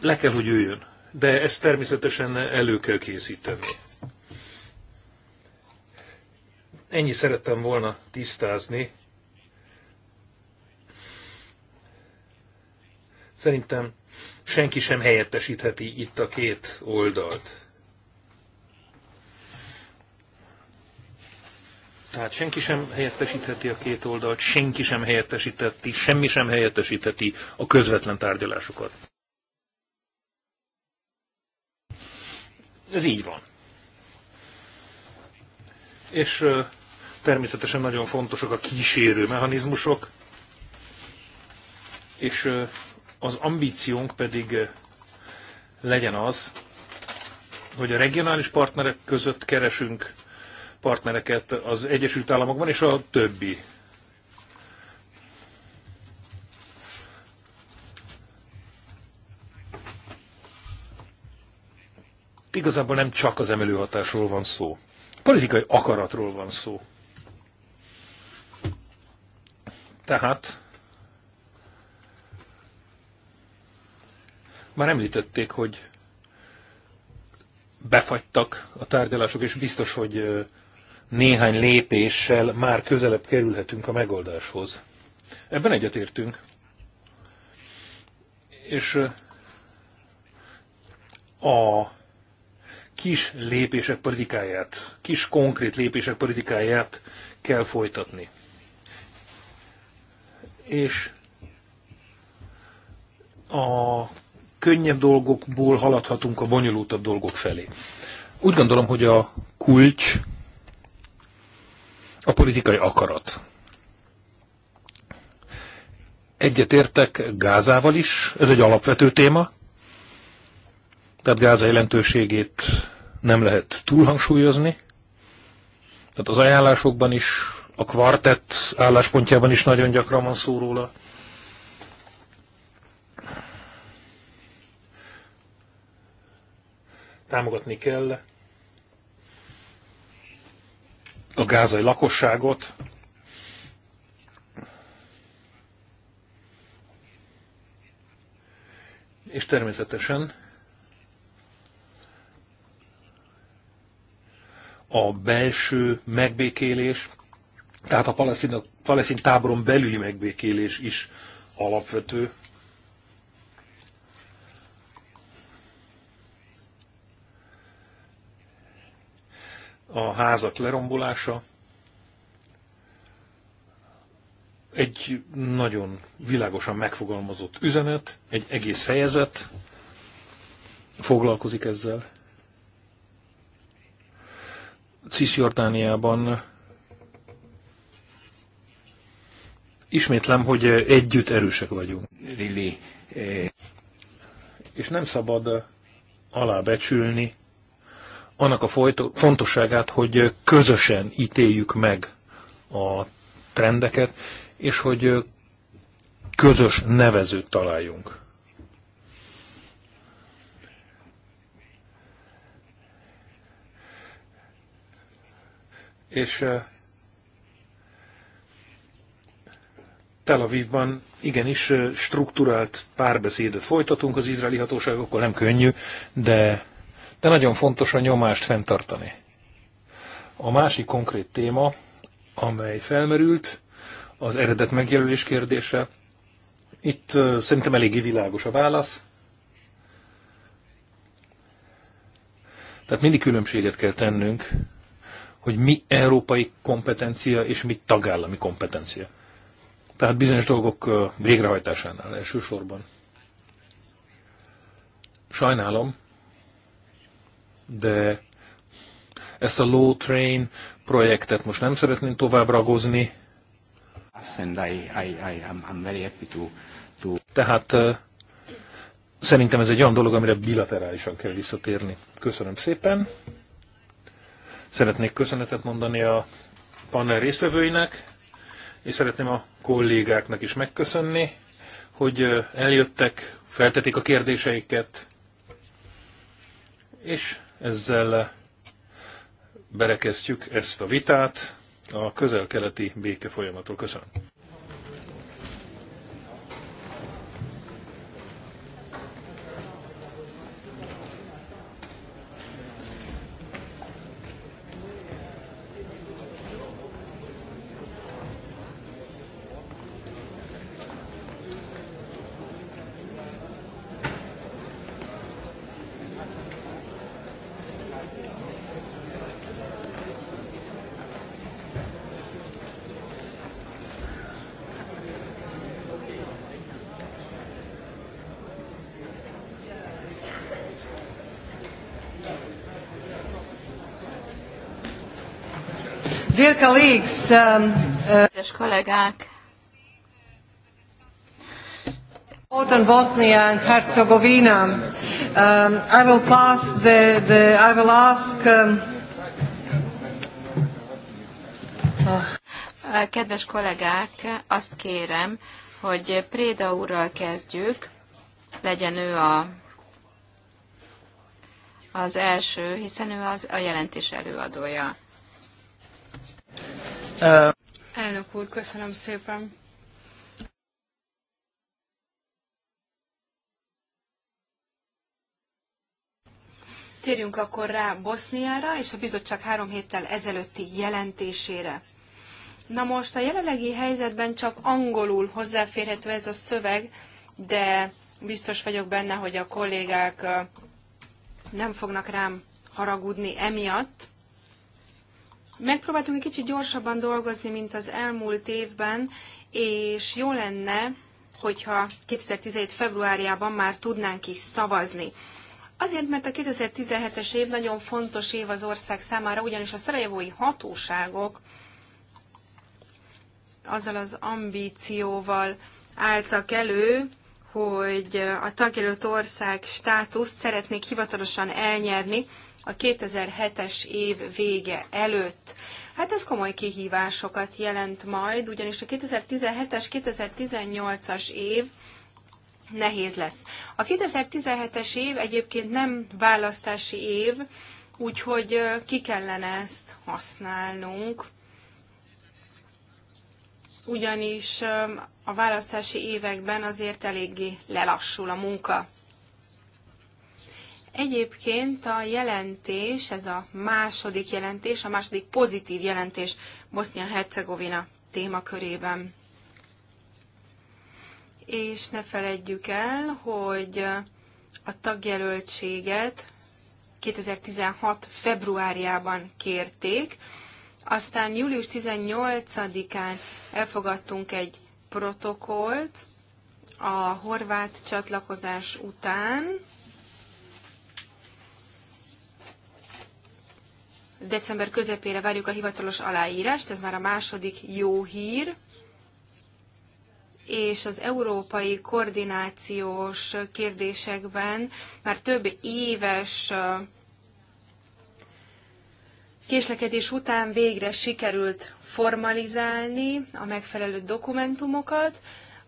le kell, hogy üljön. De ezt természetesen elő kell készíteni. Ennyi szerettem volna tisztázni. Szerintem senki sem helyettesítheti itt a két oldalt. Tehát senki sem helyettesítheti a két oldalt, senki sem helyettesítheti, semmi sem helyettesítheti a közvetlen tárgyalásokat. Ez így van. És természetesen nagyon fontosak a kísérő mechanizmusok, és az ambíciónk pedig legyen az, hogy a regionális partnerek között keresünk partnereket az Egyesült Államokban és a többi. Igazából nem csak az emelőhatásról van szó. Politikai akaratról van szó. Tehát már említették, hogy befagytak a tárgyalások, és biztos, hogy néhány lépéssel már közelebb kerülhetünk a megoldáshoz. Ebben egyetértünk. És a kis lépések politikáját, kis konkrét lépések politikáját kell folytatni. És a könnyebb dolgokból haladhatunk a bonyolultabb dolgok felé. Úgy gondolom, hogy a kulcs a politikai akarat. Egyetértek Gázával is, ez egy alapvető téma, tehát Gáza jelentőségét nem lehet túlhangsúlyozni. Tehát az ajánlásokban is, a kvartett álláspontjában is nagyon gyakran van szó róla. Támogatni kell a gázai lakosságot. És természetesen a belső megbékélés, tehát a palesztin táboron belüli megbékélés is alapvető a házak lerombolása egy nagyon világosan megfogalmazott üzenet, egy egész fejezet foglalkozik ezzel. Cisjordániában ismétlem, hogy együtt erősek vagyunk. Really. Eh, És nem szabad alábecsülni annak a folyto- fontosságát, hogy közösen ítéljük meg a trendeket, és hogy közös nevezőt találjunk. És eh, Tel Avivban igenis eh, strukturált párbeszédet folytatunk az izraeli hatóságokkal, nem könnyű, de de nagyon fontos a nyomást fenntartani. A másik konkrét téma, amely felmerült, az eredet megjelölés kérdése. Itt szerintem eléggé világos a válasz. Tehát mindig különbséget kell tennünk, hogy mi európai kompetencia és mi tagállami kompetencia. Tehát bizonyos dolgok végrehajtásánál elsősorban. Sajnálom, de ezt a Low Train projektet most nem szeretném tovább ragozni. Tehát szerintem ez egy olyan dolog, amire bilaterálisan kell visszatérni. Köszönöm szépen. Szeretnék köszönetet mondani a panel résztvevőinek, és szeretném a kollégáknak is megköszönni, hogy eljöttek, feltetik a kérdéseiket, és ezzel berekeztjük ezt a vitát a közel-keleti béke folyamatról. Köszönöm. colleagues, um, uh, kollégák, Northern Bosnia and Herzegovina. Um, I will pass the, the I will ask. Um, oh. Kedves kollégák, azt kérem, hogy Préda úrral kezdjük, legyen ő a, az első, hiszen ő az, a jelentés előadója. Uh, Elnök úr, köszönöm szépen. Térjünk akkor rá Boszniára és a bizottság három héttel ezelőtti jelentésére. Na most a jelenlegi helyzetben csak angolul hozzáférhető ez a szöveg, de biztos vagyok benne, hogy a kollégák uh, nem fognak rám haragudni emiatt. Megpróbáltunk egy kicsit gyorsabban dolgozni, mint az elmúlt évben, és jó lenne, hogyha 2017. februárjában már tudnánk is szavazni. Azért, mert a 2017-es év nagyon fontos év az ország számára, ugyanis a szarajevói hatóságok azzal az ambícióval álltak elő, hogy a tagjelölt ország státuszt szeretnék hivatalosan elnyerni a 2007-es év vége előtt. Hát ez komoly kihívásokat jelent majd, ugyanis a 2017-es, 2018-as év nehéz lesz. A 2017-es év egyébként nem választási év, úgyhogy ki kellene ezt használnunk, ugyanis a választási években azért eléggé lelassul a munka. Egyébként a jelentés, ez a második jelentés, a második pozitív jelentés Bosznia-Hercegovina témakörében. És ne feledjük el, hogy a tagjelöltséget 2016. februárjában kérték, aztán július 18-án elfogadtunk egy protokolt a horvát csatlakozás után, december közepére várjuk a hivatalos aláírást, ez már a második jó hír, és az európai koordinációs kérdésekben már több éves késlekedés után végre sikerült formalizálni a megfelelő dokumentumokat,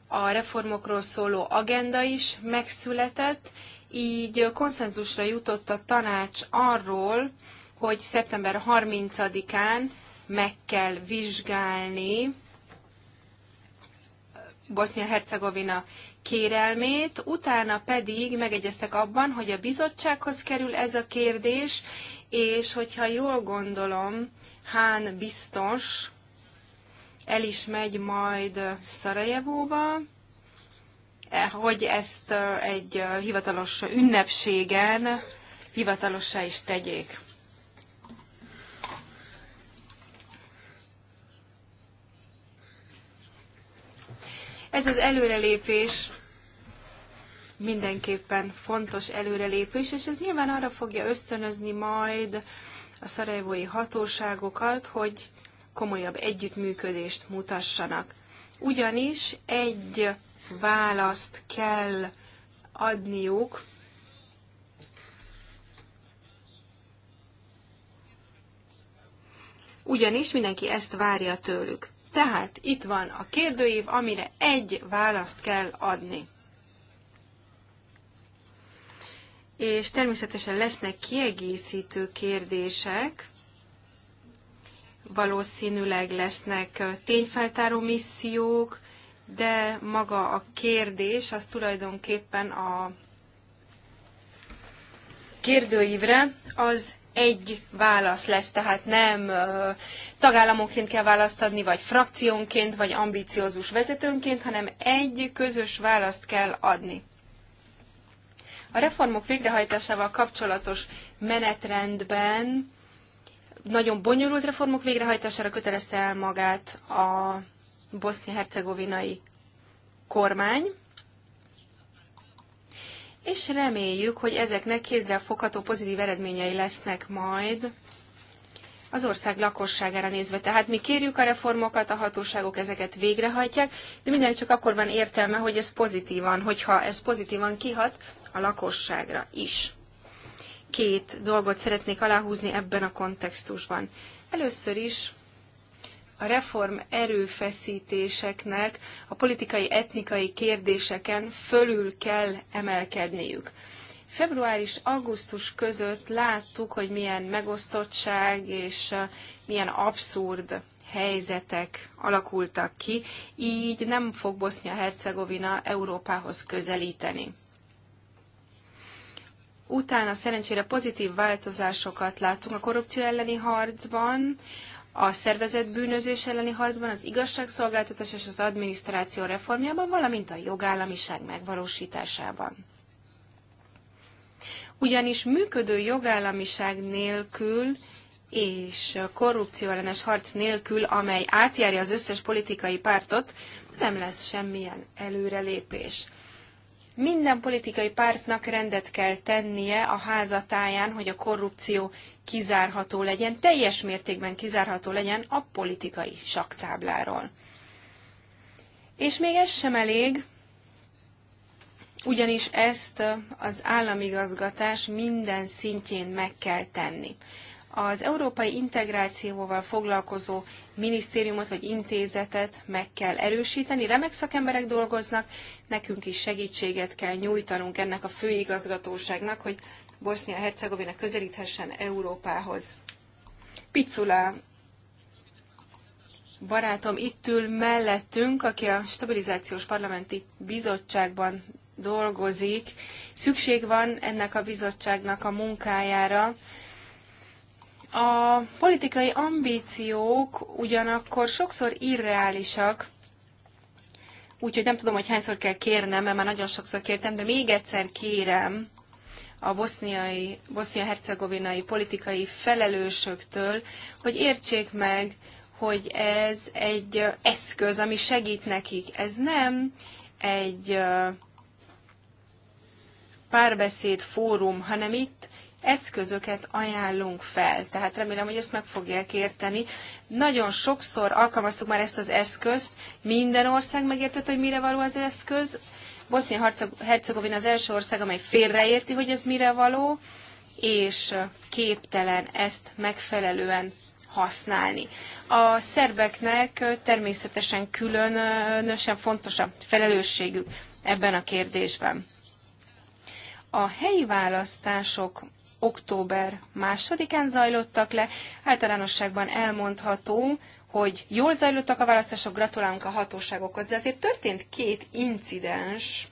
a reformokról szóló agenda is megszületett, így konszenzusra jutott a tanács arról, hogy szeptember 30-án meg kell vizsgálni Bosznia-Hercegovina kérelmét, utána pedig megegyeztek abban, hogy a bizottsághoz kerül ez a kérdés, és hogyha jól gondolom, Hán biztos el is megy majd Szarajevóba, eh, hogy ezt eh, egy eh, hivatalos ünnepségen hivatalossá is tegyék. Ez az előrelépés mindenképpen fontos előrelépés, és ez nyilván arra fogja ösztönözni majd a szarajvói hatóságokat, hogy komolyabb együttműködést mutassanak. Ugyanis egy választ kell adniuk ugyanis mindenki ezt várja tőlük. Tehát itt van a kérdőív, amire egy választ kell adni. És természetesen lesznek kiegészítő kérdések, valószínűleg lesznek tényfeltáró missziók, de maga a kérdés az tulajdonképpen a kérdőívre az egy válasz lesz, tehát nem tagállamonként kell választ adni, vagy frakciónként, vagy ambíciózus vezetőnként, hanem egy közös választ kell adni. A reformok végrehajtásával kapcsolatos menetrendben nagyon bonyolult reformok végrehajtására kötelezte el magát a bosznia-hercegovinai kormány, és reméljük, hogy ezeknek fogható pozitív eredményei lesznek majd az ország lakosságára nézve. Tehát mi kérjük a reformokat, a hatóságok ezeket végrehajtják, de minden csak akkor van értelme, hogy ez pozitívan, hogyha ez pozitívan kihat a lakosságra is. Két dolgot szeretnék aláhúzni ebben a kontextusban. Először is a reform erőfeszítéseknek a politikai, etnikai kérdéseken fölül kell emelkedniük. Február és augusztus között láttuk, hogy milyen megosztottság és uh, milyen abszurd helyzetek alakultak ki, így nem fog Bosznia-Hercegovina Európához közelíteni. Utána szerencsére pozitív változásokat láttunk a korrupció elleni harcban, a szervezett bűnözés elleni harcban, az igazságszolgáltatás és az adminisztráció reformjában, valamint a jogállamiság megvalósításában. Ugyanis működő jogállamiság nélkül és korrupcióellenes harc nélkül, amely átjárja az összes politikai pártot, nem lesz semmilyen előrelépés. Minden politikai pártnak rendet kell tennie a házatáján, hogy a korrupció kizárható legyen, teljes mértékben kizárható legyen a politikai saktábláról. És még ez sem elég, ugyanis ezt az államigazgatás minden szintjén meg kell tenni az európai integrációval foglalkozó minisztériumot vagy intézetet meg kell erősíteni. Remek szakemberek dolgoznak, nekünk is segítséget kell nyújtanunk ennek a főigazgatóságnak, hogy Bosznia-Hercegovina közelíthessen Európához. Picula barátom itt ül mellettünk, aki a Stabilizációs Parlamenti Bizottságban dolgozik. Szükség van ennek a bizottságnak a munkájára, a politikai ambíciók ugyanakkor sokszor irreálisak, úgyhogy nem tudom, hogy hányszor kell kérnem, mert már nagyon sokszor kértem, de még egyszer kérem a boszniai, bosznia-hercegovinai politikai felelősöktől, hogy értsék meg, hogy ez egy eszköz, ami segít nekik. Ez nem egy párbeszéd fórum, hanem itt eszközöket ajánlunk fel. Tehát remélem, hogy ezt meg fogják érteni. Nagyon sokszor alkalmaztuk már ezt az eszközt, minden ország megértette, hogy mire való az eszköz. Bosznia-Hercegovina az első ország, amely félreérti, hogy ez mire való, és képtelen ezt megfelelően használni. A szerbeknek természetesen különösen fontos a felelősségük ebben a kérdésben. A helyi választások október másodikán zajlottak le. Általánosságban elmondható, hogy jól zajlottak a választások, gratulálunk a hatóságokhoz, de azért történt két incidens,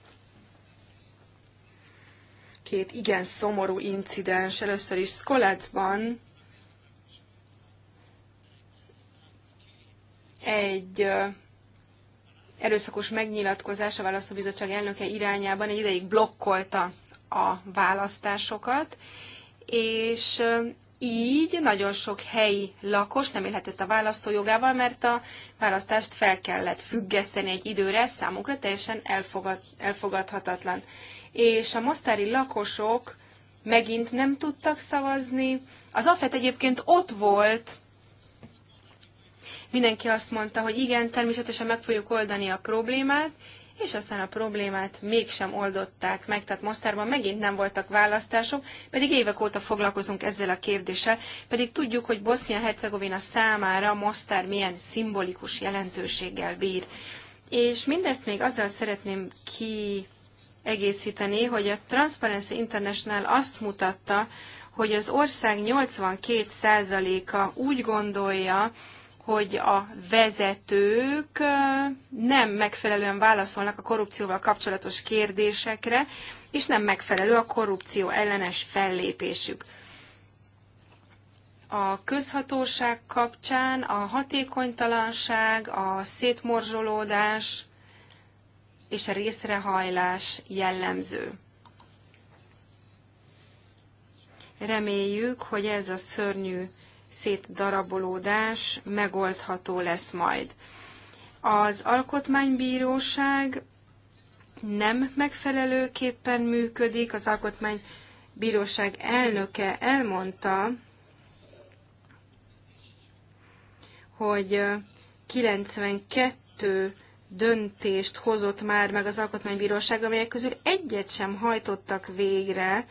két igen szomorú incidens. Először is Skolecban egy erőszakos megnyilatkozás a választóbizottság elnöke irányában egy ideig blokkolta a választásokat, és így nagyon sok helyi lakos nem élhetett a választójogával, mert a választást fel kellett függeszteni egy időre, számukra teljesen elfogad, elfogadhatatlan. És a mostári lakosok megint nem tudtak szavazni. Az AFET egyébként ott volt, mindenki azt mondta, hogy igen, természetesen meg fogjuk oldani a problémát, és aztán a problémát mégsem oldották meg. Tehát mostárban megint nem voltak választások, pedig évek óta foglalkozunk ezzel a kérdéssel, pedig tudjuk, hogy Bosznia-Hercegovina számára mostár milyen szimbolikus jelentőséggel bír. És mindezt még azzal szeretném ki egészíteni, hogy a Transparency International azt mutatta, hogy az ország 82%-a úgy gondolja, hogy a vezetők nem megfelelően válaszolnak a korrupcióval kapcsolatos kérdésekre, és nem megfelelő a korrupció ellenes fellépésük. A közhatóság kapcsán a hatékonytalanság, a szétmorzsolódás és a részrehajlás jellemző. Reméljük, hogy ez a szörnyű szétdarabolódás megoldható lesz majd. Az alkotmánybíróság nem megfelelőképpen működik, az alkotmánybíróság elnöke elmondta, hogy 92 döntést hozott már meg az alkotmánybíróság, amelyek közül egyet sem hajtottak végre,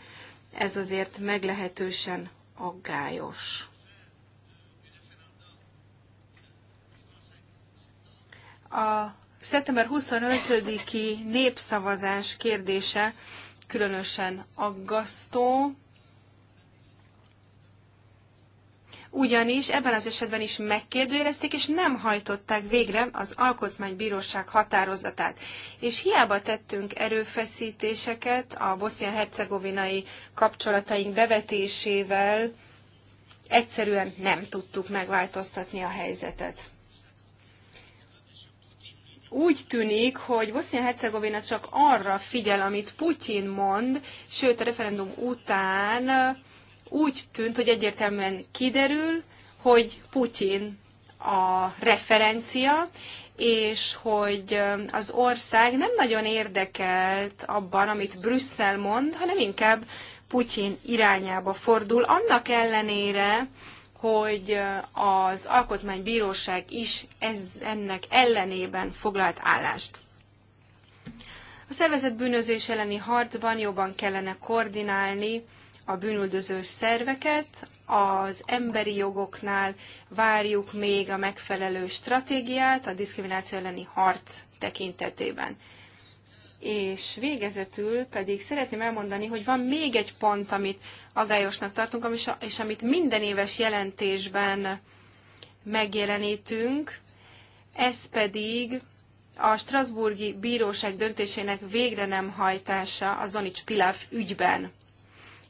ez azért meglehetősen aggályos. A szeptember 25-i népszavazás kérdése különösen aggasztó, ugyanis ebben az esetben is megkérdőjelezték, és nem hajtották végre az Alkotmánybíróság határozatát. És hiába tettünk erőfeszítéseket a bosznia-hercegovinai kapcsolataink bevetésével, egyszerűen nem tudtuk megváltoztatni a helyzetet úgy tűnik, hogy Bosznia-Hercegovina csak arra figyel, amit Putyin mond, sőt a referendum után úgy tűnt, hogy egyértelműen kiderül, hogy Putyin a referencia, és hogy az ország nem nagyon érdekelt abban, amit Brüsszel mond, hanem inkább Putyin irányába fordul, annak ellenére, hogy az alkotmánybíróság is ez, ennek ellenében foglalt állást. A szervezet bűnözés elleni harcban jobban kellene koordinálni a bűnüldöző szerveket, az emberi jogoknál várjuk még a megfelelő stratégiát a diszkrimináció elleni harc tekintetében. És végezetül pedig szeretném elmondani, hogy van még egy pont, amit agályosnak tartunk, és amit minden éves jelentésben megjelenítünk, ez pedig a Strasburgi Bíróság döntésének végre nem hajtása a Zonics Pilaf ügyben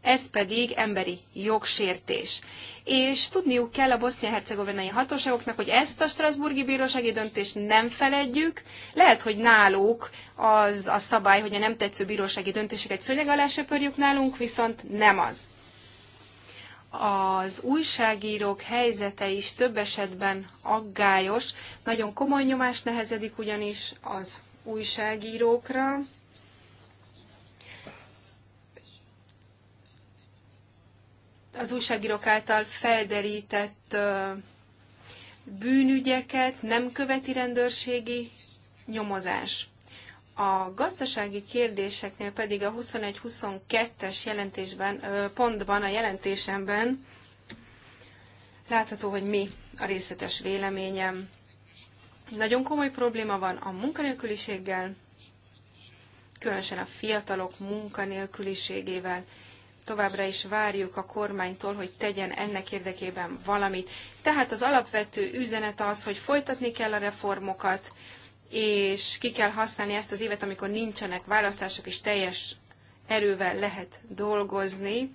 ez pedig emberi jogsértés. És tudniuk kell a bosznia-hercegovinai hatóságoknak, hogy ezt a Strasburgi Bírósági döntést nem feledjük. Lehet, hogy náluk az a szabály, hogy a nem tetsző bírósági döntéseket szőnyeg alá söpörjük nálunk, viszont nem az. Az újságírók helyzete is több esetben aggályos, nagyon komoly nyomás nehezedik ugyanis az újságírókra, az újságírók által felderített bűnügyeket nem követi rendőrségi nyomozás. A gazdasági kérdéseknél pedig a 21-22-es jelentésben, pontban, a jelentésemben látható, hogy mi a részletes véleményem. Nagyon komoly probléma van a munkanélküliséggel, különösen a fiatalok munkanélküliségével, továbbra is várjuk a kormánytól, hogy tegyen ennek érdekében valamit. Tehát az alapvető üzenet az, hogy folytatni kell a reformokat, és ki kell használni ezt az évet, amikor nincsenek választások, és teljes erővel lehet dolgozni.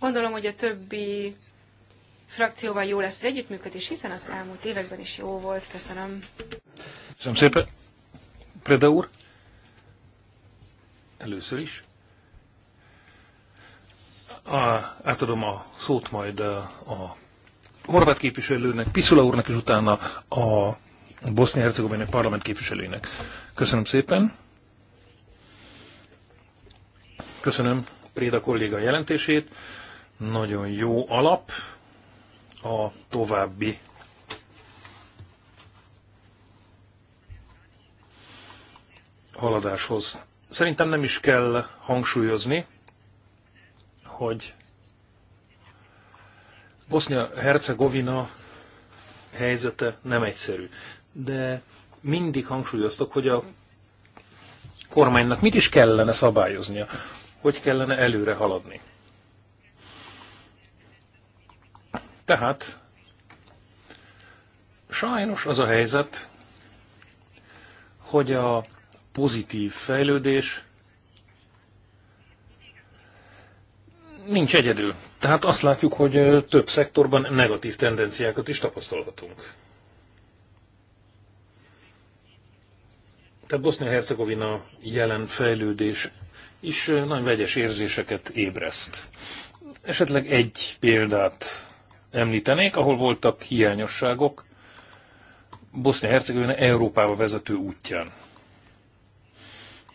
Gondolom, hogy a többi frakcióval jó lesz az együttműködés, hiszen az elmúlt években is jó volt. Köszönöm. Köszönöm szépen. Preda úr, először is a, átadom a szót majd a, horvát képviselőnek, Piszula úrnak, és utána a bosznia hercegovina parlament képviselőinek. Köszönöm szépen. Köszönöm Préda kolléga jelentését. Nagyon jó alap a további haladáshoz. Szerintem nem is kell hangsúlyozni, hogy Bosznia-Hercegovina helyzete nem egyszerű. De mindig hangsúlyoztok, hogy a kormánynak mit is kellene szabályoznia, hogy kellene előre haladni. Tehát sajnos az a helyzet, hogy a pozitív fejlődés nincs egyedül. Tehát azt látjuk, hogy több szektorban negatív tendenciákat is tapasztalhatunk. Tehát Bosznia-Hercegovina jelen fejlődés is nagyon vegyes érzéseket ébreszt. Esetleg egy példát említenék, ahol voltak hiányosságok Bosznia-Hercegovina Európába vezető útján.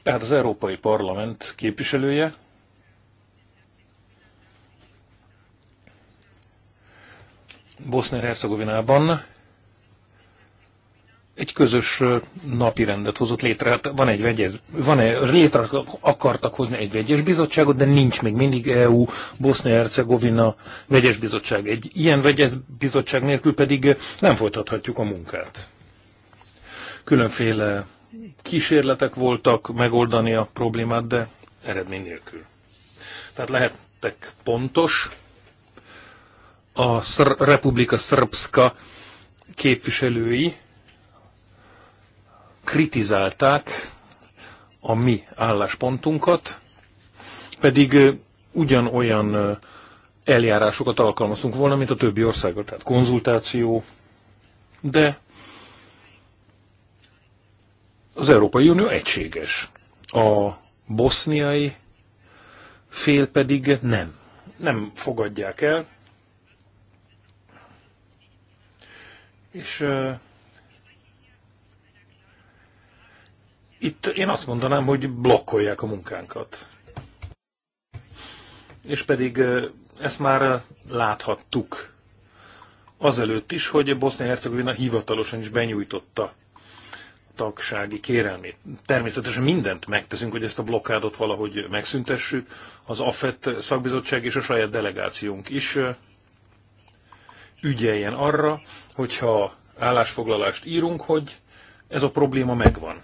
Tehát az Európai Parlament képviselője Bosznia-Hercegovinában egy közös napi rendet hozott létre. Hát van egy vegyes, van egy, létre akartak hozni egy vegyes bizottságot, de nincs még mindig EU, Bosznia-Hercegovina vegyes bizottság. Egy ilyen vegyes bizottság nélkül pedig nem folytathatjuk a munkát. Különféle kísérletek voltak megoldani a problémát, de eredmény nélkül. Tehát lehettek pontos a Szr Republika Szrbszka képviselői kritizálták a mi álláspontunkat, pedig ugyanolyan eljárásokat alkalmaztunk volna, mint a többi országgal, tehát konzultáció, de az Európai Unió egységes. A boszniai fél pedig nem. Nem fogadják el, És uh, itt én azt mondanám, hogy blokkolják a munkánkat. És pedig uh, ezt már láthattuk azelőtt is, hogy Bosznia-Hercegovina hivatalosan is benyújtotta tagsági kérelmét. Természetesen mindent megteszünk, hogy ezt a blokkádot valahogy megszüntessük. Az AFET szakbizottság és a saját delegációnk is ügyeljen arra, hogyha állásfoglalást írunk, hogy ez a probléma megvan.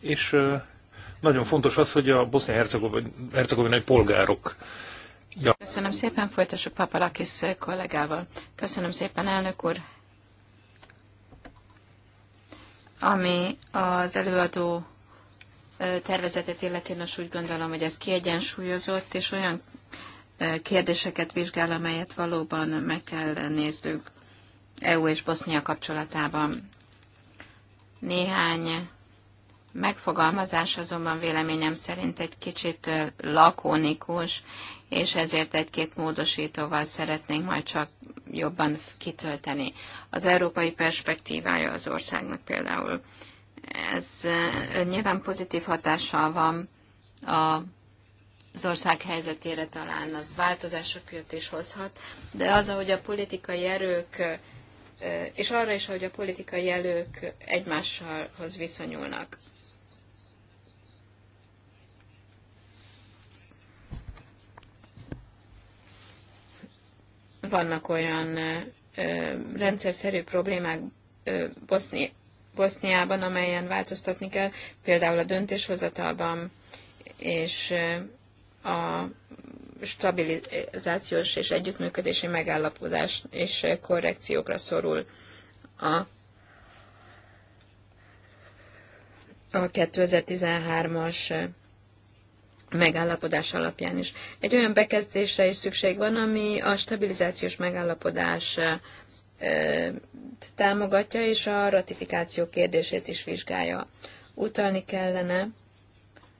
És nagyon fontos az, hogy a bosznia-hercegovinai polgárok Ja. Köszönöm szépen, folytassuk Papalakis kollégával. Köszönöm szépen, elnök úr. Ami az előadó tervezetet illeti, nos úgy gondolom, hogy ez kiegyensúlyozott, és olyan kérdéseket vizsgál, amelyet valóban meg kell néznünk. EU és Bosznia kapcsolatában. Néhány megfogalmazás azonban véleményem szerint egy kicsit lakonikus, és ezért egy-két módosítóval szeretnénk majd csak jobban kitölteni. Az európai perspektívája az országnak például. Ez nyilván pozitív hatással van a az ország helyzetére talán az változások jött is hozhat, de az, ahogy a politikai erők és arra is, hogy a politikai jelők egymáshoz viszonyulnak. Vannak olyan rendszerszerű problémák Boszni, Boszniában, amelyen változtatni kell, például a döntéshozatalban és a stabilizációs és együttműködési megállapodás és korrekciókra szorul a, a 2013-as megállapodás alapján is. Egy olyan bekezdésre is szükség van, ami a stabilizációs megállapodás támogatja, és a ratifikáció kérdését is vizsgálja. Utalni kellene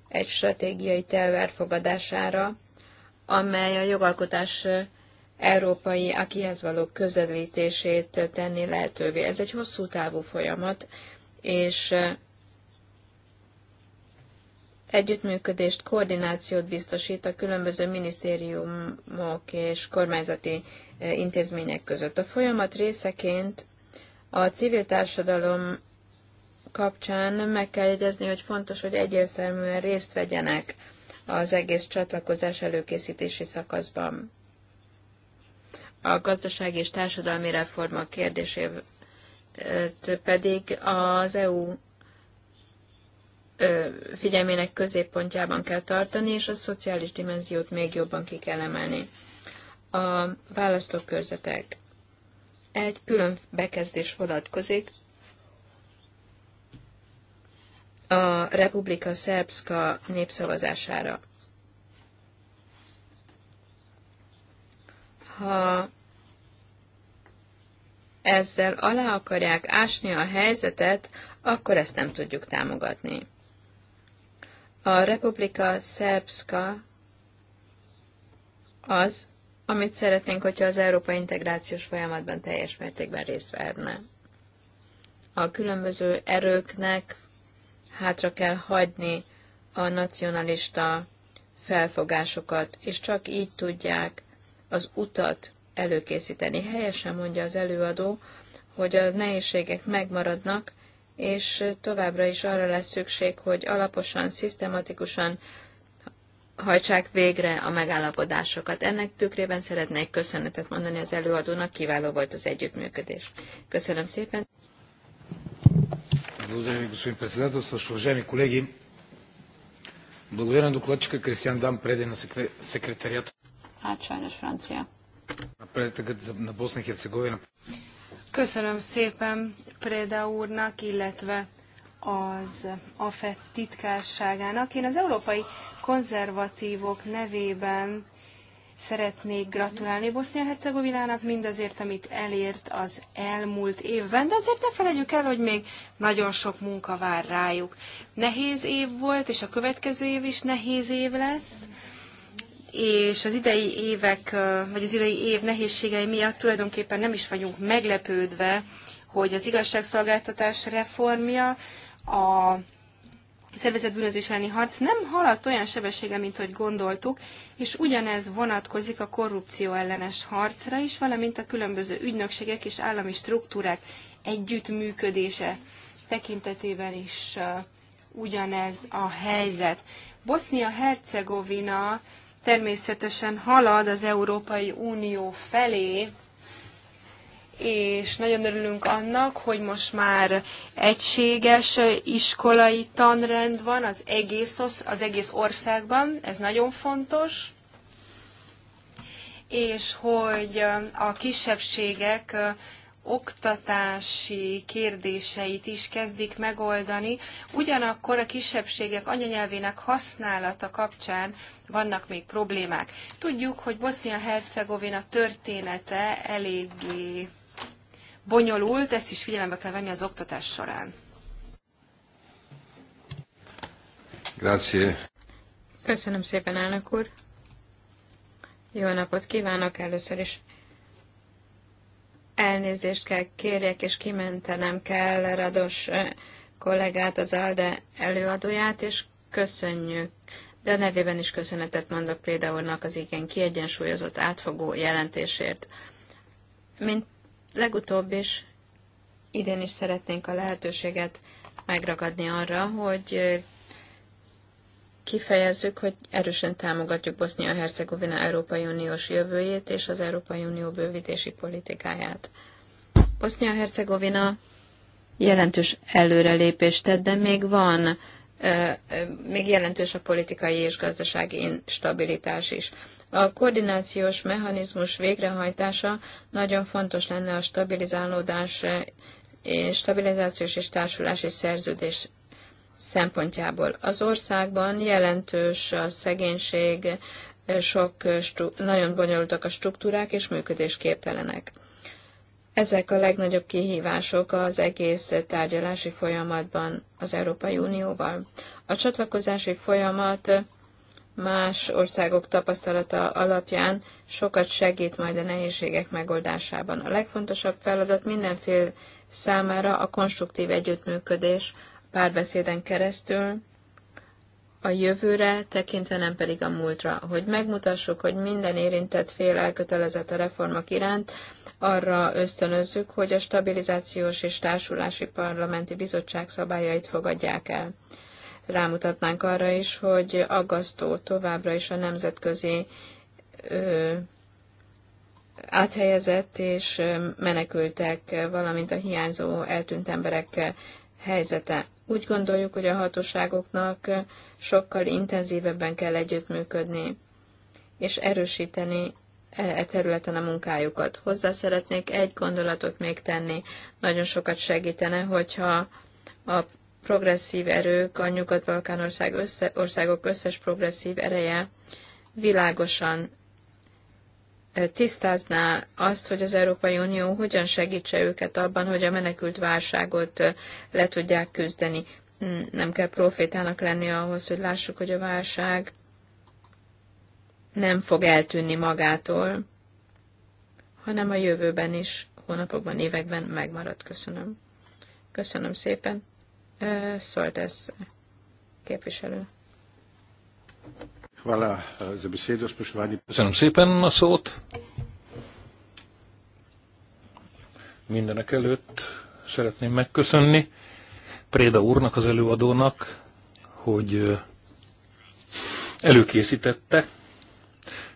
egy stratégiai terv fogadására amely a jogalkotás európai akihez való közelítését tenni lehetővé. Ez egy hosszú távú folyamat, és együttműködést, koordinációt biztosít a különböző minisztériumok és kormányzati intézmények között. A folyamat részeként a civil társadalom kapcsán meg kell jegyezni, hogy fontos, hogy egyértelműen részt vegyenek az egész csatlakozás előkészítési szakaszban. A gazdasági és társadalmi reforma kérdését pedig az EU figyelmének középpontjában kell tartani, és a szociális dimenziót még jobban ki kell emelni. A választókörzetek. Egy külön bekezdés vonatkozik a Republika Szerbszka népszavazására. Ha ezzel alá akarják ásni a helyzetet, akkor ezt nem tudjuk támogatni. A Republika Szerbszka az, amit szeretnénk, hogyha az európai integrációs folyamatban teljes mértékben részt vehetne. A különböző erőknek hátra kell hagyni a nacionalista felfogásokat, és csak így tudják az utat előkészíteni. Helyesen mondja az előadó, hogy a nehézségek megmaradnak, és továbbra is arra lesz szükség, hogy alaposan, szisztematikusan hajtsák végre a megállapodásokat. Ennek tükrében szeretnék köszönetet mondani az előadónak, kiváló volt az együttműködés. Köszönöm szépen! Благодаря Ви, господин председателстващ. Уважаеми колеги, благодаря на докладчика Кристиан Дан преди на секретарията. А, sajnos francia. Napredeteket na Bosznia Hercegovina. Köszönöm szépen Préda úrnak, illetve az AFET titkárságának. Én az európai konzervatívok nevében Szeretnék gratulálni Bosznia-Hercegovinának mindazért, amit elért az elmúlt évben, de azért ne felejtjük el, hogy még nagyon sok munka vár rájuk. Nehéz év volt, és a következő év is nehéz év lesz és az idei évek, vagy az idei év nehézségei miatt tulajdonképpen nem is vagyunk meglepődve, hogy az igazságszolgáltatás reformja, a szervezett bűnözés elleni harc nem haladt olyan sebessége, mint hogy gondoltuk, és ugyanez vonatkozik a korrupció ellenes harcra is, valamint a különböző ügynökségek és állami struktúrák együttműködése tekintetében is ugyanez a helyzet. bosnia hercegovina természetesen halad az Európai Unió felé és nagyon örülünk annak, hogy most már egységes iskolai tanrend van az egész, az egész országban, ez nagyon fontos, és hogy a kisebbségek oktatási kérdéseit is kezdik megoldani, ugyanakkor a kisebbségek anyanyelvének használata kapcsán vannak még problémák. Tudjuk, hogy Bosznia-Hercegovina története eléggé bonyolult, ezt is figyelembe kell venni az oktatás során. Grazie. Köszönöm szépen, elnök úr. Jó napot kívánok először is. Elnézést kell kérjek, és kimentenem kell Rados eh, kollégát, az ALDE előadóját, és köszönjük. De a nevében is köszönetet mondok például az igen kiegyensúlyozott átfogó jelentésért. Mint Legutóbb is idén is szeretnénk a lehetőséget megragadni arra, hogy kifejezzük, hogy erősen támogatjuk Bosznia-Hercegovina Európai Uniós jövőjét és az Európai Unió bővítési politikáját. Bosznia-Hercegovina jelentős előrelépést tett, de még van, még jelentős a politikai és gazdasági instabilitás is. A koordinációs mechanizmus végrehajtása nagyon fontos lenne a stabilizálódás, eh, stabilizációs és társulási szerződés szempontjából. Az országban jelentős a szegénység, eh, sok, eh, nagyon bonyolultak a struktúrák és működésképtelenek. Ezek a legnagyobb kihívások az egész tárgyalási folyamatban az Európai Unióval. A csatlakozási folyamat más országok tapasztalata alapján sokat segít majd a nehézségek megoldásában. A legfontosabb feladat mindenfél számára a konstruktív együttműködés párbeszéden keresztül, a jövőre, tekintve nem pedig a múltra, hogy megmutassuk, hogy minden érintett fél elkötelezett a reformok iránt, arra ösztönözzük, hogy a stabilizációs és társulási parlamenti bizottság szabályait fogadják el rámutatnánk arra is, hogy aggasztó továbbra is a nemzetközi ö, áthelyezett és menekültek, valamint a hiányzó eltűnt emberek helyzete. Úgy gondoljuk, hogy a hatóságoknak sokkal intenzívebben kell együttműködni, és erősíteni e, e területen a munkájukat. Hozzá szeretnék egy gondolatot még tenni. Nagyon sokat segítene, hogyha a progresszív erők, a Nyugat-Balkán ország össze, országok összes progresszív ereje világosan eh, tisztázná azt, hogy az Európai Unió hogyan segítse őket abban, hogy a menekült válságot eh, le tudják küzdeni. Hmm, nem kell profétának lenni ahhoz, hogy lássuk, hogy a válság nem fog eltűnni magától, hanem a jövőben is, hónapokban, években megmarad. Köszönöm. Köszönöm szépen. Szólt ez képviselő. E, Köszönöm szépen a szót. Mindenek előtt szeretném megköszönni Préda úrnak, az előadónak, hogy előkészítette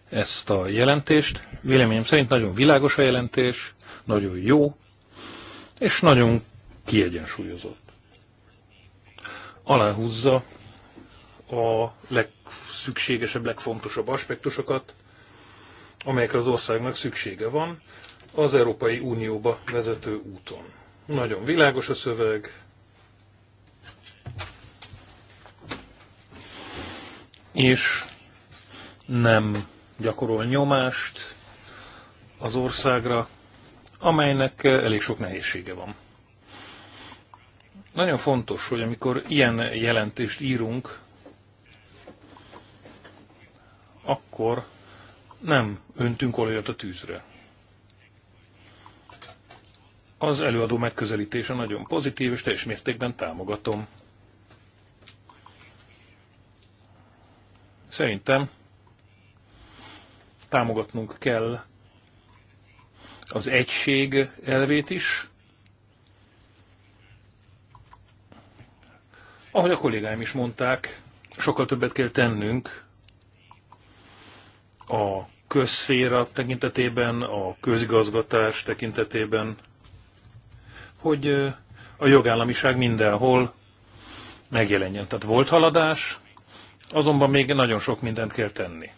ezt a jelentést. Véleményem szerint nagyon világos a jelentés, nagyon jó, és nagyon kiegyensúlyozott aláhúzza a legszükségesebb, legfontosabb aspektusokat, amelyekre az országnak szüksége van az Európai Unióba vezető úton. Nagyon világos a szöveg, és nem gyakorol nyomást az országra, amelynek elég sok nehézsége van. Nagyon fontos, hogy amikor ilyen jelentést írunk, akkor nem öntünk olajat a tűzre. Az előadó megközelítése nagyon pozitív, és teljes mértékben támogatom. Szerintem támogatnunk kell az egység elvét is, Ahogy a kollégáim is mondták, sokkal többet kell tennünk a közszféra tekintetében, a közgazgatás tekintetében, hogy a jogállamiság mindenhol megjelenjen. Tehát volt haladás, azonban még nagyon sok mindent kell tenni.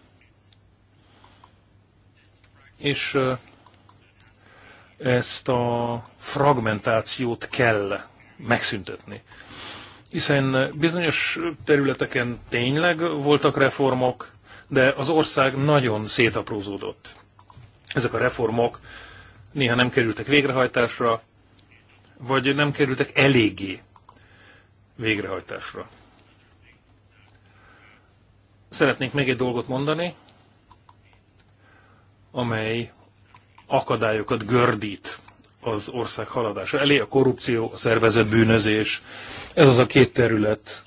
És ezt a fragmentációt kell megszüntetni hiszen bizonyos területeken tényleg voltak reformok, de az ország nagyon szétaprózódott. Ezek a reformok néha nem kerültek végrehajtásra, vagy nem kerültek eléggé végrehajtásra. Szeretnék még egy dolgot mondani, amely akadályokat gördít az ország haladása elé, a korrupció, a szervezett bűnözés. Ez az a két terület,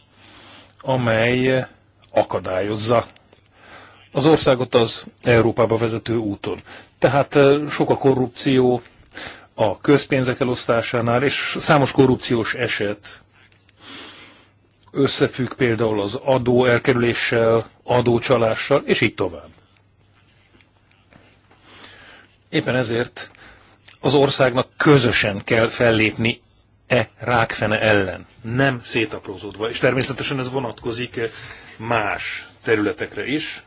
amely akadályozza az országot az Európába vezető úton. Tehát sok a korrupció a közpénzek elosztásánál, és számos korrupciós eset összefügg például az adó elkerüléssel, adócsalással, és így tovább. Éppen ezért az országnak közösen kell fellépni e rákfene ellen, nem szétaprózódva. És természetesen ez vonatkozik más területekre is.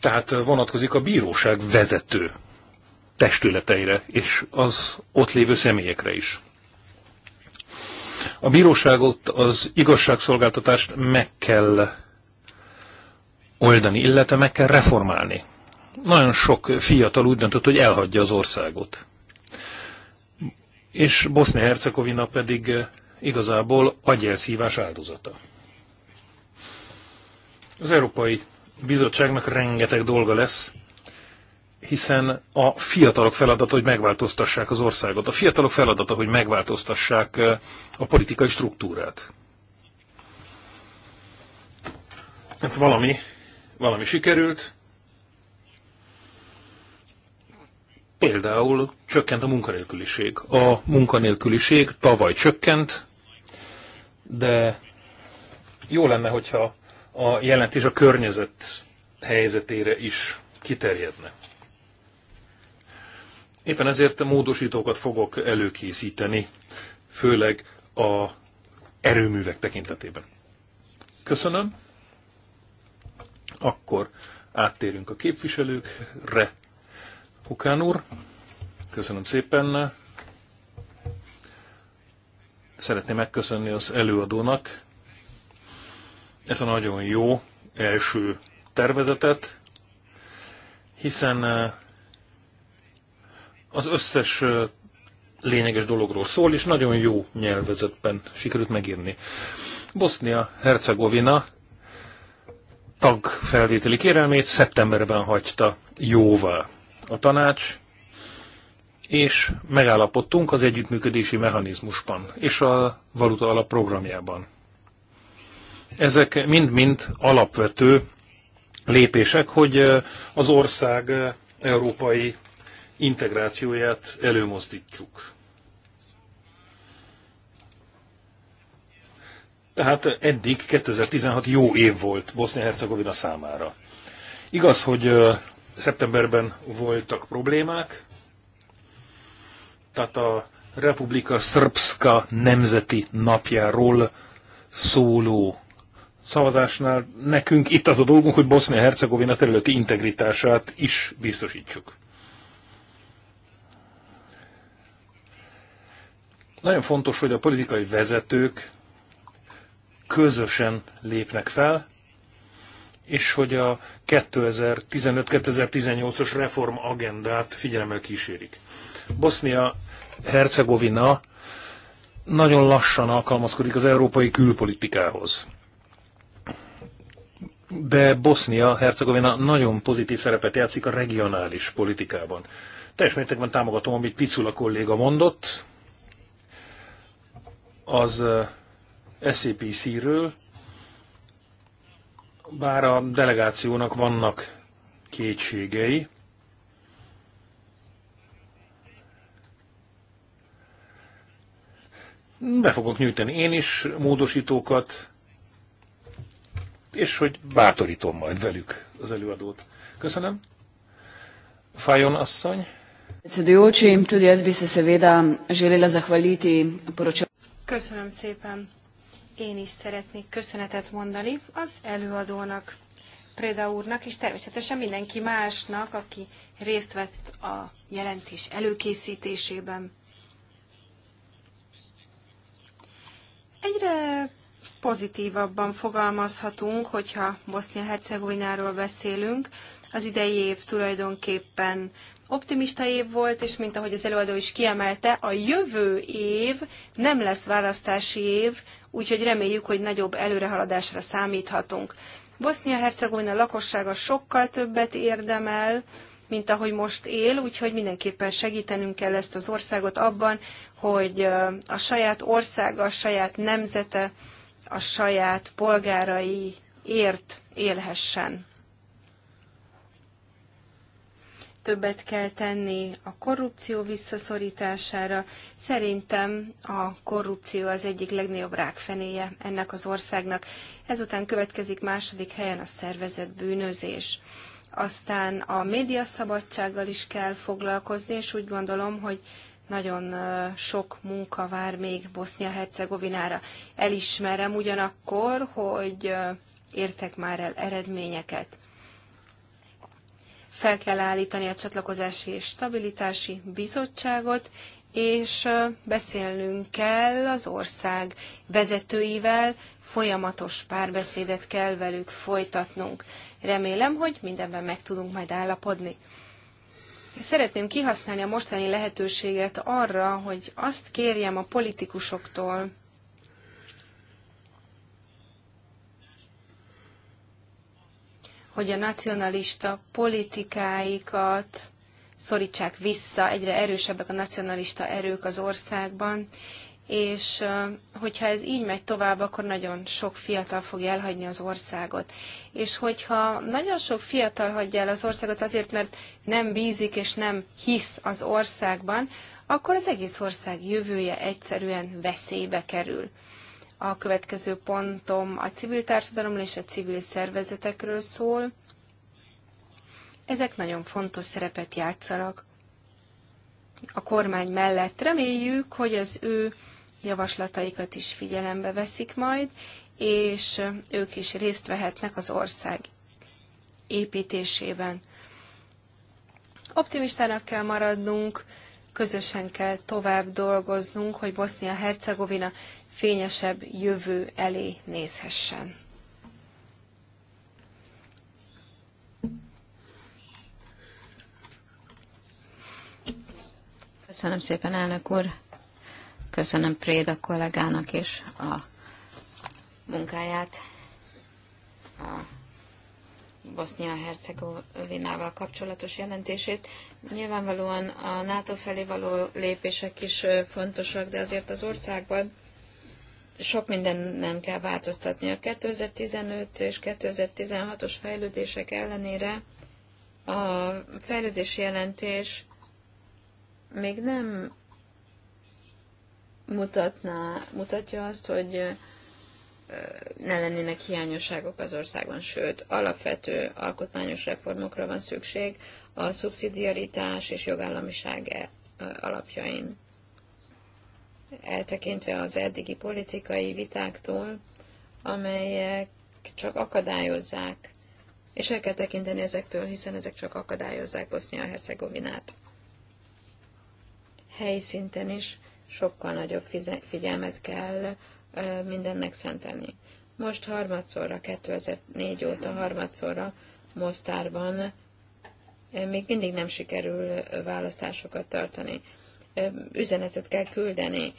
Tehát vonatkozik a bíróság vezető testületeire és az ott lévő személyekre is. A bíróságot, az igazságszolgáltatást meg kell oldani, illetve meg kell reformálni nagyon sok fiatal úgy döntött, hogy elhagyja az országot. És Bosznia-Hercegovina pedig eh, igazából agyelszívás áldozata. Az Európai Bizottságnak rengeteg dolga lesz, hiszen a fiatalok feladata, hogy megváltoztassák az országot. A fiatalok feladata, hogy megváltoztassák eh, a politikai struktúrát. Hát valami, valami sikerült, Például csökkent a munkanélküliség. A munkanélküliség tavaly csökkent, de jó lenne, hogyha a jelentés a környezet helyzetére is kiterjedne. Éppen ezért módosítókat fogok előkészíteni, főleg a erőművek tekintetében. Köszönöm. Akkor áttérünk a képviselőkre. Kukán úr, köszönöm szépen. Szeretném megköszönni az előadónak ezt a nagyon jó első tervezetet, hiszen eh, az összes eh, lényeges dologról szól, és nagyon jó nyelvezetben sikerült megírni. Bosznia-Hercegovina tagfelvételi kérelmét szeptemberben hagyta jóvá a tanács, és megállapodtunk az együttműködési mechanizmusban és a valuta alap programjában. Ezek mind-mind alapvető lépések, hogy az ország európai integrációját előmozdítsuk. Tehát eddig 2016 jó év volt Bosznia-Hercegovina számára. Igaz, hogy szeptemberben voltak problémák, tehát a Republika Srpska Nemzeti Napjáról szóló szavazásnál nekünk itt az a dolgunk, hogy Bosznia-Hercegovina területi integritását is biztosítsuk. Nagyon fontos, hogy a politikai vezetők közösen lépnek fel, és hogy a 2015-2018-os reform agendát figyelemmel kísérik. Bosznia-Hercegovina nagyon lassan alkalmazkodik az európai külpolitikához. De Bosznia-Hercegovina nagyon pozitív szerepet játszik a regionális politikában. Teljes mértékben támogatom, amit Picula kolléga mondott, az eh, sapc ről bár a delegációnak vannak kétségei, be fogok nyújtani én is módosítókat, és hogy bátorítom majd velük az előadót. Köszönöm. Fajon asszony. Köszönöm szépen. Én is szeretnék köszönetet mondani az előadónak, Preda úrnak, és természetesen mindenki másnak, aki részt vett a jelentés előkészítésében. Egyre pozitívabban fogalmazhatunk, hogyha Bosznia-Hercegovináról beszélünk. Az idei év tulajdonképpen optimista év volt, és mint ahogy az előadó is kiemelte, a jövő év nem lesz választási év, úgyhogy reméljük, hogy nagyobb előrehaladásra számíthatunk. Bosznia-Hercegovina lakossága sokkal többet érdemel, mint ahogy most él, úgyhogy mindenképpen segítenünk kell ezt az országot abban, hogy a saját országa, a saját nemzete, a saját polgárai ért élhessen. többet kell tenni a korrupció visszaszorítására. Szerintem a korrupció az egyik legnagyobb rákfenéje ennek az országnak. Ezután következik második helyen a szervezett bűnözés. Aztán a médiaszabadsággal is kell foglalkozni, és úgy gondolom, hogy nagyon sok munka vár még Bosznia-Hercegovinára. Elismerem ugyanakkor, hogy értek már el eredményeket fel kell állítani a csatlakozási és stabilitási bizottságot, és beszélnünk kell az ország vezetőivel, folyamatos párbeszédet kell velük folytatnunk. Remélem, hogy mindenben meg tudunk majd állapodni. Szeretném kihasználni a mostani lehetőséget arra, hogy azt kérjem a politikusoktól, hogy a nacionalista politikáikat szorítsák vissza, egyre erősebbek a nacionalista erők az országban, és hogyha ez így megy tovább, akkor nagyon sok fiatal fog elhagyni az országot. És hogyha nagyon sok fiatal hagyja el az országot azért, mert nem bízik és nem hisz az országban, akkor az egész ország jövője egyszerűen veszélybe kerül. A következő pontom a civil társadalomról és a civil szervezetekről szól. Ezek nagyon fontos szerepet játszanak a kormány mellett. Reméljük, hogy az ő javaslataikat is figyelembe veszik majd, és ők is részt vehetnek az ország építésében. Optimistának kell maradnunk, közösen kell tovább dolgoznunk, hogy Bosznia-Hercegovina fényesebb jövő elé nézhessen. Köszönöm szépen, elnök úr. Köszönöm Préda kollégának is a munkáját a Bosznia-Hercegovinával kapcsolatos jelentését. Nyilvánvalóan a NATO felé való lépések is fontosak, de azért az országban sok minden nem kell változtatni. A 2015 és 2016-os fejlődések ellenére a fejlődési jelentés még nem mutatná, mutatja azt, hogy ne lennének hiányosságok az országban, sőt, alapvető alkotmányos reformokra van szükség a szubszidiaritás és jogállamiság alapjain eltekintve az eddigi politikai vitáktól, amelyek csak akadályozzák, és el kell tekinteni ezektől, hiszen ezek csak akadályozzák Bosznia-Hercegovinát. Helyi szinten is sokkal nagyobb figyelmet kell mindennek szentelni. Most harmadszorra, 2004 óta harmadszorra Mostárban még mindig nem sikerül választásokat tartani üzenetet kell küldeni.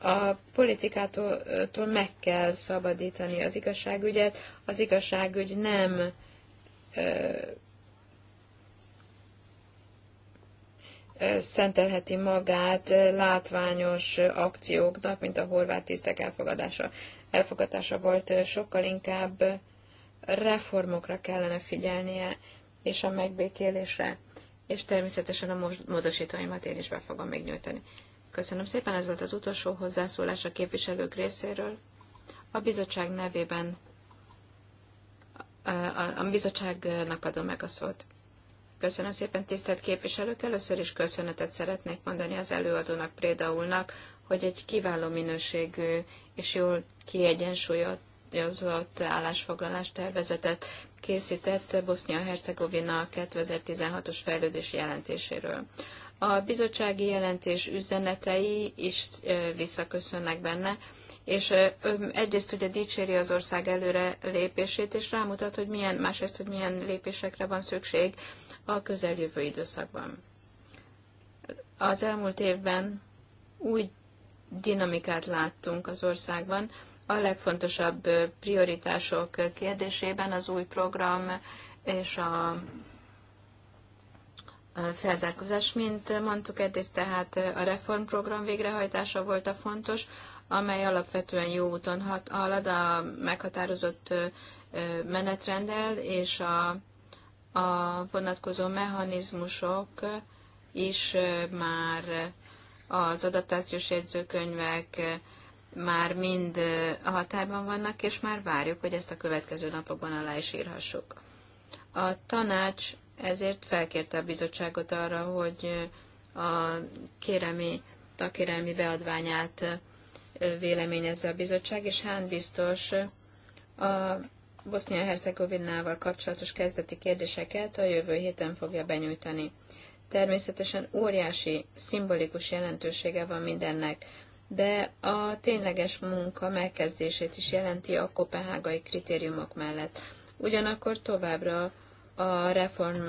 A politikától meg kell szabadítani az igazságügyet. Az igazságügy nem szentelheti magát látványos akcióknak, mint a horvát tisztek elfogadása. Elfogadása volt sokkal inkább reformokra kellene figyelnie, és a megbékélésre és természetesen a módosítóimat én is be fogom még nyújtani. Köszönöm szépen, ez volt az utolsó hozzászólás a képviselők részéről. A bizottság nevében, a, a, a bizottságnak adom meg a szót. Köszönöm szépen, tisztelt képviselők! Először is köszönetet szeretnék mondani az előadónak, Préda úrnak, hogy egy kiváló minőségű és jól kiegyensúlyozott állásfoglalás tervezetet készített Bosznia-Hercegovina 2016-os fejlődési jelentéséről. A bizottsági jelentés üzenetei is visszaköszönnek benne, és egyrészt ugye dicséri az ország előre lépését, és rámutat, hogy milyen, másrészt, hogy milyen lépésekre van szükség a közeljövő időszakban. Az elmúlt évben új dinamikát láttunk az országban, a legfontosabb prioritások kérdésében az új program és a felzárkózás, mint mondtuk egyrészt, tehát a reformprogram végrehajtása volt a fontos, amely alapvetően jó úton halad a meghatározott menetrendel, és a, a vonatkozó mechanizmusok is már az adaptációs jegyzőkönyvek, már mind a határban vannak, és már várjuk, hogy ezt a következő napokban alá is írhassuk. A tanács ezért felkérte a bizottságot arra, hogy a kéremi, takérelmi beadványát véleményezze a bizottság, és Hán biztos a Bosznia-Hercegovinával kapcsolatos kezdeti kérdéseket a jövő héten fogja benyújtani. Természetesen óriási, szimbolikus jelentősége van mindennek de a tényleges munka megkezdését is jelenti a kopenhágai kritériumok mellett. Ugyanakkor továbbra a reform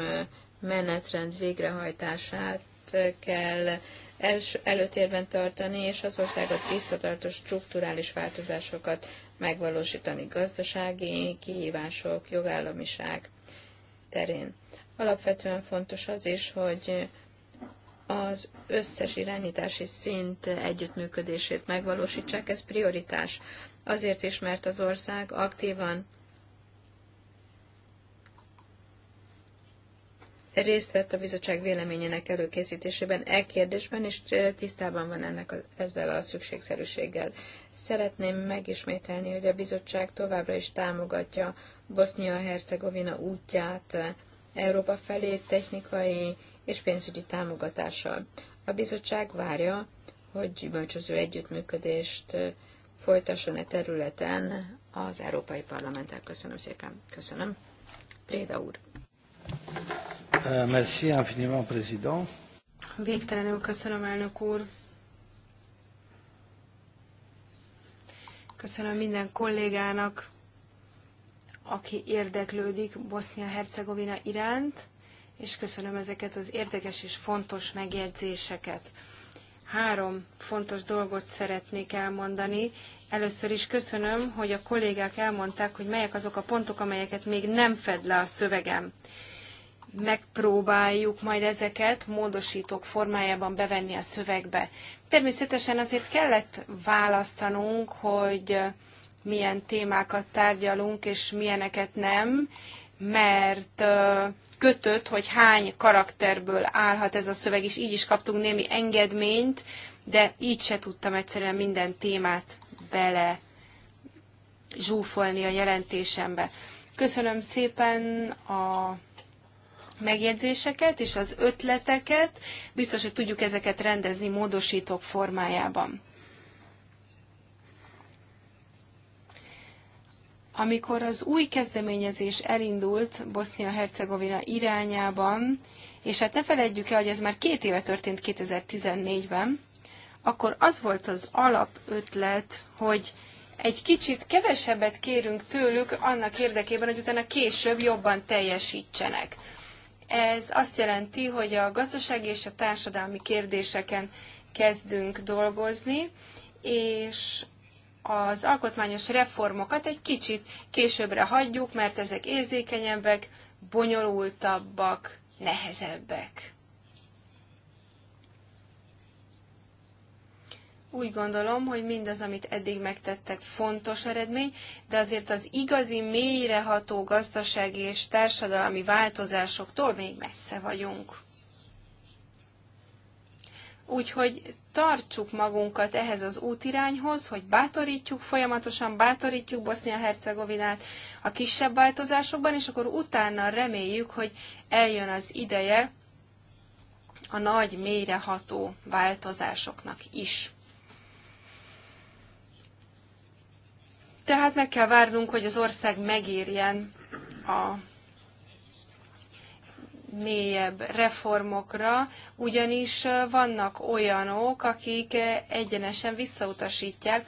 menetrend végrehajtását kell előtérben tartani, és az országot visszatartó strukturális változásokat megvalósítani gazdasági kihívások, jogállamiság terén. Alapvetően fontos az is, hogy az összes irányítási szint együttműködését megvalósítsák, ez prioritás. Azért is, mert az ország aktívan részt vett a bizottság véleményének előkészítésében e kérdésben, és tisztában van ennek a, ezzel a szükségszerűséggel. Szeretném megismételni, hogy a bizottság továbbra is támogatja Bosznia-Hercegovina útját Európa felé technikai és pénzügyi támogatással. A bizottság várja, hogy gyümölcsöző együttműködést folytasson e területen az Európai Parlamenttel. Köszönöm szépen. Köszönöm. Préda úr. Euh, merci infiniment, président. Végtelenül köszönöm, elnök úr. Köszönöm minden kollégának, aki érdeklődik Bosznia-Hercegovina iránt és köszönöm ezeket az érdekes és fontos megjegyzéseket. Három fontos dolgot szeretnék elmondani. Először is köszönöm, hogy a kollégák elmondták, hogy melyek azok a pontok, amelyeket még nem fed le a szövegem. Megpróbáljuk majd ezeket módosítók formájában bevenni a szövegbe. Természetesen azért kellett választanunk, hogy milyen témákat tárgyalunk, és milyeneket nem, mert kötött, hogy hány karakterből állhat ez a szöveg, és így is kaptunk némi engedményt, de így se tudtam egyszerűen minden témát bele zsúfolni a jelentésembe. Köszönöm szépen a megjegyzéseket és az ötleteket. Biztos, hogy tudjuk ezeket rendezni módosítók formájában. Amikor az új kezdeményezés elindult Bosznia-Hercegovina irányában, és hát ne felejtjük el, hogy ez már két éve történt 2014-ben, akkor az volt az alapötlet, hogy egy kicsit kevesebbet kérünk tőlük annak érdekében, hogy utána később jobban teljesítsenek. Ez azt jelenti, hogy a gazdasági és a társadalmi kérdéseken kezdünk dolgozni, és az alkotmányos reformokat egy kicsit későbbre hagyjuk, mert ezek érzékenyebbek, bonyolultabbak, nehezebbek. Úgy gondolom, hogy mindaz, amit eddig megtettek, fontos eredmény, de azért az igazi, mélyreható gazdasági és társadalmi változásoktól még messze vagyunk. Úgyhogy tartsuk magunkat ehhez az útirányhoz, hogy bátorítjuk, folyamatosan bátorítjuk Bosznia-Hercegovinát a kisebb változásokban, és akkor utána reméljük, hogy eljön az ideje a nagy, mélyreható változásoknak is. Tehát meg kell várnunk, hogy az ország megérjen a mélyebb reformokra, ugyanis vannak olyanok, akik egyenesen visszautasítják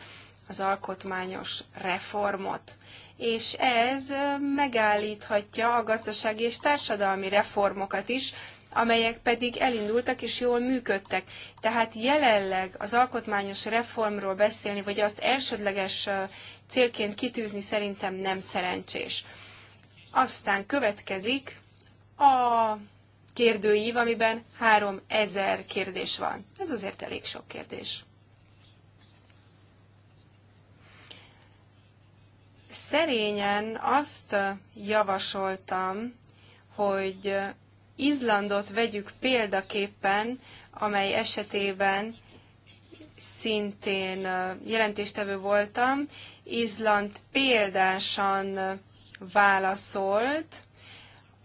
az alkotmányos reformot. És ez megállíthatja a gazdasági és társadalmi reformokat is, amelyek pedig elindultak és jól működtek. Tehát jelenleg az alkotmányos reformról beszélni, vagy azt elsődleges célként kitűzni szerintem nem szerencsés. Aztán következik a kérdőív, amiben 3000 kérdés van. Ez azért elég sok kérdés. Szerényen azt javasoltam, hogy Izlandot vegyük példaképpen, amely esetében szintén jelentéstevő voltam. Izland példásan válaszolt,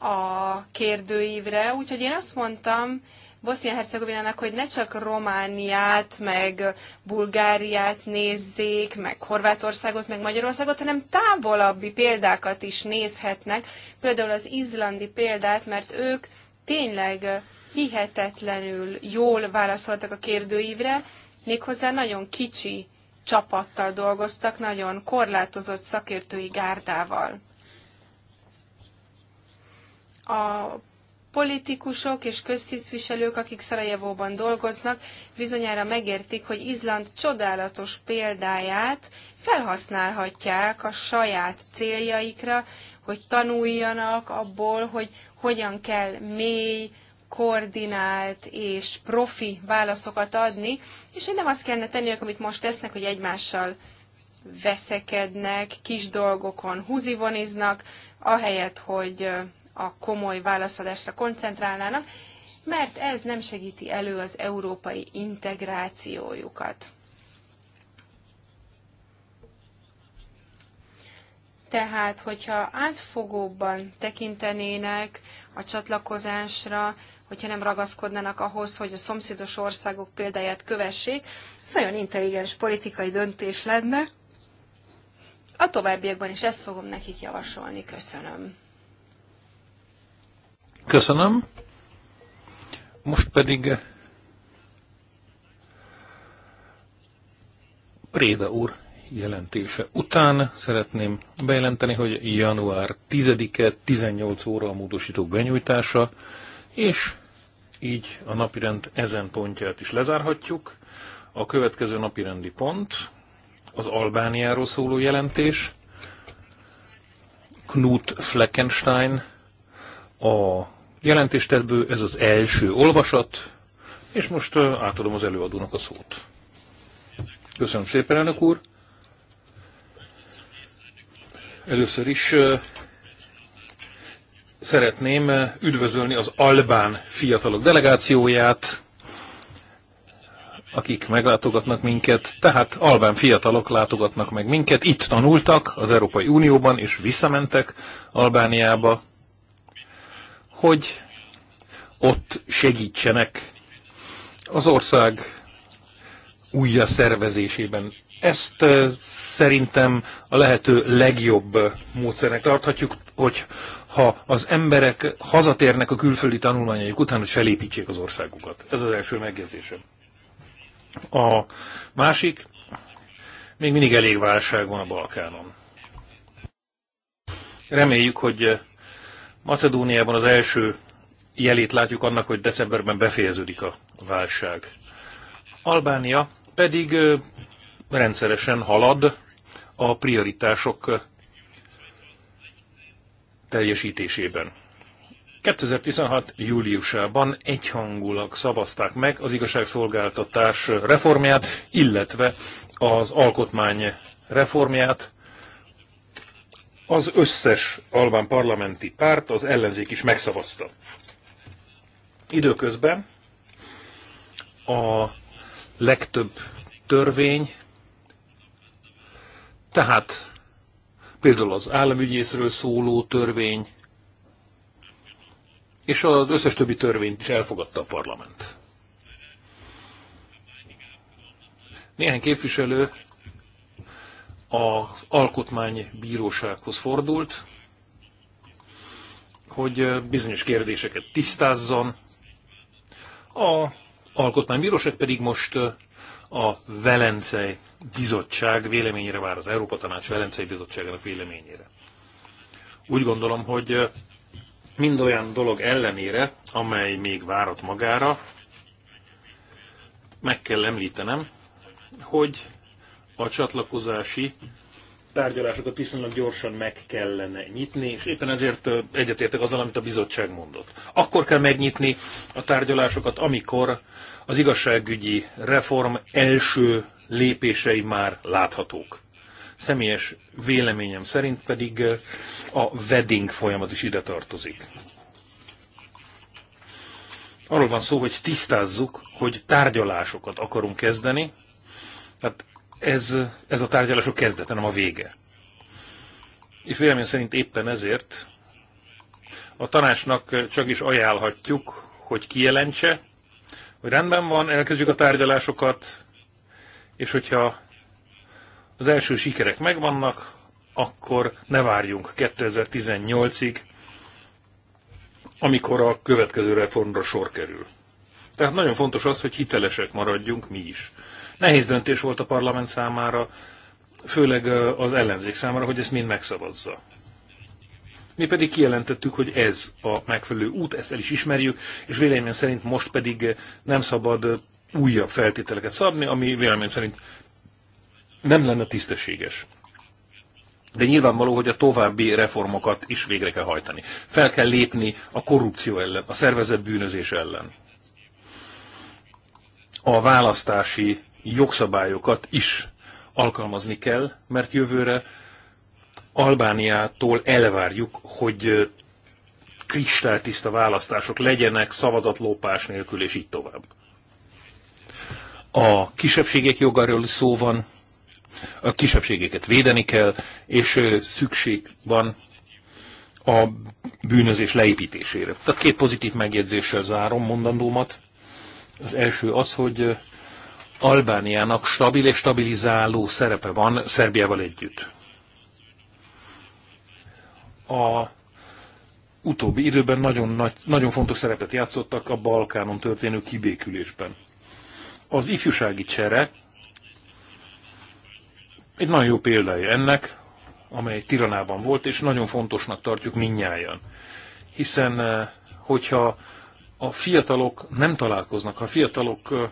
a kérdőívre, úgyhogy én azt mondtam Bosznia-Hercegovinának, hogy ne csak Romániát, meg Bulgáriát nézzék, meg Horvátországot, meg Magyarországot, hanem távolabbi példákat is nézhetnek, például az izlandi példát, mert ők tényleg hihetetlenül jól válaszoltak a kérdőívre, méghozzá nagyon kicsi csapattal dolgoztak, nagyon korlátozott szakértői gárdával a politikusok és köztisztviselők, akik Szarajevóban dolgoznak, bizonyára megértik, hogy Izland csodálatos példáját felhasználhatják a saját céljaikra, hogy tanuljanak abból, hogy hogyan kell mély, koordinált és profi válaszokat adni, és hogy nem azt kellene tenni, amit most tesznek, hogy egymással veszekednek, kis dolgokon húzivoniznak, ahelyett, hogy a komoly válaszadásra koncentrálnának, mert ez nem segíti elő az európai integrációjukat. Tehát, hogyha átfogóbban tekintenének a csatlakozásra, hogyha nem ragaszkodnának ahhoz, hogy a szomszédos országok példáját kövessék, ez nagyon intelligens politikai döntés lenne. A továbbiakban is ezt fogom nekik javasolni. Köszönöm. Köszönöm. Most pedig Préda úr jelentése után szeretném bejelenteni, hogy január 10-e 18 óra a módosítók benyújtása, és így a napirend ezen pontját is lezárhatjuk. A következő napirendi pont az Albániáról szóló jelentés. Knut Fleckenstein a jelentéstevő, ez az első olvasat, és most átadom az előadónak a szót. Köszönöm szépen, elnök úr! Először is szeretném üdvözölni az albán fiatalok delegációját, akik meglátogatnak minket, tehát albán fiatalok látogatnak meg minket, itt tanultak az Európai Unióban, és visszamentek Albániába, hogy ott segítsenek az ország újra szervezésében. Ezt szerintem a lehető legjobb módszernek tarthatjuk, hogy ha az emberek hazatérnek a külföldi tanulmányaik után, hogy felépítsék az országukat. Ez az első megjegyzésem. A másik, még mindig elég válság van a Balkánon. Reméljük, hogy Macedóniában az első jelét látjuk annak, hogy decemberben befejeződik a válság. Albánia pedig rendszeresen halad a prioritások teljesítésében. 2016. júliusában egyhangulag szavazták meg az igazságszolgáltatás reformját, illetve az alkotmány reformját, az összes albán parlamenti párt, az ellenzék is megszavazta. Időközben a legtöbb törvény, tehát például az államügyészről szóló törvény, és az összes többi törvényt is elfogadta a parlament. Néhány képviselő az alkotmánybírósághoz fordult, hogy bizonyos kérdéseket tisztázzon. A alkotmánybíróság pedig most a Velencei Bizottság véleményére vár, az Európa Tanács Velencei Bizottságának véleményére. Úgy gondolom, hogy mind olyan dolog ellenére, amely még várat magára, meg kell említenem, hogy a csatlakozási tárgyalásokat viszonylag gyorsan meg kellene nyitni, és éppen ezért egyetértek azzal, amit a bizottság mondott. Akkor kell megnyitni a tárgyalásokat, amikor az igazságügyi reform első lépései már láthatók. Személyes véleményem szerint pedig a wedding folyamat is ide tartozik. Arról van szó, hogy tisztázzuk, hogy tárgyalásokat akarunk kezdeni, tehát ez, ez a tárgyalások kezdete, nem a vége. És vélemény szerint éppen ezért a tanácsnak csak is ajánlhatjuk, hogy kijelentse, hogy rendben van, elkezdjük a tárgyalásokat, és hogyha az első sikerek megvannak, akkor ne várjunk 2018-ig, amikor a következő reformra sor kerül. Tehát nagyon fontos az, hogy hitelesek maradjunk mi is. Nehéz döntés volt a parlament számára, főleg az ellenzék számára, hogy ezt mind megszavazza. Mi pedig kijelentettük, hogy ez a megfelelő út, ezt el is ismerjük, és véleményem szerint most pedig nem szabad újabb feltételeket szabni, ami véleményem szerint nem lenne tisztességes. De nyilvánvaló, hogy a további reformokat is végre kell hajtani. Fel kell lépni a korrupció ellen, a szervezett bűnözés ellen. A választási jogszabályokat is alkalmazni kell, mert jövőre Albániától elvárjuk, hogy kristálytiszta választások legyenek, szavazatlópás nélkül, és így tovább. A kisebbségek jogáról szó van, a kisebbségeket védeni kell, és szükség van a bűnözés leépítésére. Tehát két pozitív megjegyzéssel zárom mondandómat. Az első az, hogy Albániának stabil és stabilizáló szerepe van Szerbiával együtt. A utóbbi időben nagyon, nagy, nagyon fontos szerepet játszottak a Balkánon történő kibékülésben. Az ifjúsági csere egy nagyon jó példája ennek, amely Tiranában volt, és nagyon fontosnak tartjuk minnyáján. Hiszen, eh, hogyha a fiatalok nem találkoznak, ha a fiatalok eh,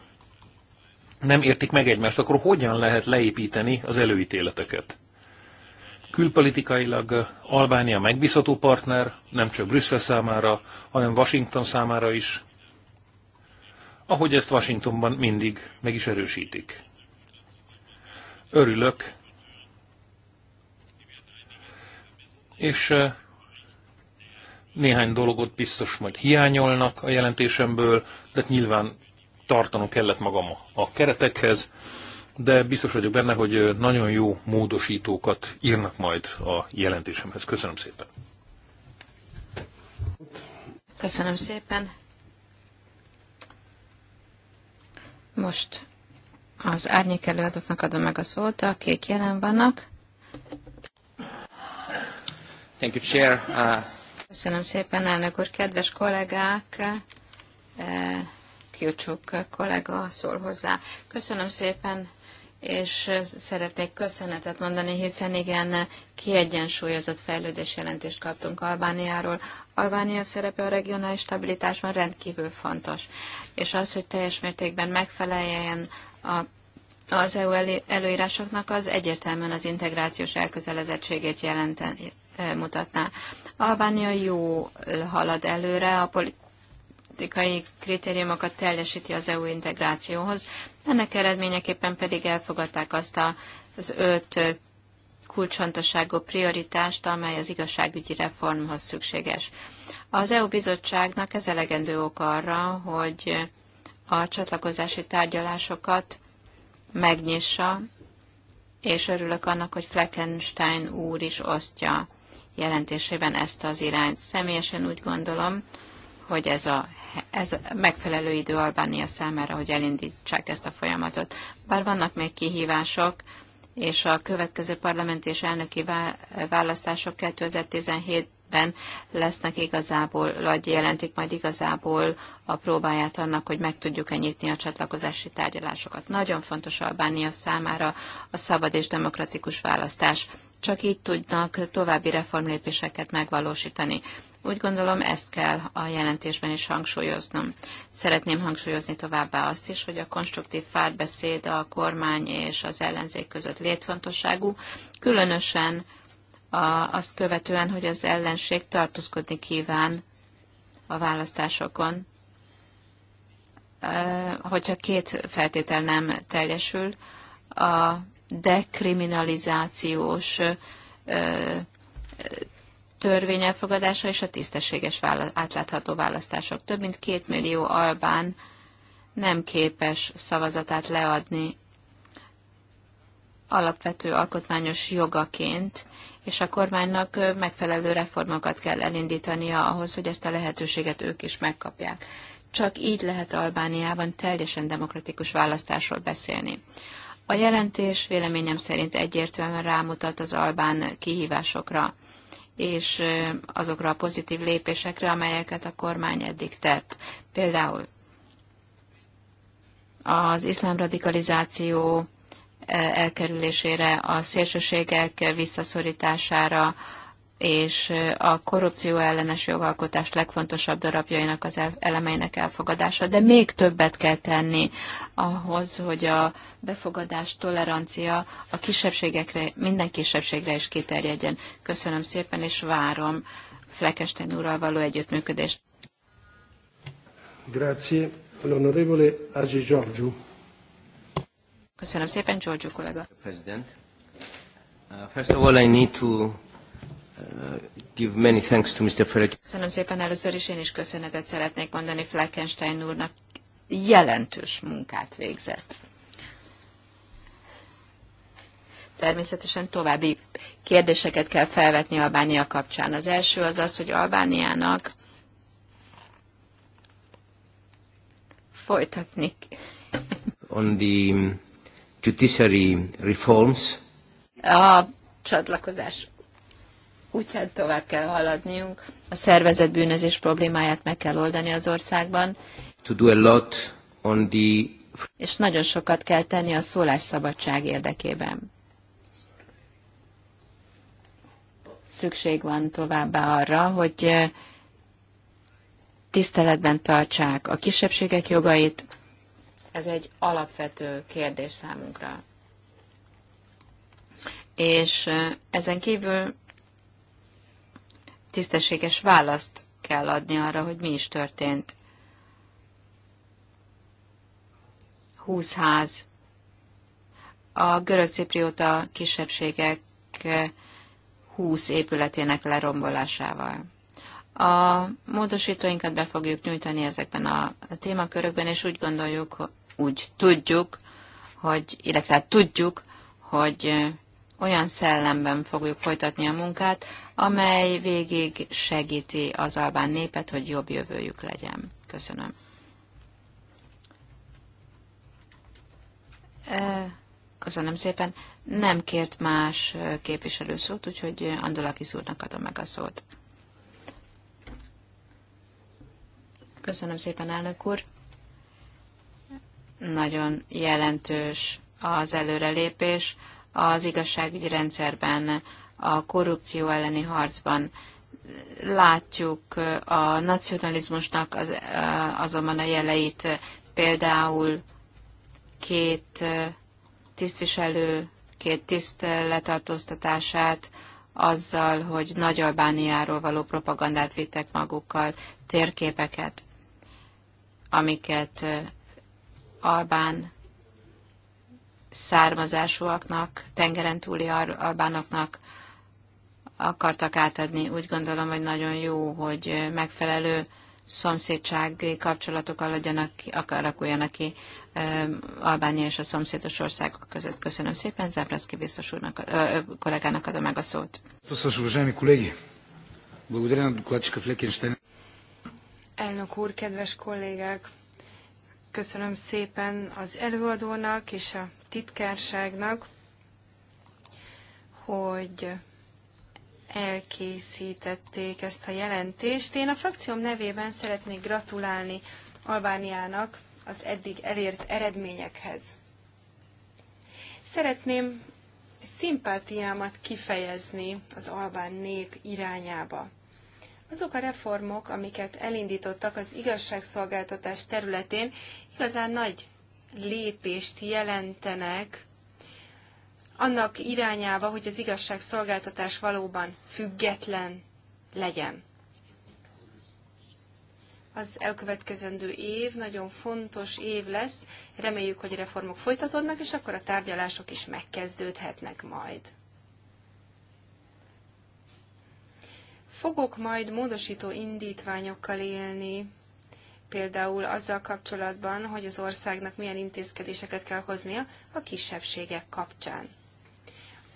nem értik meg egymást, akkor hogyan lehet leépíteni az előítéleteket? Külpolitikailag eh, Albánia megbízható partner, nem csak Brüsszel számára, hanem Washington számára is, ahogy ezt Washingtonban mindig meg is erősítik. Örülök, és eh, néhány dologot biztos majd hiányolnak a jelentésemből, de nyilván tartanom kellett magam a keretekhez, de biztos vagyok benne, hogy nagyon jó módosítókat írnak majd a jelentésemhez. Köszönöm szépen. Köszönöm szépen. Most az árnyék előadóknak adom meg a szót, akik jelen vannak. Thank you, Chair. Uh... Köszönöm szépen, elnök úr, kedves kollégák! Eh, Kiocsuk kollega szól hozzá. Köszönöm szépen, és szeretnék köszönetet mondani, hiszen igen, kiegyensúlyozott fejlődés jelentést kaptunk Albániáról. Albánia szerepe a regionális stabilitásban rendkívül fontos, és az, hogy teljes mértékben megfeleljen a az EU előírásoknak az egyértelműen az integrációs elkötelezettségét jelenten, mutatná. Albánia jó halad előre a politikai politikai kritériumokat teljesíti az EU integrációhoz. Ennek eredményeképpen pedig elfogadták azt a, az öt kulcsontosságú prioritást, amely az igazságügyi reformhoz szükséges. Az EU bizottságnak ez elegendő ok arra, hogy a csatlakozási tárgyalásokat megnyissa, és örülök annak, hogy Fleckenstein úr is osztja jelentésében ezt az irányt. Személyesen úgy gondolom, hogy ez a ez megfelelő idő Albánia számára, hogy elindítsák ezt a folyamatot. Bár vannak még kihívások, és a következő parlament és elnöki választások 2017-ben lesznek igazából, vagy jelentik majd igazából a próbáját annak, hogy meg tudjuk-e nyitni a csatlakozási tárgyalásokat. Nagyon fontos Albánia számára a szabad és demokratikus választás. Csak így tudnak további reformlépéseket megvalósítani. Úgy gondolom, ezt kell a jelentésben is hangsúlyoznom. Szeretném hangsúlyozni továbbá azt is, hogy a konstruktív párbeszéd a kormány és az ellenzék között létfontosságú, különösen a, azt követően, hogy az ellenség tartózkodni kíván a választásokon, hogyha két feltétel nem teljesül, a dekriminalizációs törvény elfogadása és a tisztességes vála- átlátható választások. Több mint két millió albán nem képes szavazatát leadni alapvető alkotmányos jogaként, és a kormánynak megfelelő reformokat kell elindítania ahhoz, hogy ezt a lehetőséget ők is megkapják. Csak így lehet Albániában teljesen demokratikus választásról beszélni. A jelentés véleményem szerint egyértelműen rámutat az albán kihívásokra, és azokra a pozitív lépésekre, amelyeket a kormány eddig tett. Például az iszlám radikalizáció elkerülésére, a szélsőségek visszaszorítására, és a korrupció ellenes jogalkotás legfontosabb darabjainak az elemeinek elfogadása, de még többet kell tenni ahhoz, hogy a befogadás, tolerancia a kisebbségekre, minden kisebbségre is kiterjedjen. Köszönöm szépen, és várom Flekesten úrral való együttműködést. Grazie. L'onorevole Agi Giorgio. Köszönöm szépen, Giorgio kollega. President. Uh, first of all, I need to Köszönöm szépen először is én is köszönetet szeretnék mondani Fleckenstein úrnak. Jelentős munkát végzett. Természetesen további kérdéseket kell felvetni Albánia kapcsán. Az első az az, hogy Albániának folytatni. On the judiciary reforms. A csatlakozás úgyhogy tovább kell haladniunk. A szervezet bűnözés problémáját meg kell oldani az országban. To do a lot on the... És nagyon sokat kell tenni a szólásszabadság érdekében. Szükség van továbbá arra, hogy eh, tiszteletben tartsák a kisebbségek jogait. Ez egy alapvető kérdés számunkra és eh, ezen kívül tisztességes választ kell adni arra, hogy mi is történt. Húsz ház. A görög-cipriota kisebbségek eh, húsz épületének lerombolásával. A módosítóinkat be fogjuk nyújtani ezekben a témakörökben, és úgy gondoljuk, úgy tudjuk, hogy, illetve tudjuk, hogy eh, olyan szellemben fogjuk folytatni a munkát, amely végig segíti az albán népet, hogy jobb jövőjük legyen. Köszönöm. E, köszönöm szépen. Nem kért más képviselő szót, úgyhogy Andulakis úrnak adom meg a szót. Köszönöm szépen, elnök úr. Nagyon jelentős az előrelépés az igazságügyi rendszerben a korrupció elleni harcban. Látjuk a nacionalizmusnak az, azonban a jeleit, például két tisztviselő, két tiszt letartóztatását, azzal, hogy Nagy-Albániáról való propagandát vittek magukkal, térképeket, amiket albán származásúaknak, tengeren túli albánoknak akartak átadni. Úgy gondolom, hogy nagyon jó, hogy megfelelő szomszédsági kapcsolatok ki, alakuljanak ki Albánia és a szomszédos országok között. Köszönöm szépen, Zábraszki biztos úrnak, ö, kollégának adom meg a szót. Szóval, Elnök úr, kedves kollégák! Köszönöm szépen az előadónak és a titkárságnak, hogy elkészítették ezt a jelentést. Én a frakcióm nevében szeretnék gratulálni Albániának az eddig elért eredményekhez. Szeretném szimpátiámat kifejezni az albán nép irányába. Azok a reformok, amiket elindítottak az igazságszolgáltatás területén, igazán nagy lépést jelentenek annak irányába, hogy az igazságszolgáltatás valóban független legyen. Az elkövetkezendő év nagyon fontos év lesz, reméljük, hogy a reformok folytatódnak, és akkor a tárgyalások is megkezdődhetnek majd. Fogok majd módosító indítványokkal élni, például azzal kapcsolatban, hogy az országnak milyen intézkedéseket kell hoznia a kisebbségek kapcsán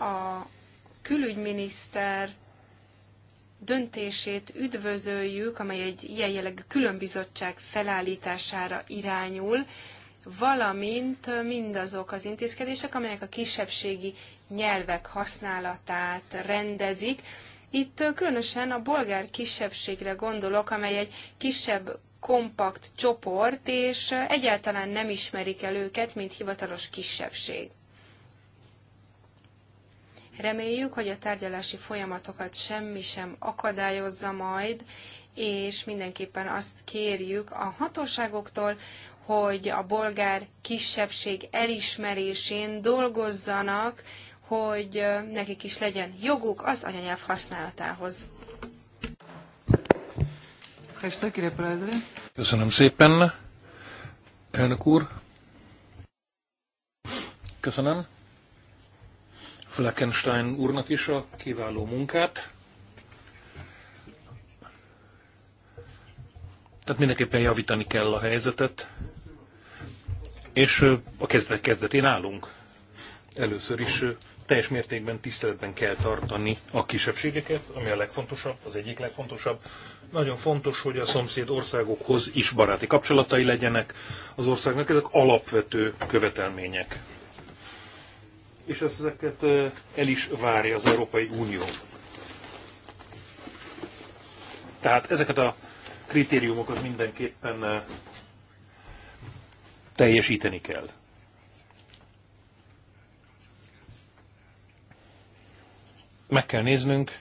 a külügyminiszter döntését üdvözöljük, amely egy ilyen jellegű különbizottság felállítására irányul, valamint mindazok az intézkedések, amelyek a kisebbségi nyelvek használatát rendezik. Itt különösen a bolgár kisebbségre gondolok, amely egy kisebb kompakt csoport, és egyáltalán nem ismerik el őket, mint hivatalos kisebbség. Reméljük, hogy a tárgyalási folyamatokat semmi sem akadályozza majd, és mindenképpen azt kérjük a hatóságoktól, hogy a bolgár kisebbség elismerésén dolgozzanak, hogy nekik is legyen joguk az anyanyelv használatához. Köszönöm szépen, elnök úr. Köszönöm. Fleckenstein úrnak is a kiváló munkát. Tehát mindenképpen javítani kell a helyzetet, és a kezdet kezdetén állunk. Először is teljes mértékben tiszteletben kell tartani a kisebbségeket, ami a legfontosabb, az egyik legfontosabb. Nagyon fontos, hogy a szomszéd országokhoz is baráti kapcsolatai legyenek az országnak, ezek alapvető követelmények és ezeket el is várja az Európai Unió. Tehát ezeket a kritériumokat mindenképpen teljesíteni kell. Meg kell néznünk,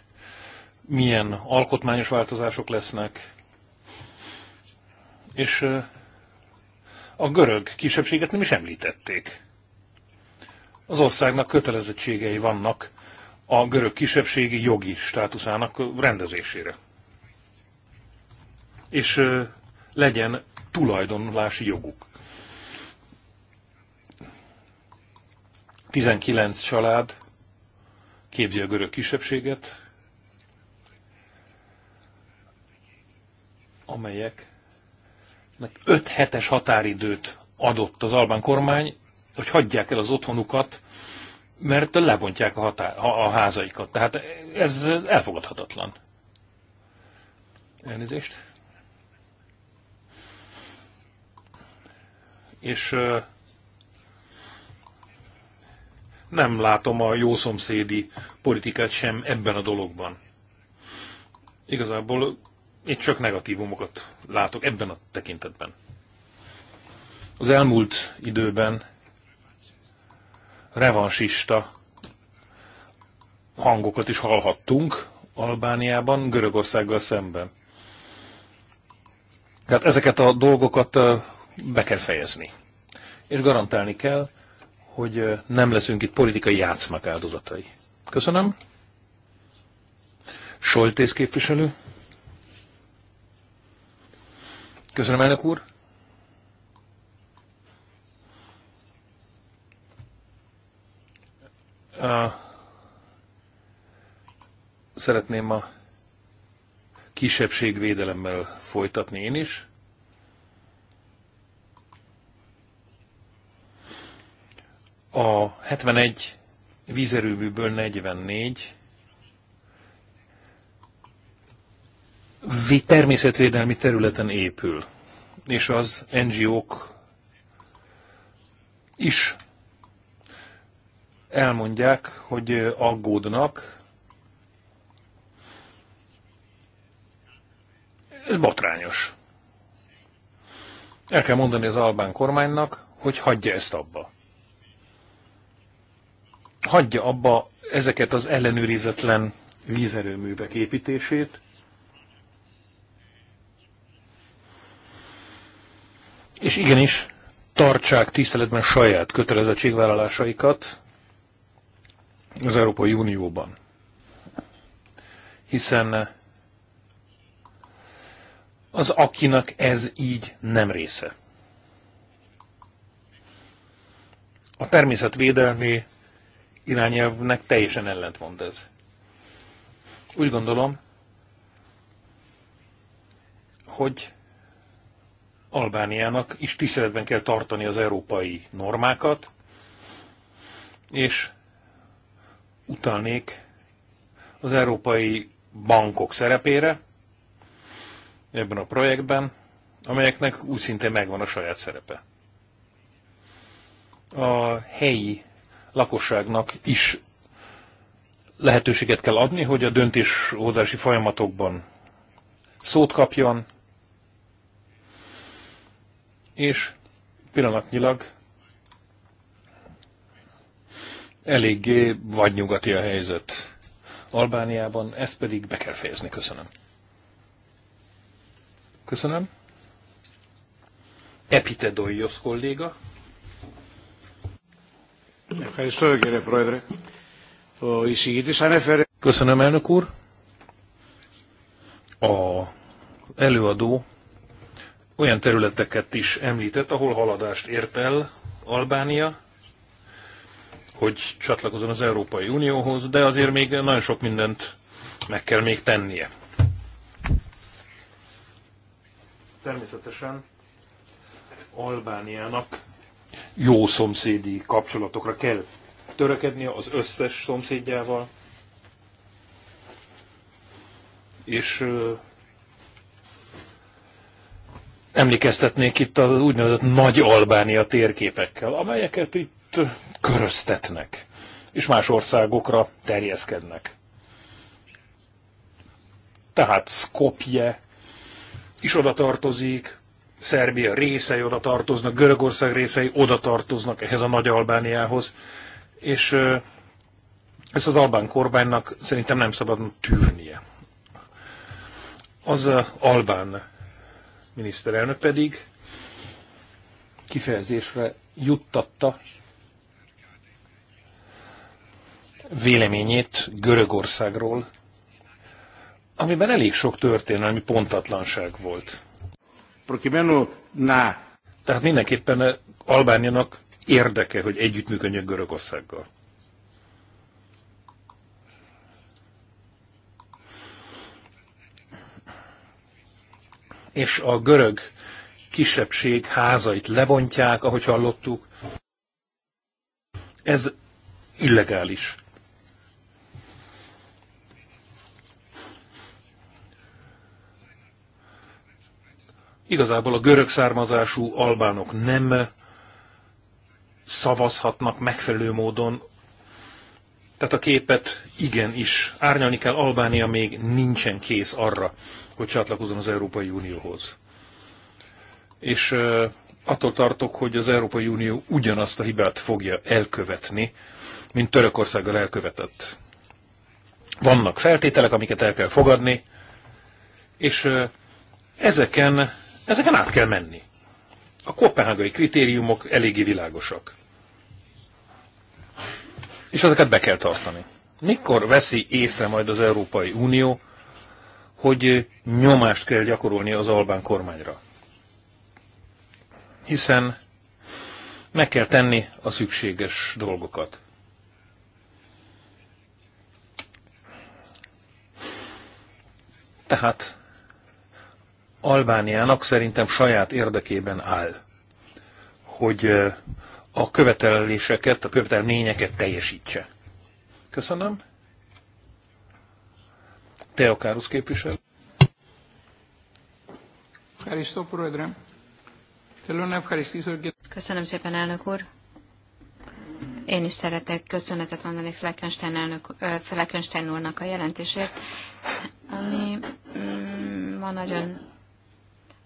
milyen alkotmányos változások lesznek, és a görög kisebbséget nem is említették. Az országnak kötelezettségei vannak a görög kisebbségi jogi státuszának rendezésére. És legyen tulajdonlási joguk. 19 család képzi a görög kisebbséget, amelyeknek 5 hetes határidőt adott az albán kormány, hogy hagyják el az otthonukat, mert lebontják a, hatá- a házaikat. Tehát ez elfogadhatatlan. Elnézést. És nem látom a szomszédi politikát sem ebben a dologban. Igazából én csak negatívumokat látok ebben a tekintetben. Az elmúlt időben revansista hangokat is hallhattunk Albániában, Görögországgal szemben. Tehát ezeket a dolgokat be kell fejezni. És garantálni kell, hogy nem leszünk itt politikai játszmak áldozatai. Köszönöm. Soltész képviselő. Köszönöm, elnök úr. szeretném a kisebbségvédelemmel folytatni én is. A 71 vízerőműből 44 természetvédelmi területen épül, és az NGO-k is elmondják, hogy aggódnak. Ez botrányos. El kell mondani az albán kormánynak, hogy hagyja ezt abba. Hagyja abba ezeket az ellenőrizetlen vízerőművek építését, és igenis tartsák tiszteletben saját kötelezettségvállalásaikat, az Európai Unióban. Hiszen az akinak ez így nem része. A természetvédelmi irányelvnek teljesen ellentmond ez. Úgy gondolom, hogy Albániának is tiszteletben kell tartani az európai normákat, és utalnék az európai bankok szerepére ebben a projektben, amelyeknek úgy szintén megvan a saját szerepe. A helyi lakosságnak is lehetőséget kell adni, hogy a döntéshozási folyamatokban szót kapjon, és pillanatnyilag eléggé vagy nyugati a helyzet Albániában, ezt pedig be kell fejezni. Köszönöm. Köszönöm. Epitedoios kolléga. Köszönöm, elnök úr. A előadó olyan területeket is említett, ahol haladást ért el Albánia, hogy csatlakozzon az Európai Unióhoz, de azért még nagyon sok mindent meg kell még tennie. Természetesen Albániának jó szomszédi kapcsolatokra kell törekednie az összes szomszédjával, és emlékeztetnék itt az úgynevezett Nagy Albánia térképekkel, amelyeket itt ott köröztetnek, és más országokra terjeszkednek. Tehát Skopje is oda tartozik, Szerbia részei oda tartoznak, Görögország részei oda tartoznak ehhez a nagy Albániához, és ezt az albán kormánynak szerintem nem szabad tűrnie. Az albán miniszterelnök pedig kifejezésre juttatta, véleményét Görögországról, amiben elég sok történelmi pontatlanság volt. Tehát mindenképpen Albániának érdeke, hogy együttműködjön Görögországgal. És a görög kisebbség házait lebontják, ahogy hallottuk. Ez illegális. Igazából a görög származású albánok nem szavazhatnak megfelelő módon. Tehát a képet igenis árnyalni kell. Albánia még nincsen kész arra, hogy csatlakozzon az Európai Unióhoz. És attól tartok, hogy az Európai Unió ugyanazt a hibát fogja elkövetni, mint Törökországgal elkövetett. Vannak feltételek, amiket el kell fogadni, és ezeken Ezeken át kell menni. A kopenhágai kritériumok eléggé világosak. És ezeket be kell tartani. Mikor veszi észre majd az Európai Unió, hogy nyomást kell gyakorolni az albán kormányra? Hiszen meg kell tenni a szükséges dolgokat. Tehát Albániának szerintem saját érdekében áll, hogy a követeléseket, a követelményeket teljesítse. Köszönöm. Teokárusz képviselő. Köszönöm szépen, elnök úr. Én is szeretek köszönetet mondani Fleckenstein, elnök, Fleckenstein úrnak a jelentésért, ami mm, ma nagyon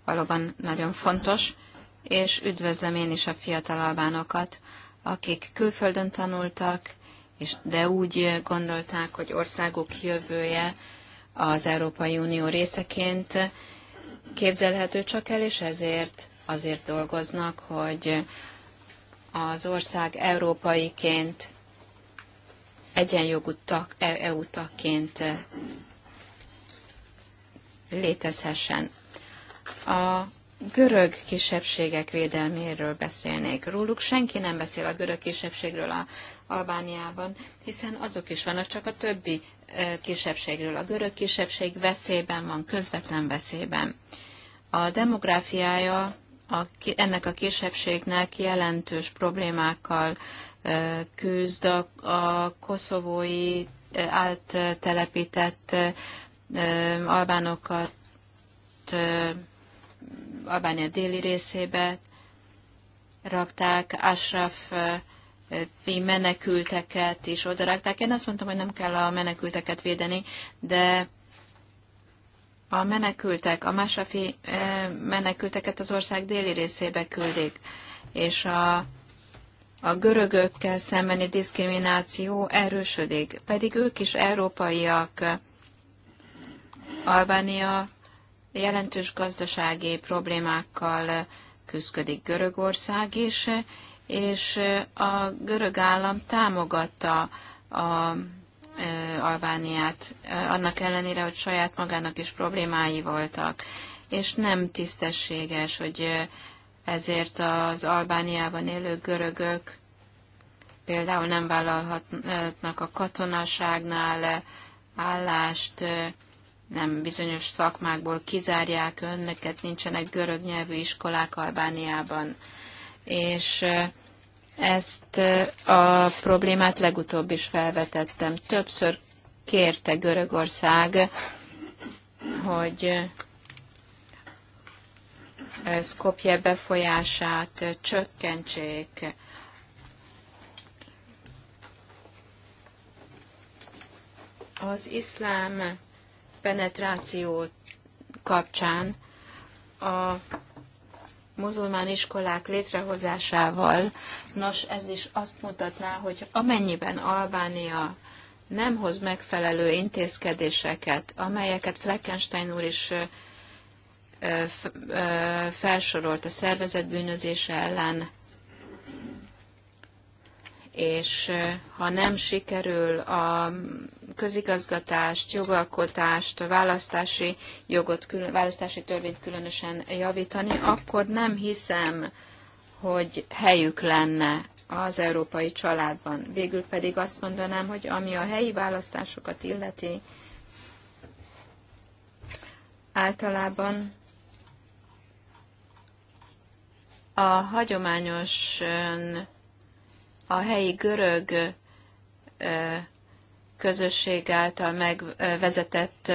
valóban nagyon fontos, és üdvözlöm én is a fiatal albánokat, akik külföldön tanultak, és de úgy gondolták, hogy országuk jövője az Európai Unió részeként képzelhető csak el, és ezért azért dolgoznak, hogy az ország európaiként, egyenjogú tag, e-, EU tagként létezhessen a görög kisebbségek védelméről beszélnék. Róluk senki nem beszél a görög kisebbségről a Albániában, hiszen azok is vannak, csak a többi kisebbségről. A görög kisebbség veszélyben van, közvetlen veszélyben. A demográfiája a, ennek a kisebbségnek jelentős problémákkal küzd a, a koszovói áttelepített albánokat Albánia déli részébe rakták, Ashraf menekülteket is oda rakták. Én azt mondtam, hogy nem kell a menekülteket védeni, de a menekültek, a másafi menekülteket az ország déli részébe küldik, és a, a görögökkel szembeni diszkrimináció erősödik, pedig ők is európaiak. Albánia Jelentős gazdasági problémákkal küzdik Görögország is, és a görög állam támogatta a Albániát, annak ellenére, hogy saját magának is problémái voltak, és nem tisztességes, hogy ezért az Albániában élő görögök például nem vállalhatnak a katonaságnál állást, nem bizonyos szakmákból kizárják önöket, nincsenek görög nyelvű iskolák Albániában. És ezt a problémát legutóbb is felvetettem. Többször kérte Görögország, hogy Skopje befolyását csökkentsék. Az iszlám penetráció kapcsán a muzulmán iskolák létrehozásával, nos ez is azt mutatná, hogy amennyiben Albánia nem hoz megfelelő intézkedéseket, amelyeket Fleckenstein úr is felsorolt a szervezetbűnözése ellen, és ha nem sikerül a közigazgatást, jogalkotást, választási jogot, választási törvényt különösen javítani, akkor nem hiszem, hogy helyük lenne az európai családban. Végül pedig azt mondanám, hogy ami a helyi választásokat illeti, általában a hagyományosan a helyi görög közösség által megvezetett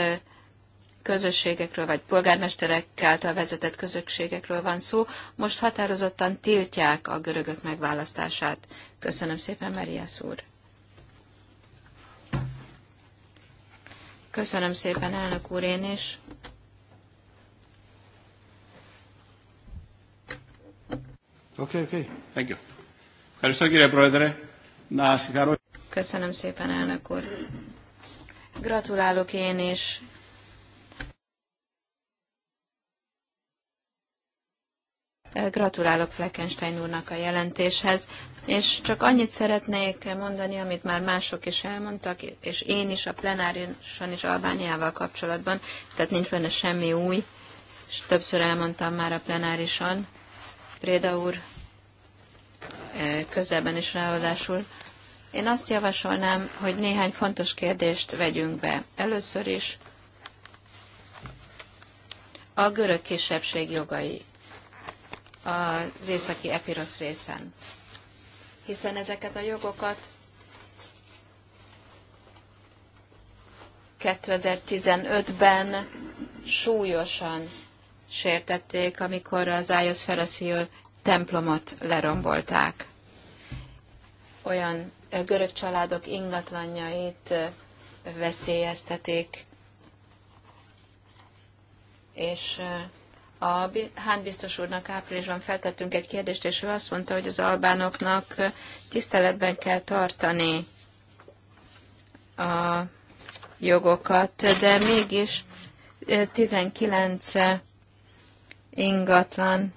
közösségekről, vagy polgármesterek által vezetett közösségekről van szó. Most határozottan tiltják a görögök megválasztását. Köszönöm szépen, Marias úr. Köszönöm szépen, elnök úr, én is. Okay, okay. Thank you. Köszönöm szépen, elnök úr. Gratulálok én is. Gratulálok Fleckenstein úrnak a jelentéshez, és csak annyit szeretnék mondani, amit már mások is elmondtak, és én is a plenárisan is Albániával kapcsolatban, tehát nincs benne semmi új, és többször elmondtam már a plenárisan. Préda úr közelben is ráadásul. Én azt javasolnám, hogy néhány fontos kérdést vegyünk be. Először is a görög kisebbség jogai az északi Epirosz részen. Hiszen ezeket a jogokat 2015-ben súlyosan sértették, amikor az Ájosz Feraszió templomot lerombolták. Olyan görög családok ingatlanjait veszélyeztetik, és a Hán biztos úrnak áprilisban feltettünk egy kérdést, és ő azt mondta, hogy az albánoknak tiszteletben kell tartani a jogokat, de mégis 19 ingatlan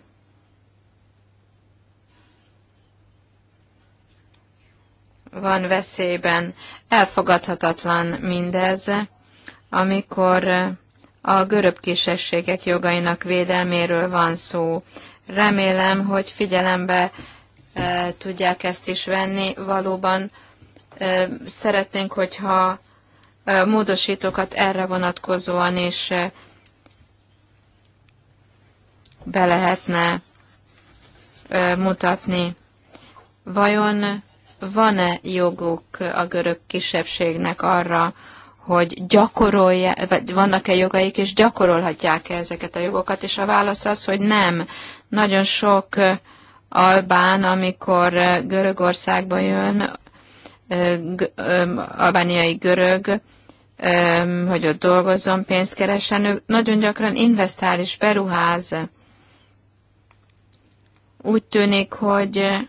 van veszélyben. Elfogadhatatlan mindez, amikor a görög kisességek jogainak védelméről van szó. Remélem, hogy figyelembe e, tudják ezt is venni. Valóban e, szeretnénk, hogyha e, módosítókat erre vonatkozóan is e, be lehetne e, mutatni. Vajon van-e joguk a görög kisebbségnek arra, hogy gyakorolja, vagy vannak-e jogaik, és gyakorolhatják -e ezeket a jogokat, és a válasz az, hogy nem. Nagyon sok albán, amikor Görögországba jön, albániai görög, hogy ott dolgozzon, pénzt keresen, ő nagyon gyakran investál és beruház. Úgy tűnik, hogy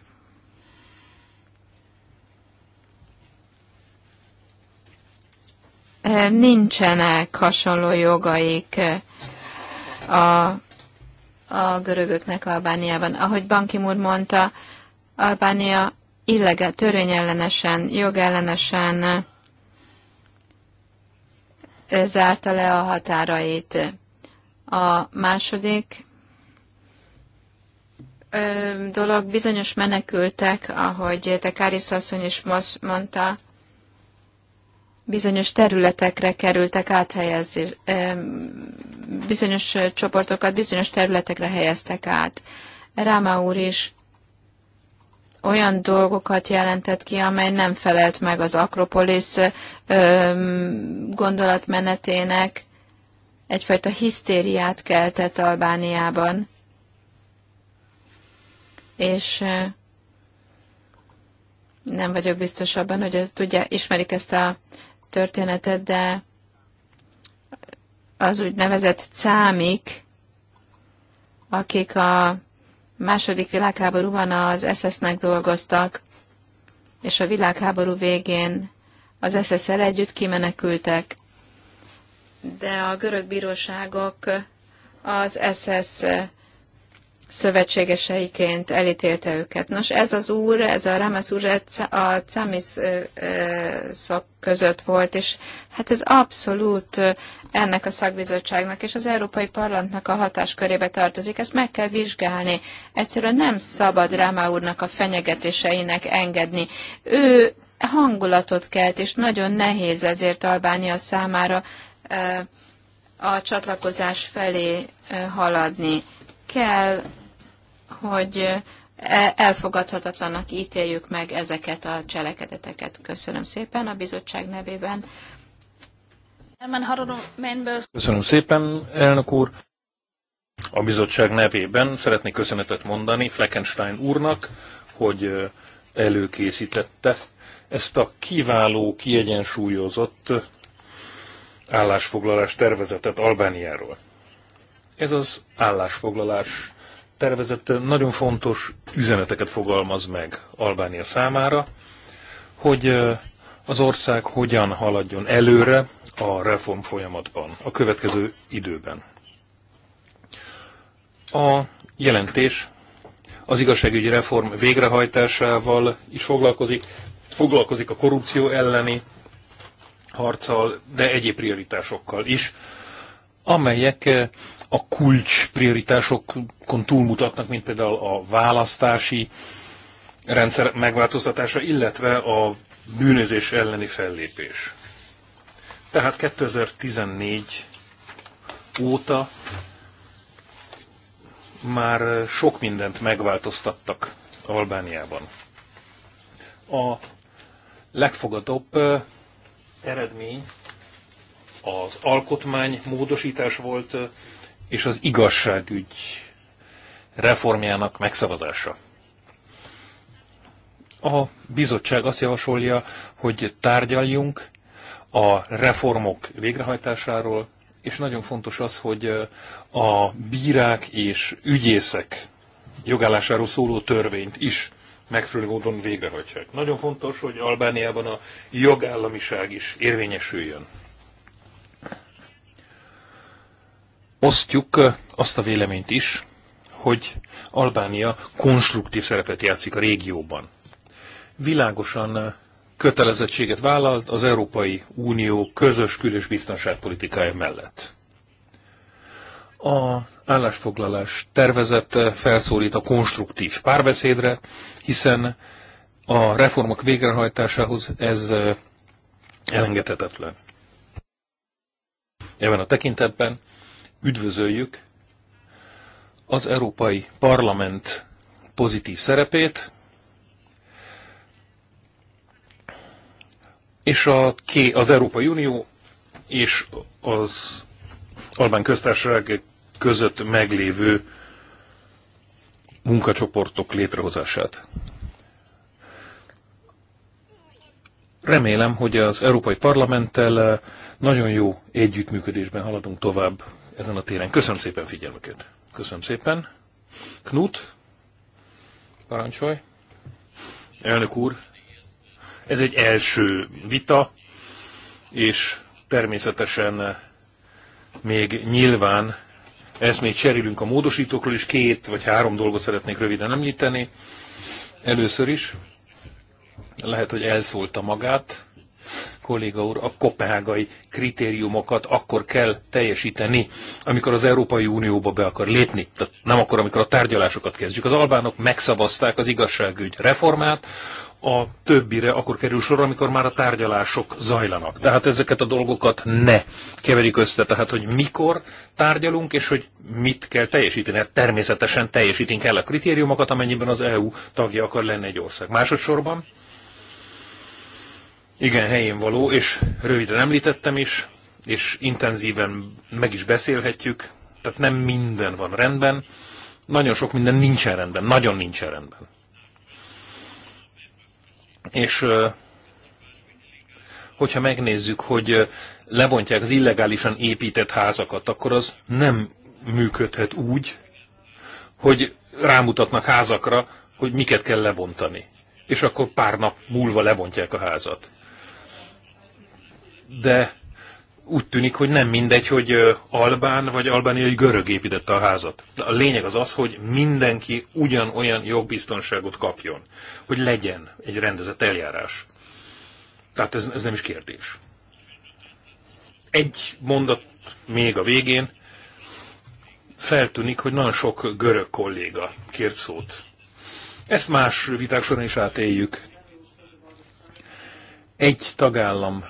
nincsenek hasonló jogaik a, a görögöknek Albániában. Ahogy Banki úr mondta, Albánia illegál, törvényellenesen, jogellenesen zárta le a határait. A második dolog bizonyos menekültek, ahogy Tekáris asszony is most mondta, bizonyos területekre kerültek áthelyezni, bizonyos csoportokat bizonyos területekre helyeztek át. Ráma úr is olyan dolgokat jelentett ki, amely nem felelt meg az Akropolis gondolatmenetének, egyfajta hisztériát keltett Albániában. És nem vagyok biztos abban, hogy tudja, ismerik ezt a történetet, de az úgynevezett cámik, akik a második világháborúban az SS-nek dolgoztak, és a világháború végén az SS-el együtt kimenekültek. De a görög bíróságok az SS szövetségeseiként elítélte őket. Nos, ez az úr, ez a Ramesz úr a szak között volt, és hát ez abszolút ennek a szakbizottságnak és az Európai Parlamentnek a hatáskörébe tartozik. Ezt meg kell vizsgálni. Egyszerűen nem szabad Ráma úrnak a fenyegetéseinek engedni. Ő hangulatot kelt, és nagyon nehéz ezért Albánia számára a csatlakozás felé haladni. Kell hogy e, elfogadhatatlanak ítéljük meg ezeket a cselekedeteket. Köszönöm szépen a bizottság nevében. Köszönöm szépen, elnök úr. A bizottság nevében szeretnék köszönetet mondani Fleckenstein úrnak, hogy előkészítette ezt a kiváló, kiegyensúlyozott állásfoglalás tervezetet Albániáról. Ez az állásfoglalás tervezet nagyon fontos üzeneteket fogalmaz meg Albánia számára, hogy az ország hogyan haladjon előre a reform folyamatban a következő időben. A jelentés az igazságügyi reform végrehajtásával is foglalkozik, foglalkozik a korrupció elleni harccal, de egyéb prioritásokkal is, amelyek a kulcs prioritásokon túlmutatnak, mint például a választási rendszer megváltoztatása, illetve a bűnözés elleni fellépés. Tehát 2014 óta már sok mindent megváltoztattak Albániában. A legfogadóbb eredmény az alkotmány módosítás volt, és az igazságügy reformjának megszavazása. A bizottság azt javasolja, hogy tárgyaljunk a reformok végrehajtásáról, és nagyon fontos az, hogy a bírák és ügyészek jogállásáról szóló törvényt is megfelelő módon végrehajtsák. Nagyon fontos, hogy Albániában a jogállamiság is érvényesüljön. osztjuk azt a véleményt is, hogy Albánia konstruktív szerepet játszik a régióban. Világosan kötelezettséget vállalt az Európai Unió közös külös biztonságpolitikája mellett. A állásfoglalás tervezett felszólít a konstruktív párbeszédre, hiszen a reformok végrehajtásához ez elengedhetetlen. Ebben a tekintetben üdvözöljük az Európai Parlament pozitív szerepét, és a az Európai Unió és az Albán köztársaság között meglévő munkacsoportok létrehozását. Remélem, hogy az Európai Parlamenttel nagyon jó együttműködésben haladunk tovább ezen a téren. Köszönöm szépen figyelmüket. Köszönöm szépen. Knut, parancsolj. Elnök úr, ez egy első vita, és természetesen még nyilván ezt még cserélünk a módosítókról, és két vagy három dolgot szeretnék röviden említeni. Először is, lehet, hogy elszólta magát, kolléga úr, a kopenhágai kritériumokat akkor kell teljesíteni, amikor az Európai Unióba be akar lépni. Tehát nem akkor, amikor a tárgyalásokat kezdjük. Az albánok megszavazták az igazságügy reformát, a többire akkor kerül sor, amikor már a tárgyalások zajlanak. Tehát ezeket a dolgokat ne keverjük össze, tehát hogy mikor tárgyalunk, és hogy mit kell teljesíteni. Hát természetesen teljesítünk kell a kritériumokat, amennyiben az EU tagja akar lenni egy ország. Másodszorban igen helyén való, és röviden említettem is, és intenzíven meg is beszélhetjük, tehát nem minden van rendben, nagyon sok minden nincsen rendben, nagyon nincsen rendben. És hogyha megnézzük, hogy lebontják az illegálisan épített házakat, akkor az nem működhet úgy, hogy rámutatnak házakra, hogy miket kell lebontani. És akkor pár nap múlva lebontják a házat de úgy tűnik, hogy nem mindegy, hogy albán vagy albániai görög építette a házat. a lényeg az az, hogy mindenki ugyanolyan jogbiztonságot kapjon, hogy legyen egy rendezett eljárás. Tehát ez, ez nem is kérdés. Egy mondat még a végén. Feltűnik, hogy nagyon sok görög kolléga kért szót. Ezt más viták során is átéljük. Egy tagállam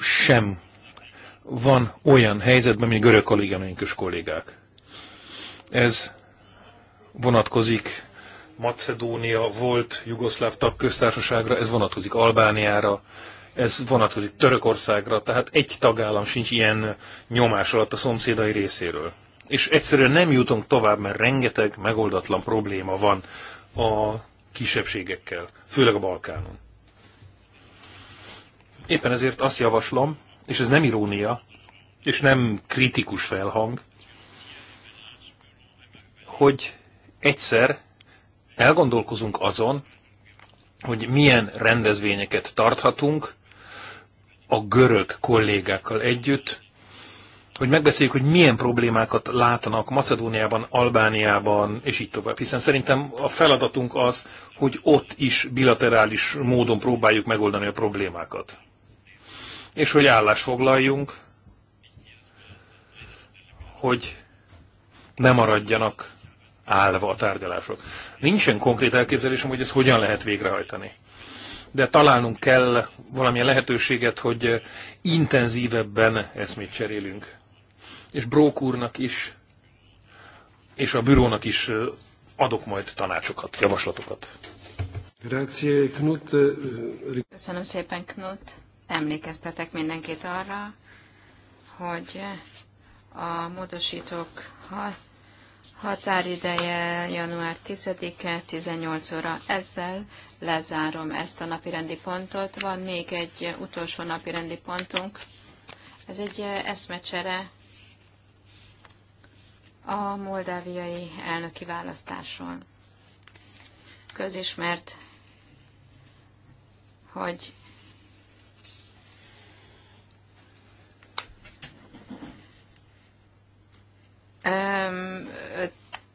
sem van olyan helyzetben, mint görög kollégáink és kollégák. Ez vonatkozik Macedónia volt jugoszláv tagköztársaságra, ez vonatkozik Albániára, ez vonatkozik Törökországra, tehát egy tagállam sincs ilyen nyomás alatt a szomszédai részéről. És egyszerűen nem jutunk tovább, mert rengeteg megoldatlan probléma van a kisebbségekkel, főleg a Balkánon. Éppen ezért azt javaslom, és ez nem irónia, és nem kritikus felhang, hogy egyszer elgondolkozunk azon, hogy milyen rendezvényeket tarthatunk a görög kollégákkal együtt, hogy megbeszéljük, hogy milyen problémákat látnak Macedóniában, Albániában, és így tovább. Hiszen szerintem a feladatunk az, hogy ott is bilaterális módon próbáljuk megoldani a problémákat és hogy állásfoglaljunk, hogy ne maradjanak állva a tárgyalások. Nincsen konkrét elképzelésem, hogy ezt hogyan lehet végrehajtani. De találnunk kell valamilyen lehetőséget, hogy intenzívebben eszmét cserélünk. És Brók úrnak is, és a bürónak is adok majd tanácsokat, javaslatokat. Knut. Köszönöm szépen, Knut emlékeztetek mindenkit arra, hogy a módosítók határideje január 10-e 18 óra. Ezzel lezárom ezt a napirendi pontot. Van még egy utolsó napirendi pontunk. Ez egy eh, eszmecsere a moldáviai elnöki választásról. Közismert, hogy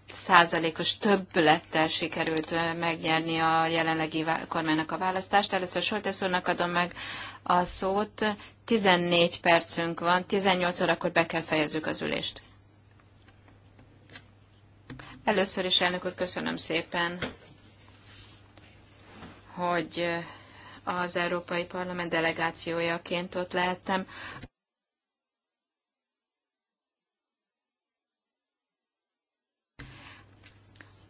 százalékos többlettel sikerült megnyerni a jelenlegi kormánynak a választást. Először Soltesz úrnak adom meg a szót. 14 percünk van, 18 órakor be kell fejezzük az ülést. Először is, elnök úr, köszönöm szépen, hogy az Európai Parlament delegációjaként ott lehettem.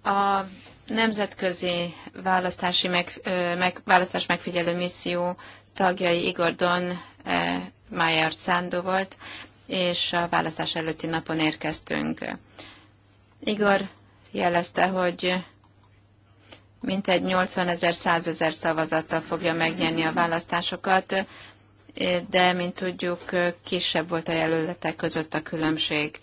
A nemzetközi választási meg, meg, választás megfigyelő misszió tagjai Igor Don Mayer Szándó volt, és a választás előtti napon érkeztünk. Igor jelezte, hogy mintegy 80 ezer, 100 ezer szavazattal fogja megnyerni a választásokat, de, mint tudjuk, kisebb volt a jelöltek között a különbség.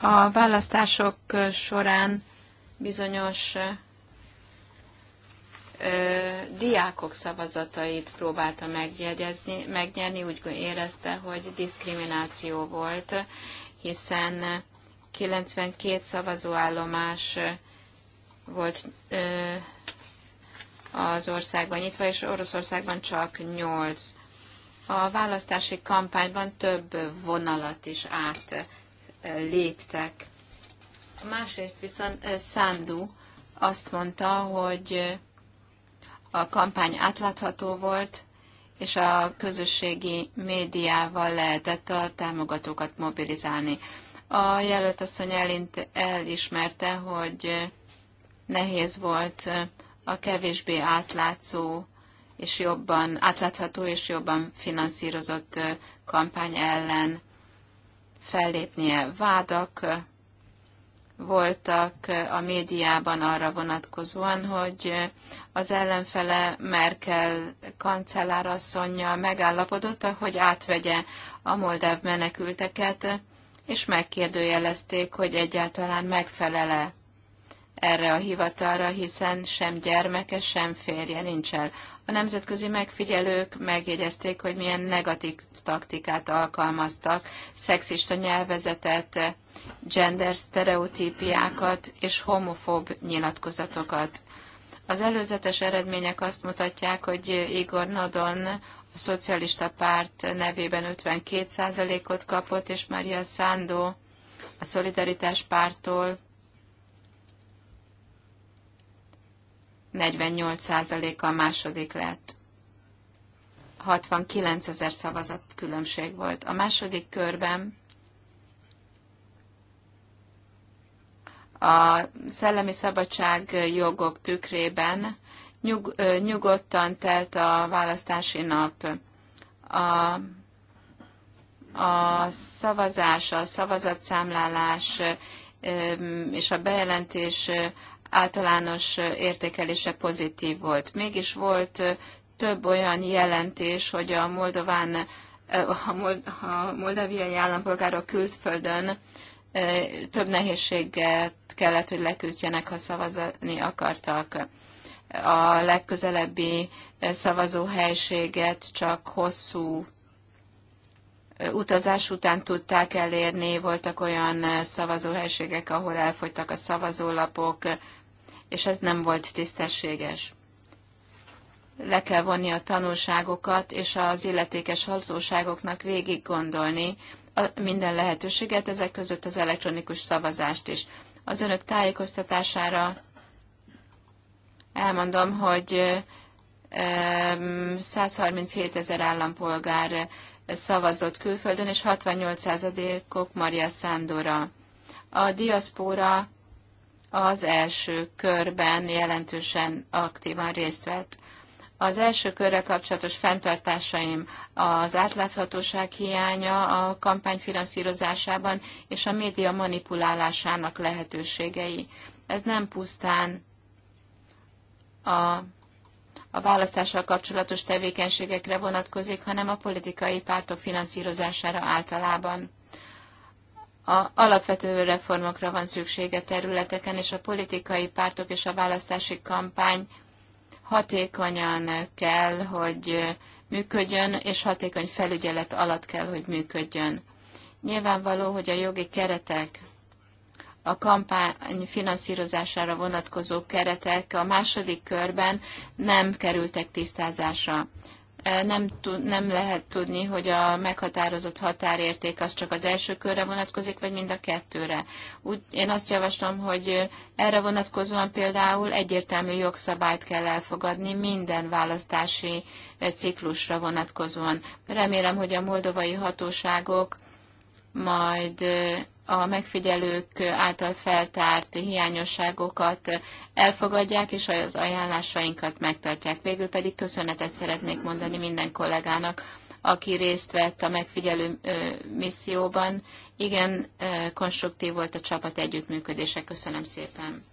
A választások során bizonyos ö, diákok szavazatait próbálta megjegyezni, megnyerni, úgy érezte, hogy diszkrimináció volt, hiszen 92 szavazóállomás volt ö, az országban nyitva, és Oroszországban csak 8. A választási kampányban több vonalat is át léptek. Másrészt viszont eh, Szándú azt mondta, hogy eh, a kampány átlátható volt, és a közösségi médiával lehetett a támogatókat mobilizálni. A jelölt asszony elint, elismerte, hogy eh, nehéz volt a kevésbé átlátszó és jobban átlátható és jobban finanszírozott kampány ellen fellépnie. Vádak voltak a médiában arra vonatkozóan, hogy az ellenfele Merkel kancellárasszonynal megállapodott, hogy átvegye a moldáv menekülteket, és megkérdőjelezték, hogy egyáltalán megfelele erre a hivatalra, hiszen sem gyermeke, sem férje el. A nemzetközi megfigyelők megjegyezték, hogy milyen negatív taktikát alkalmaztak, szexista nyelvezetet, gender stereotípiákat és homofób nyilatkozatokat. Az előzetes eredmények azt mutatják, hogy Igor Nadon a szocialista párt nevében 52%-ot kapott, és Maria Szándó a Szolidaritás pártól 48%-a a második lett. 69 ezer szavazat különbség volt. A második körben a szellemi szabadság jogok tükrében nyug, nyugodtan telt a választási nap. A, a szavazás, a szavazatszámlálás és a bejelentés általános értékelése pozitív volt. Mégis volt több olyan jelentés, hogy a moldován, a moldaviai állampolgárok külföldön több nehézséget kellett, hogy leküzdjenek, ha szavazni akartak. A legközelebbi szavazóhelységet csak hosszú utazás után tudták elérni, voltak olyan szavazóhelységek, ahol elfogytak a szavazólapok, és ez nem volt tisztességes. Le kell vonni a tanulságokat, és az illetékes hatóságoknak végig gondolni minden lehetőséget, ezek között az elektronikus szavazást is. Az önök tájékoztatására elmondom, hogy 137 ezer állampolgár szavazott külföldön, és 68 századékok Maria Szándora. A diaszpóra az első körben jelentősen aktívan részt vett. Az első körre kapcsolatos fenntartásaim az átláthatóság hiánya a kampány finanszírozásában és a média manipulálásának lehetőségei. Ez nem pusztán a, a választással kapcsolatos tevékenységekre vonatkozik, hanem a politikai pártok finanszírozására általában a alapvető reformokra van szüksége területeken, és a politikai pártok és a választási kampány hatékonyan kell, hogy működjön, és hatékony felügyelet alatt kell, hogy működjön. Nyilvánvaló, hogy a jogi keretek, a kampány finanszírozására vonatkozó keretek a második körben nem kerültek tisztázásra nem, nem lehet tudni, hogy a meghatározott határérték az csak az első körre vonatkozik, vagy mind a kettőre. Úgy, én azt javaslom, hogy erre vonatkozóan például egyértelmű jogszabályt kell elfogadni minden választási eh, ciklusra vonatkozóan. Remélem, hogy a moldovai hatóságok majd eh, a megfigyelők által feltárt hiányosságokat elfogadják, és az ajánlásainkat megtartják. Végül pedig köszönetet szeretnék mondani minden kollégának, aki részt vett a megfigyelő misszióban. Igen, konstruktív volt a csapat együttműködése. Köszönöm szépen.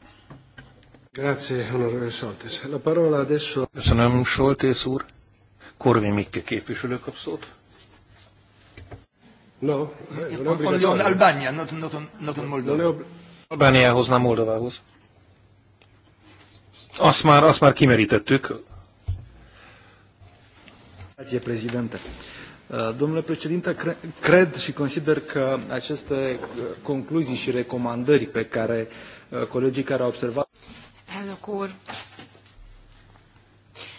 Grazie, onorevole Soltes. La parola adesso... Köszönöm, Soltész úr. Korvin Mikke képviselő kap szót. No, Albánia, not, on, Moldova. Albániához, nem Moldovához. Azt már, azt már kimerítettük. Grazie, Presidente. Uh, domnule președinte, cred și consider că aceste uh, concluzii și recomandări pe care uh, colegii care au observat... Elnök úr,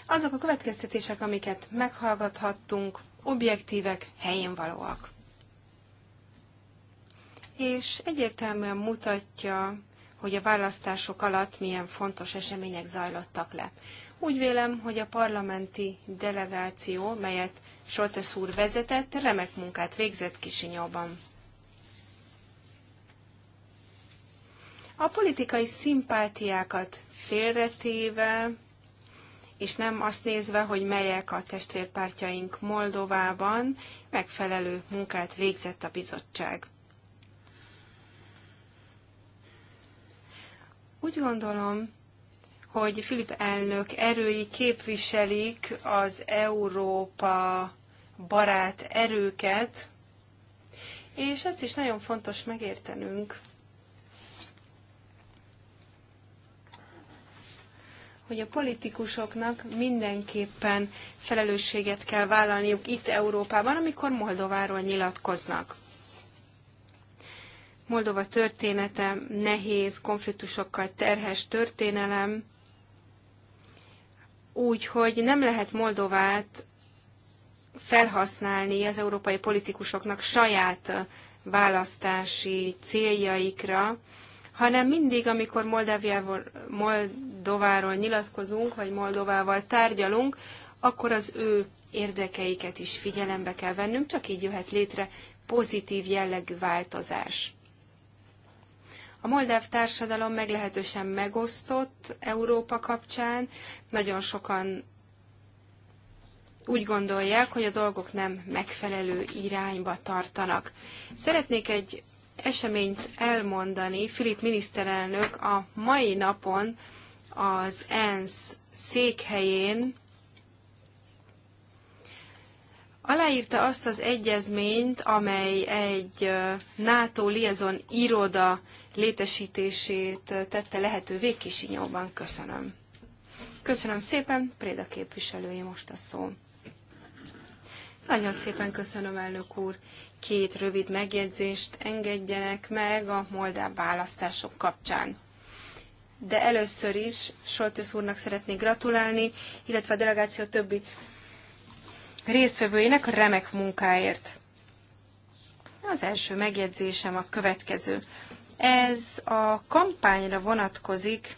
azok a következtetések, amiket meghallgathattunk, objektívek, helyén valóak és egyértelműen mutatja, hogy a választások alatt milyen fontos események zajlottak le. Úgy vélem, hogy a parlamenti delegáció, melyet Soltesz úr vezetett, remek munkát végzett Kisinyóban. A politikai szimpátiákat félretéve, és nem azt nézve, hogy melyek a testvérpártjaink Moldovában, megfelelő munkát végzett a bizottság. Úgy gondolom, hogy Filip elnök erői képviselik az Európa barát erőket, és ezt is nagyon fontos megértenünk, hogy a politikusoknak mindenképpen felelősséget kell vállalniuk itt Európában, amikor Moldováról nyilatkoznak. Moldova története nehéz, konfliktusokkal terhes történelem, úgyhogy nem lehet Moldovát felhasználni az európai politikusoknak saját választási céljaikra, hanem mindig, amikor Moldáviával, Moldováról nyilatkozunk, vagy Moldovával tárgyalunk, akkor az ő érdekeiket is figyelembe kell vennünk, csak így jöhet létre pozitív jellegű változás. A moldáv társadalom meglehetősen megosztott Európa kapcsán, nagyon sokan úgy gondolják, hogy a dolgok nem megfelelő irányba tartanak. Szeretnék egy eseményt elmondani. Filip miniszterelnök a mai napon az ENSZ székhelyén aláírta azt az egyezményt, amely egy NATO liaison iroda létesítését tette lehetővé Kisinyóban. Köszönöm. Köszönöm szépen, Préda képviselői most a szó. Nagyon szépen köszönöm, elnök úr. Két rövid megjegyzést engedjenek meg a moldáv választások kapcsán. De először is Soltész úrnak szeretnék gratulálni, illetve a delegáció többi résztvevőinek a remek munkáért. Az első megjegyzésem a következő. Ez a kampányra vonatkozik,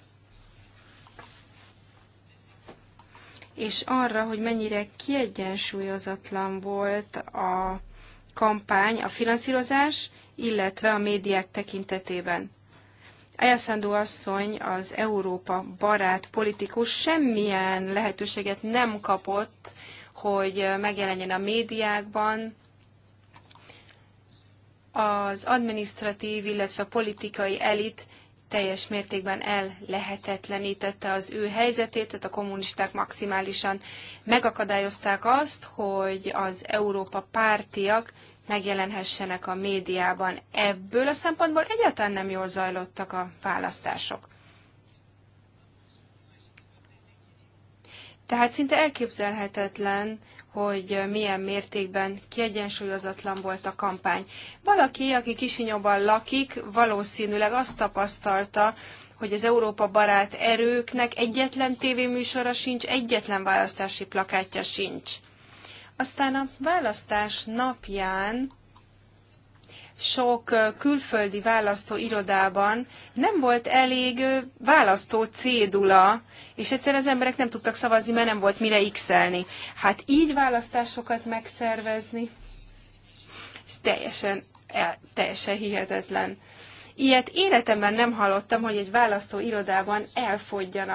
és arra, hogy mennyire kiegyensúlyozatlan volt a kampány, a finanszírozás, illetve a médiák tekintetében. Ayaszándó asszony, az Európa barát politikus semmilyen lehetőséget nem kapott, hogy megjelenjen a médiákban, az administratív, illetve politikai elit teljes mértékben el lehetetlenítette az ő helyzetét, tehát a kommunisták maximálisan megakadályozták azt, hogy az Európa pártiak megjelenhessenek a médiában. Ebből a szempontból egyáltalán nem jól zajlottak a választások. Tehát szinte elképzelhetetlen, hogy milyen mértékben kiegyensúlyozatlan volt a kampány. Valaki, aki Kisinyóban lakik, valószínűleg azt tapasztalta, hogy az Európa barát erőknek egyetlen tévéműsora sincs, egyetlen választási plakátja sincs. Aztán a választás napján sok külföldi választóirodában nem volt elég választó cédula, és egyszerűen az emberek nem tudtak szavazni, mert nem volt mire x -elni. Hát így választásokat megszervezni, ez teljesen, el, teljesen hihetetlen. Ilyet életemben nem hallottam, hogy egy választó irodában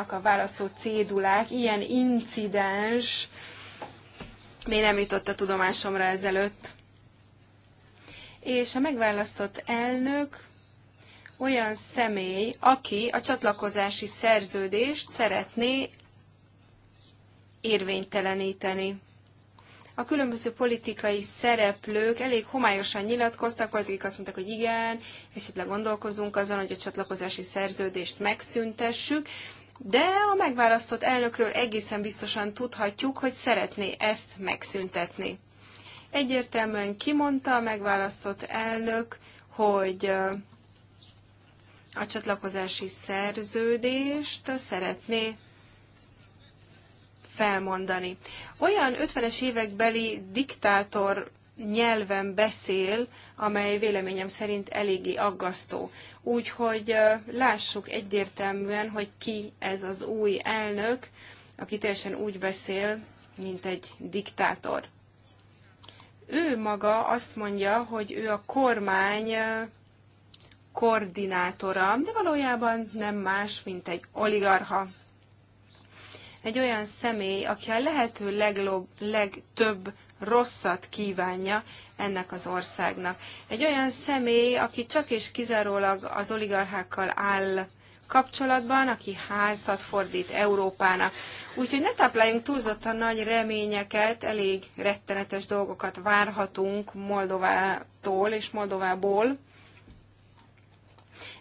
a választó cédulák, ilyen incidens, még nem jutott a tudomásomra ezelőtt és a megválasztott elnök olyan személy, aki a csatlakozási szerződést szeretné érvényteleníteni. A különböző politikai szereplők elég homályosan nyilatkoztak, akik azt mondták, hogy igen, esetleg gondolkozunk azon, hogy a csatlakozási szerződést megszüntessük, de a megválasztott elnökről egészen biztosan tudhatjuk, hogy szeretné ezt megszüntetni. Egyértelműen kimondta a megválasztott elnök, hogy a csatlakozási szerződést szeretné felmondani. Olyan 50-es évekbeli diktátor nyelven beszél, amely véleményem szerint eléggé aggasztó. Úgyhogy lássuk egyértelműen, hogy ki ez az új elnök, aki teljesen úgy beszél, mint egy diktátor. Ő maga azt mondja, hogy ő a kormány koordinátora, de valójában nem más, mint egy oligarha. Egy olyan személy, aki a lehető leglob, legtöbb rosszat kívánja ennek az országnak. Egy olyan személy, aki csak és kizárólag az oligarchákkal áll kapcsolatban, aki házat fordít Európának. Úgyhogy ne tápláljunk túlzottan nagy reményeket, elég rettenetes dolgokat várhatunk Moldovától és Moldovából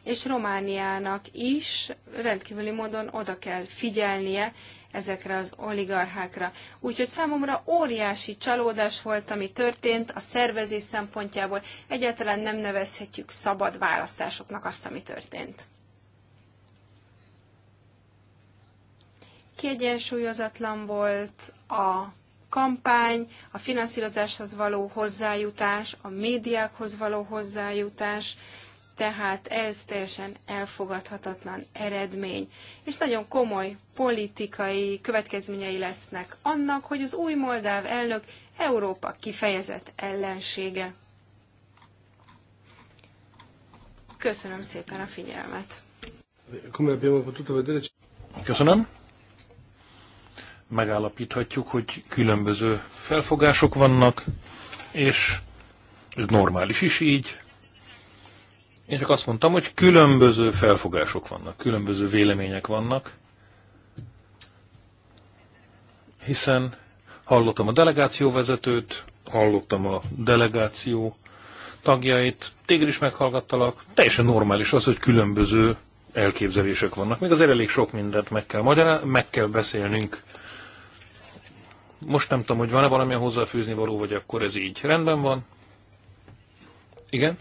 és Romániának is rendkívüli módon oda kell figyelnie ezekre az oligarchákra. Úgyhogy számomra óriási csalódás volt, ami történt a szervezés szempontjából. Egyáltalán nem nevezhetjük szabad választásoknak azt, ami történt. kiegyensúlyozatlan volt a kampány, a finanszírozáshoz való hozzájutás, a médiákhoz való hozzájutás, tehát ez teljesen elfogadhatatlan eredmény. És nagyon komoly politikai következményei lesznek annak, hogy az új moldáv elnök Európa kifejezett ellensége. Köszönöm szépen a figyelmet. Köszönöm megállapíthatjuk, hogy különböző felfogások vannak, és ez normális is így. Én csak azt mondtam, hogy különböző felfogások vannak, különböző vélemények vannak, hiszen hallottam a delegációvezetőt, hallottam a delegáció tagjait, téged is meghallgattalak. Teljesen normális az, hogy különböző elképzelések vannak. Még azért elég sok mindent meg kell, magyar, meg kell beszélnünk most nem tudom, hogy van-e valamilyen hozzáfűzni való, vagy akkor ez így rendben van. Igen?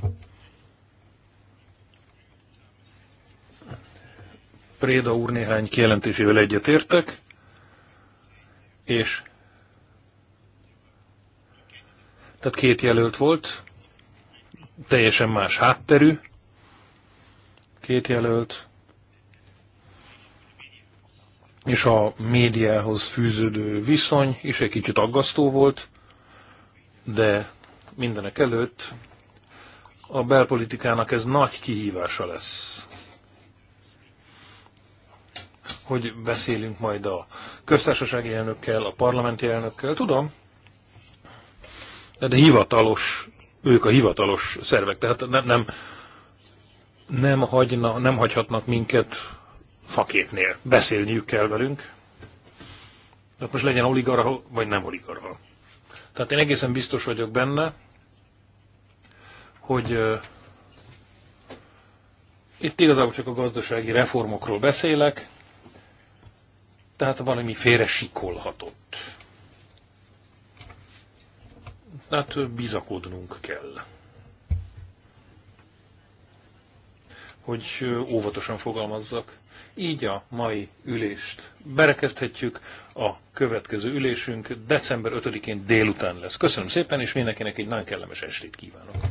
Préda úr néhány kijelentésével egyetértek, és tehát két jelölt volt, teljesen más hátterű, két jelölt, és a médiához fűződő viszony is egy kicsit aggasztó volt, de mindenek előtt a belpolitikának ez nagy kihívása lesz. Hogy beszélünk majd a köztársasági elnökkel, a parlamenti elnökkel, tudom, de, hivatalos, ők a hivatalos szervek, tehát nem, nem, nem, hagyna, nem hagyhatnak minket faképnél. Beszélniük kell velünk. De most legyen oligarha, vagy nem oligarha. Tehát én egészen biztos vagyok benne, hogy uh, itt igazából csak a gazdasági reformokról beszélek, tehát valami félre sikolhatott. Tehát bizakodnunk kell. Hogy óvatosan fogalmazzak. Így a mai ülést berekezthetjük. A következő ülésünk december 5-én délután lesz. Köszönöm szépen, és mindenkinek egy nagyon kellemes estét kívánok.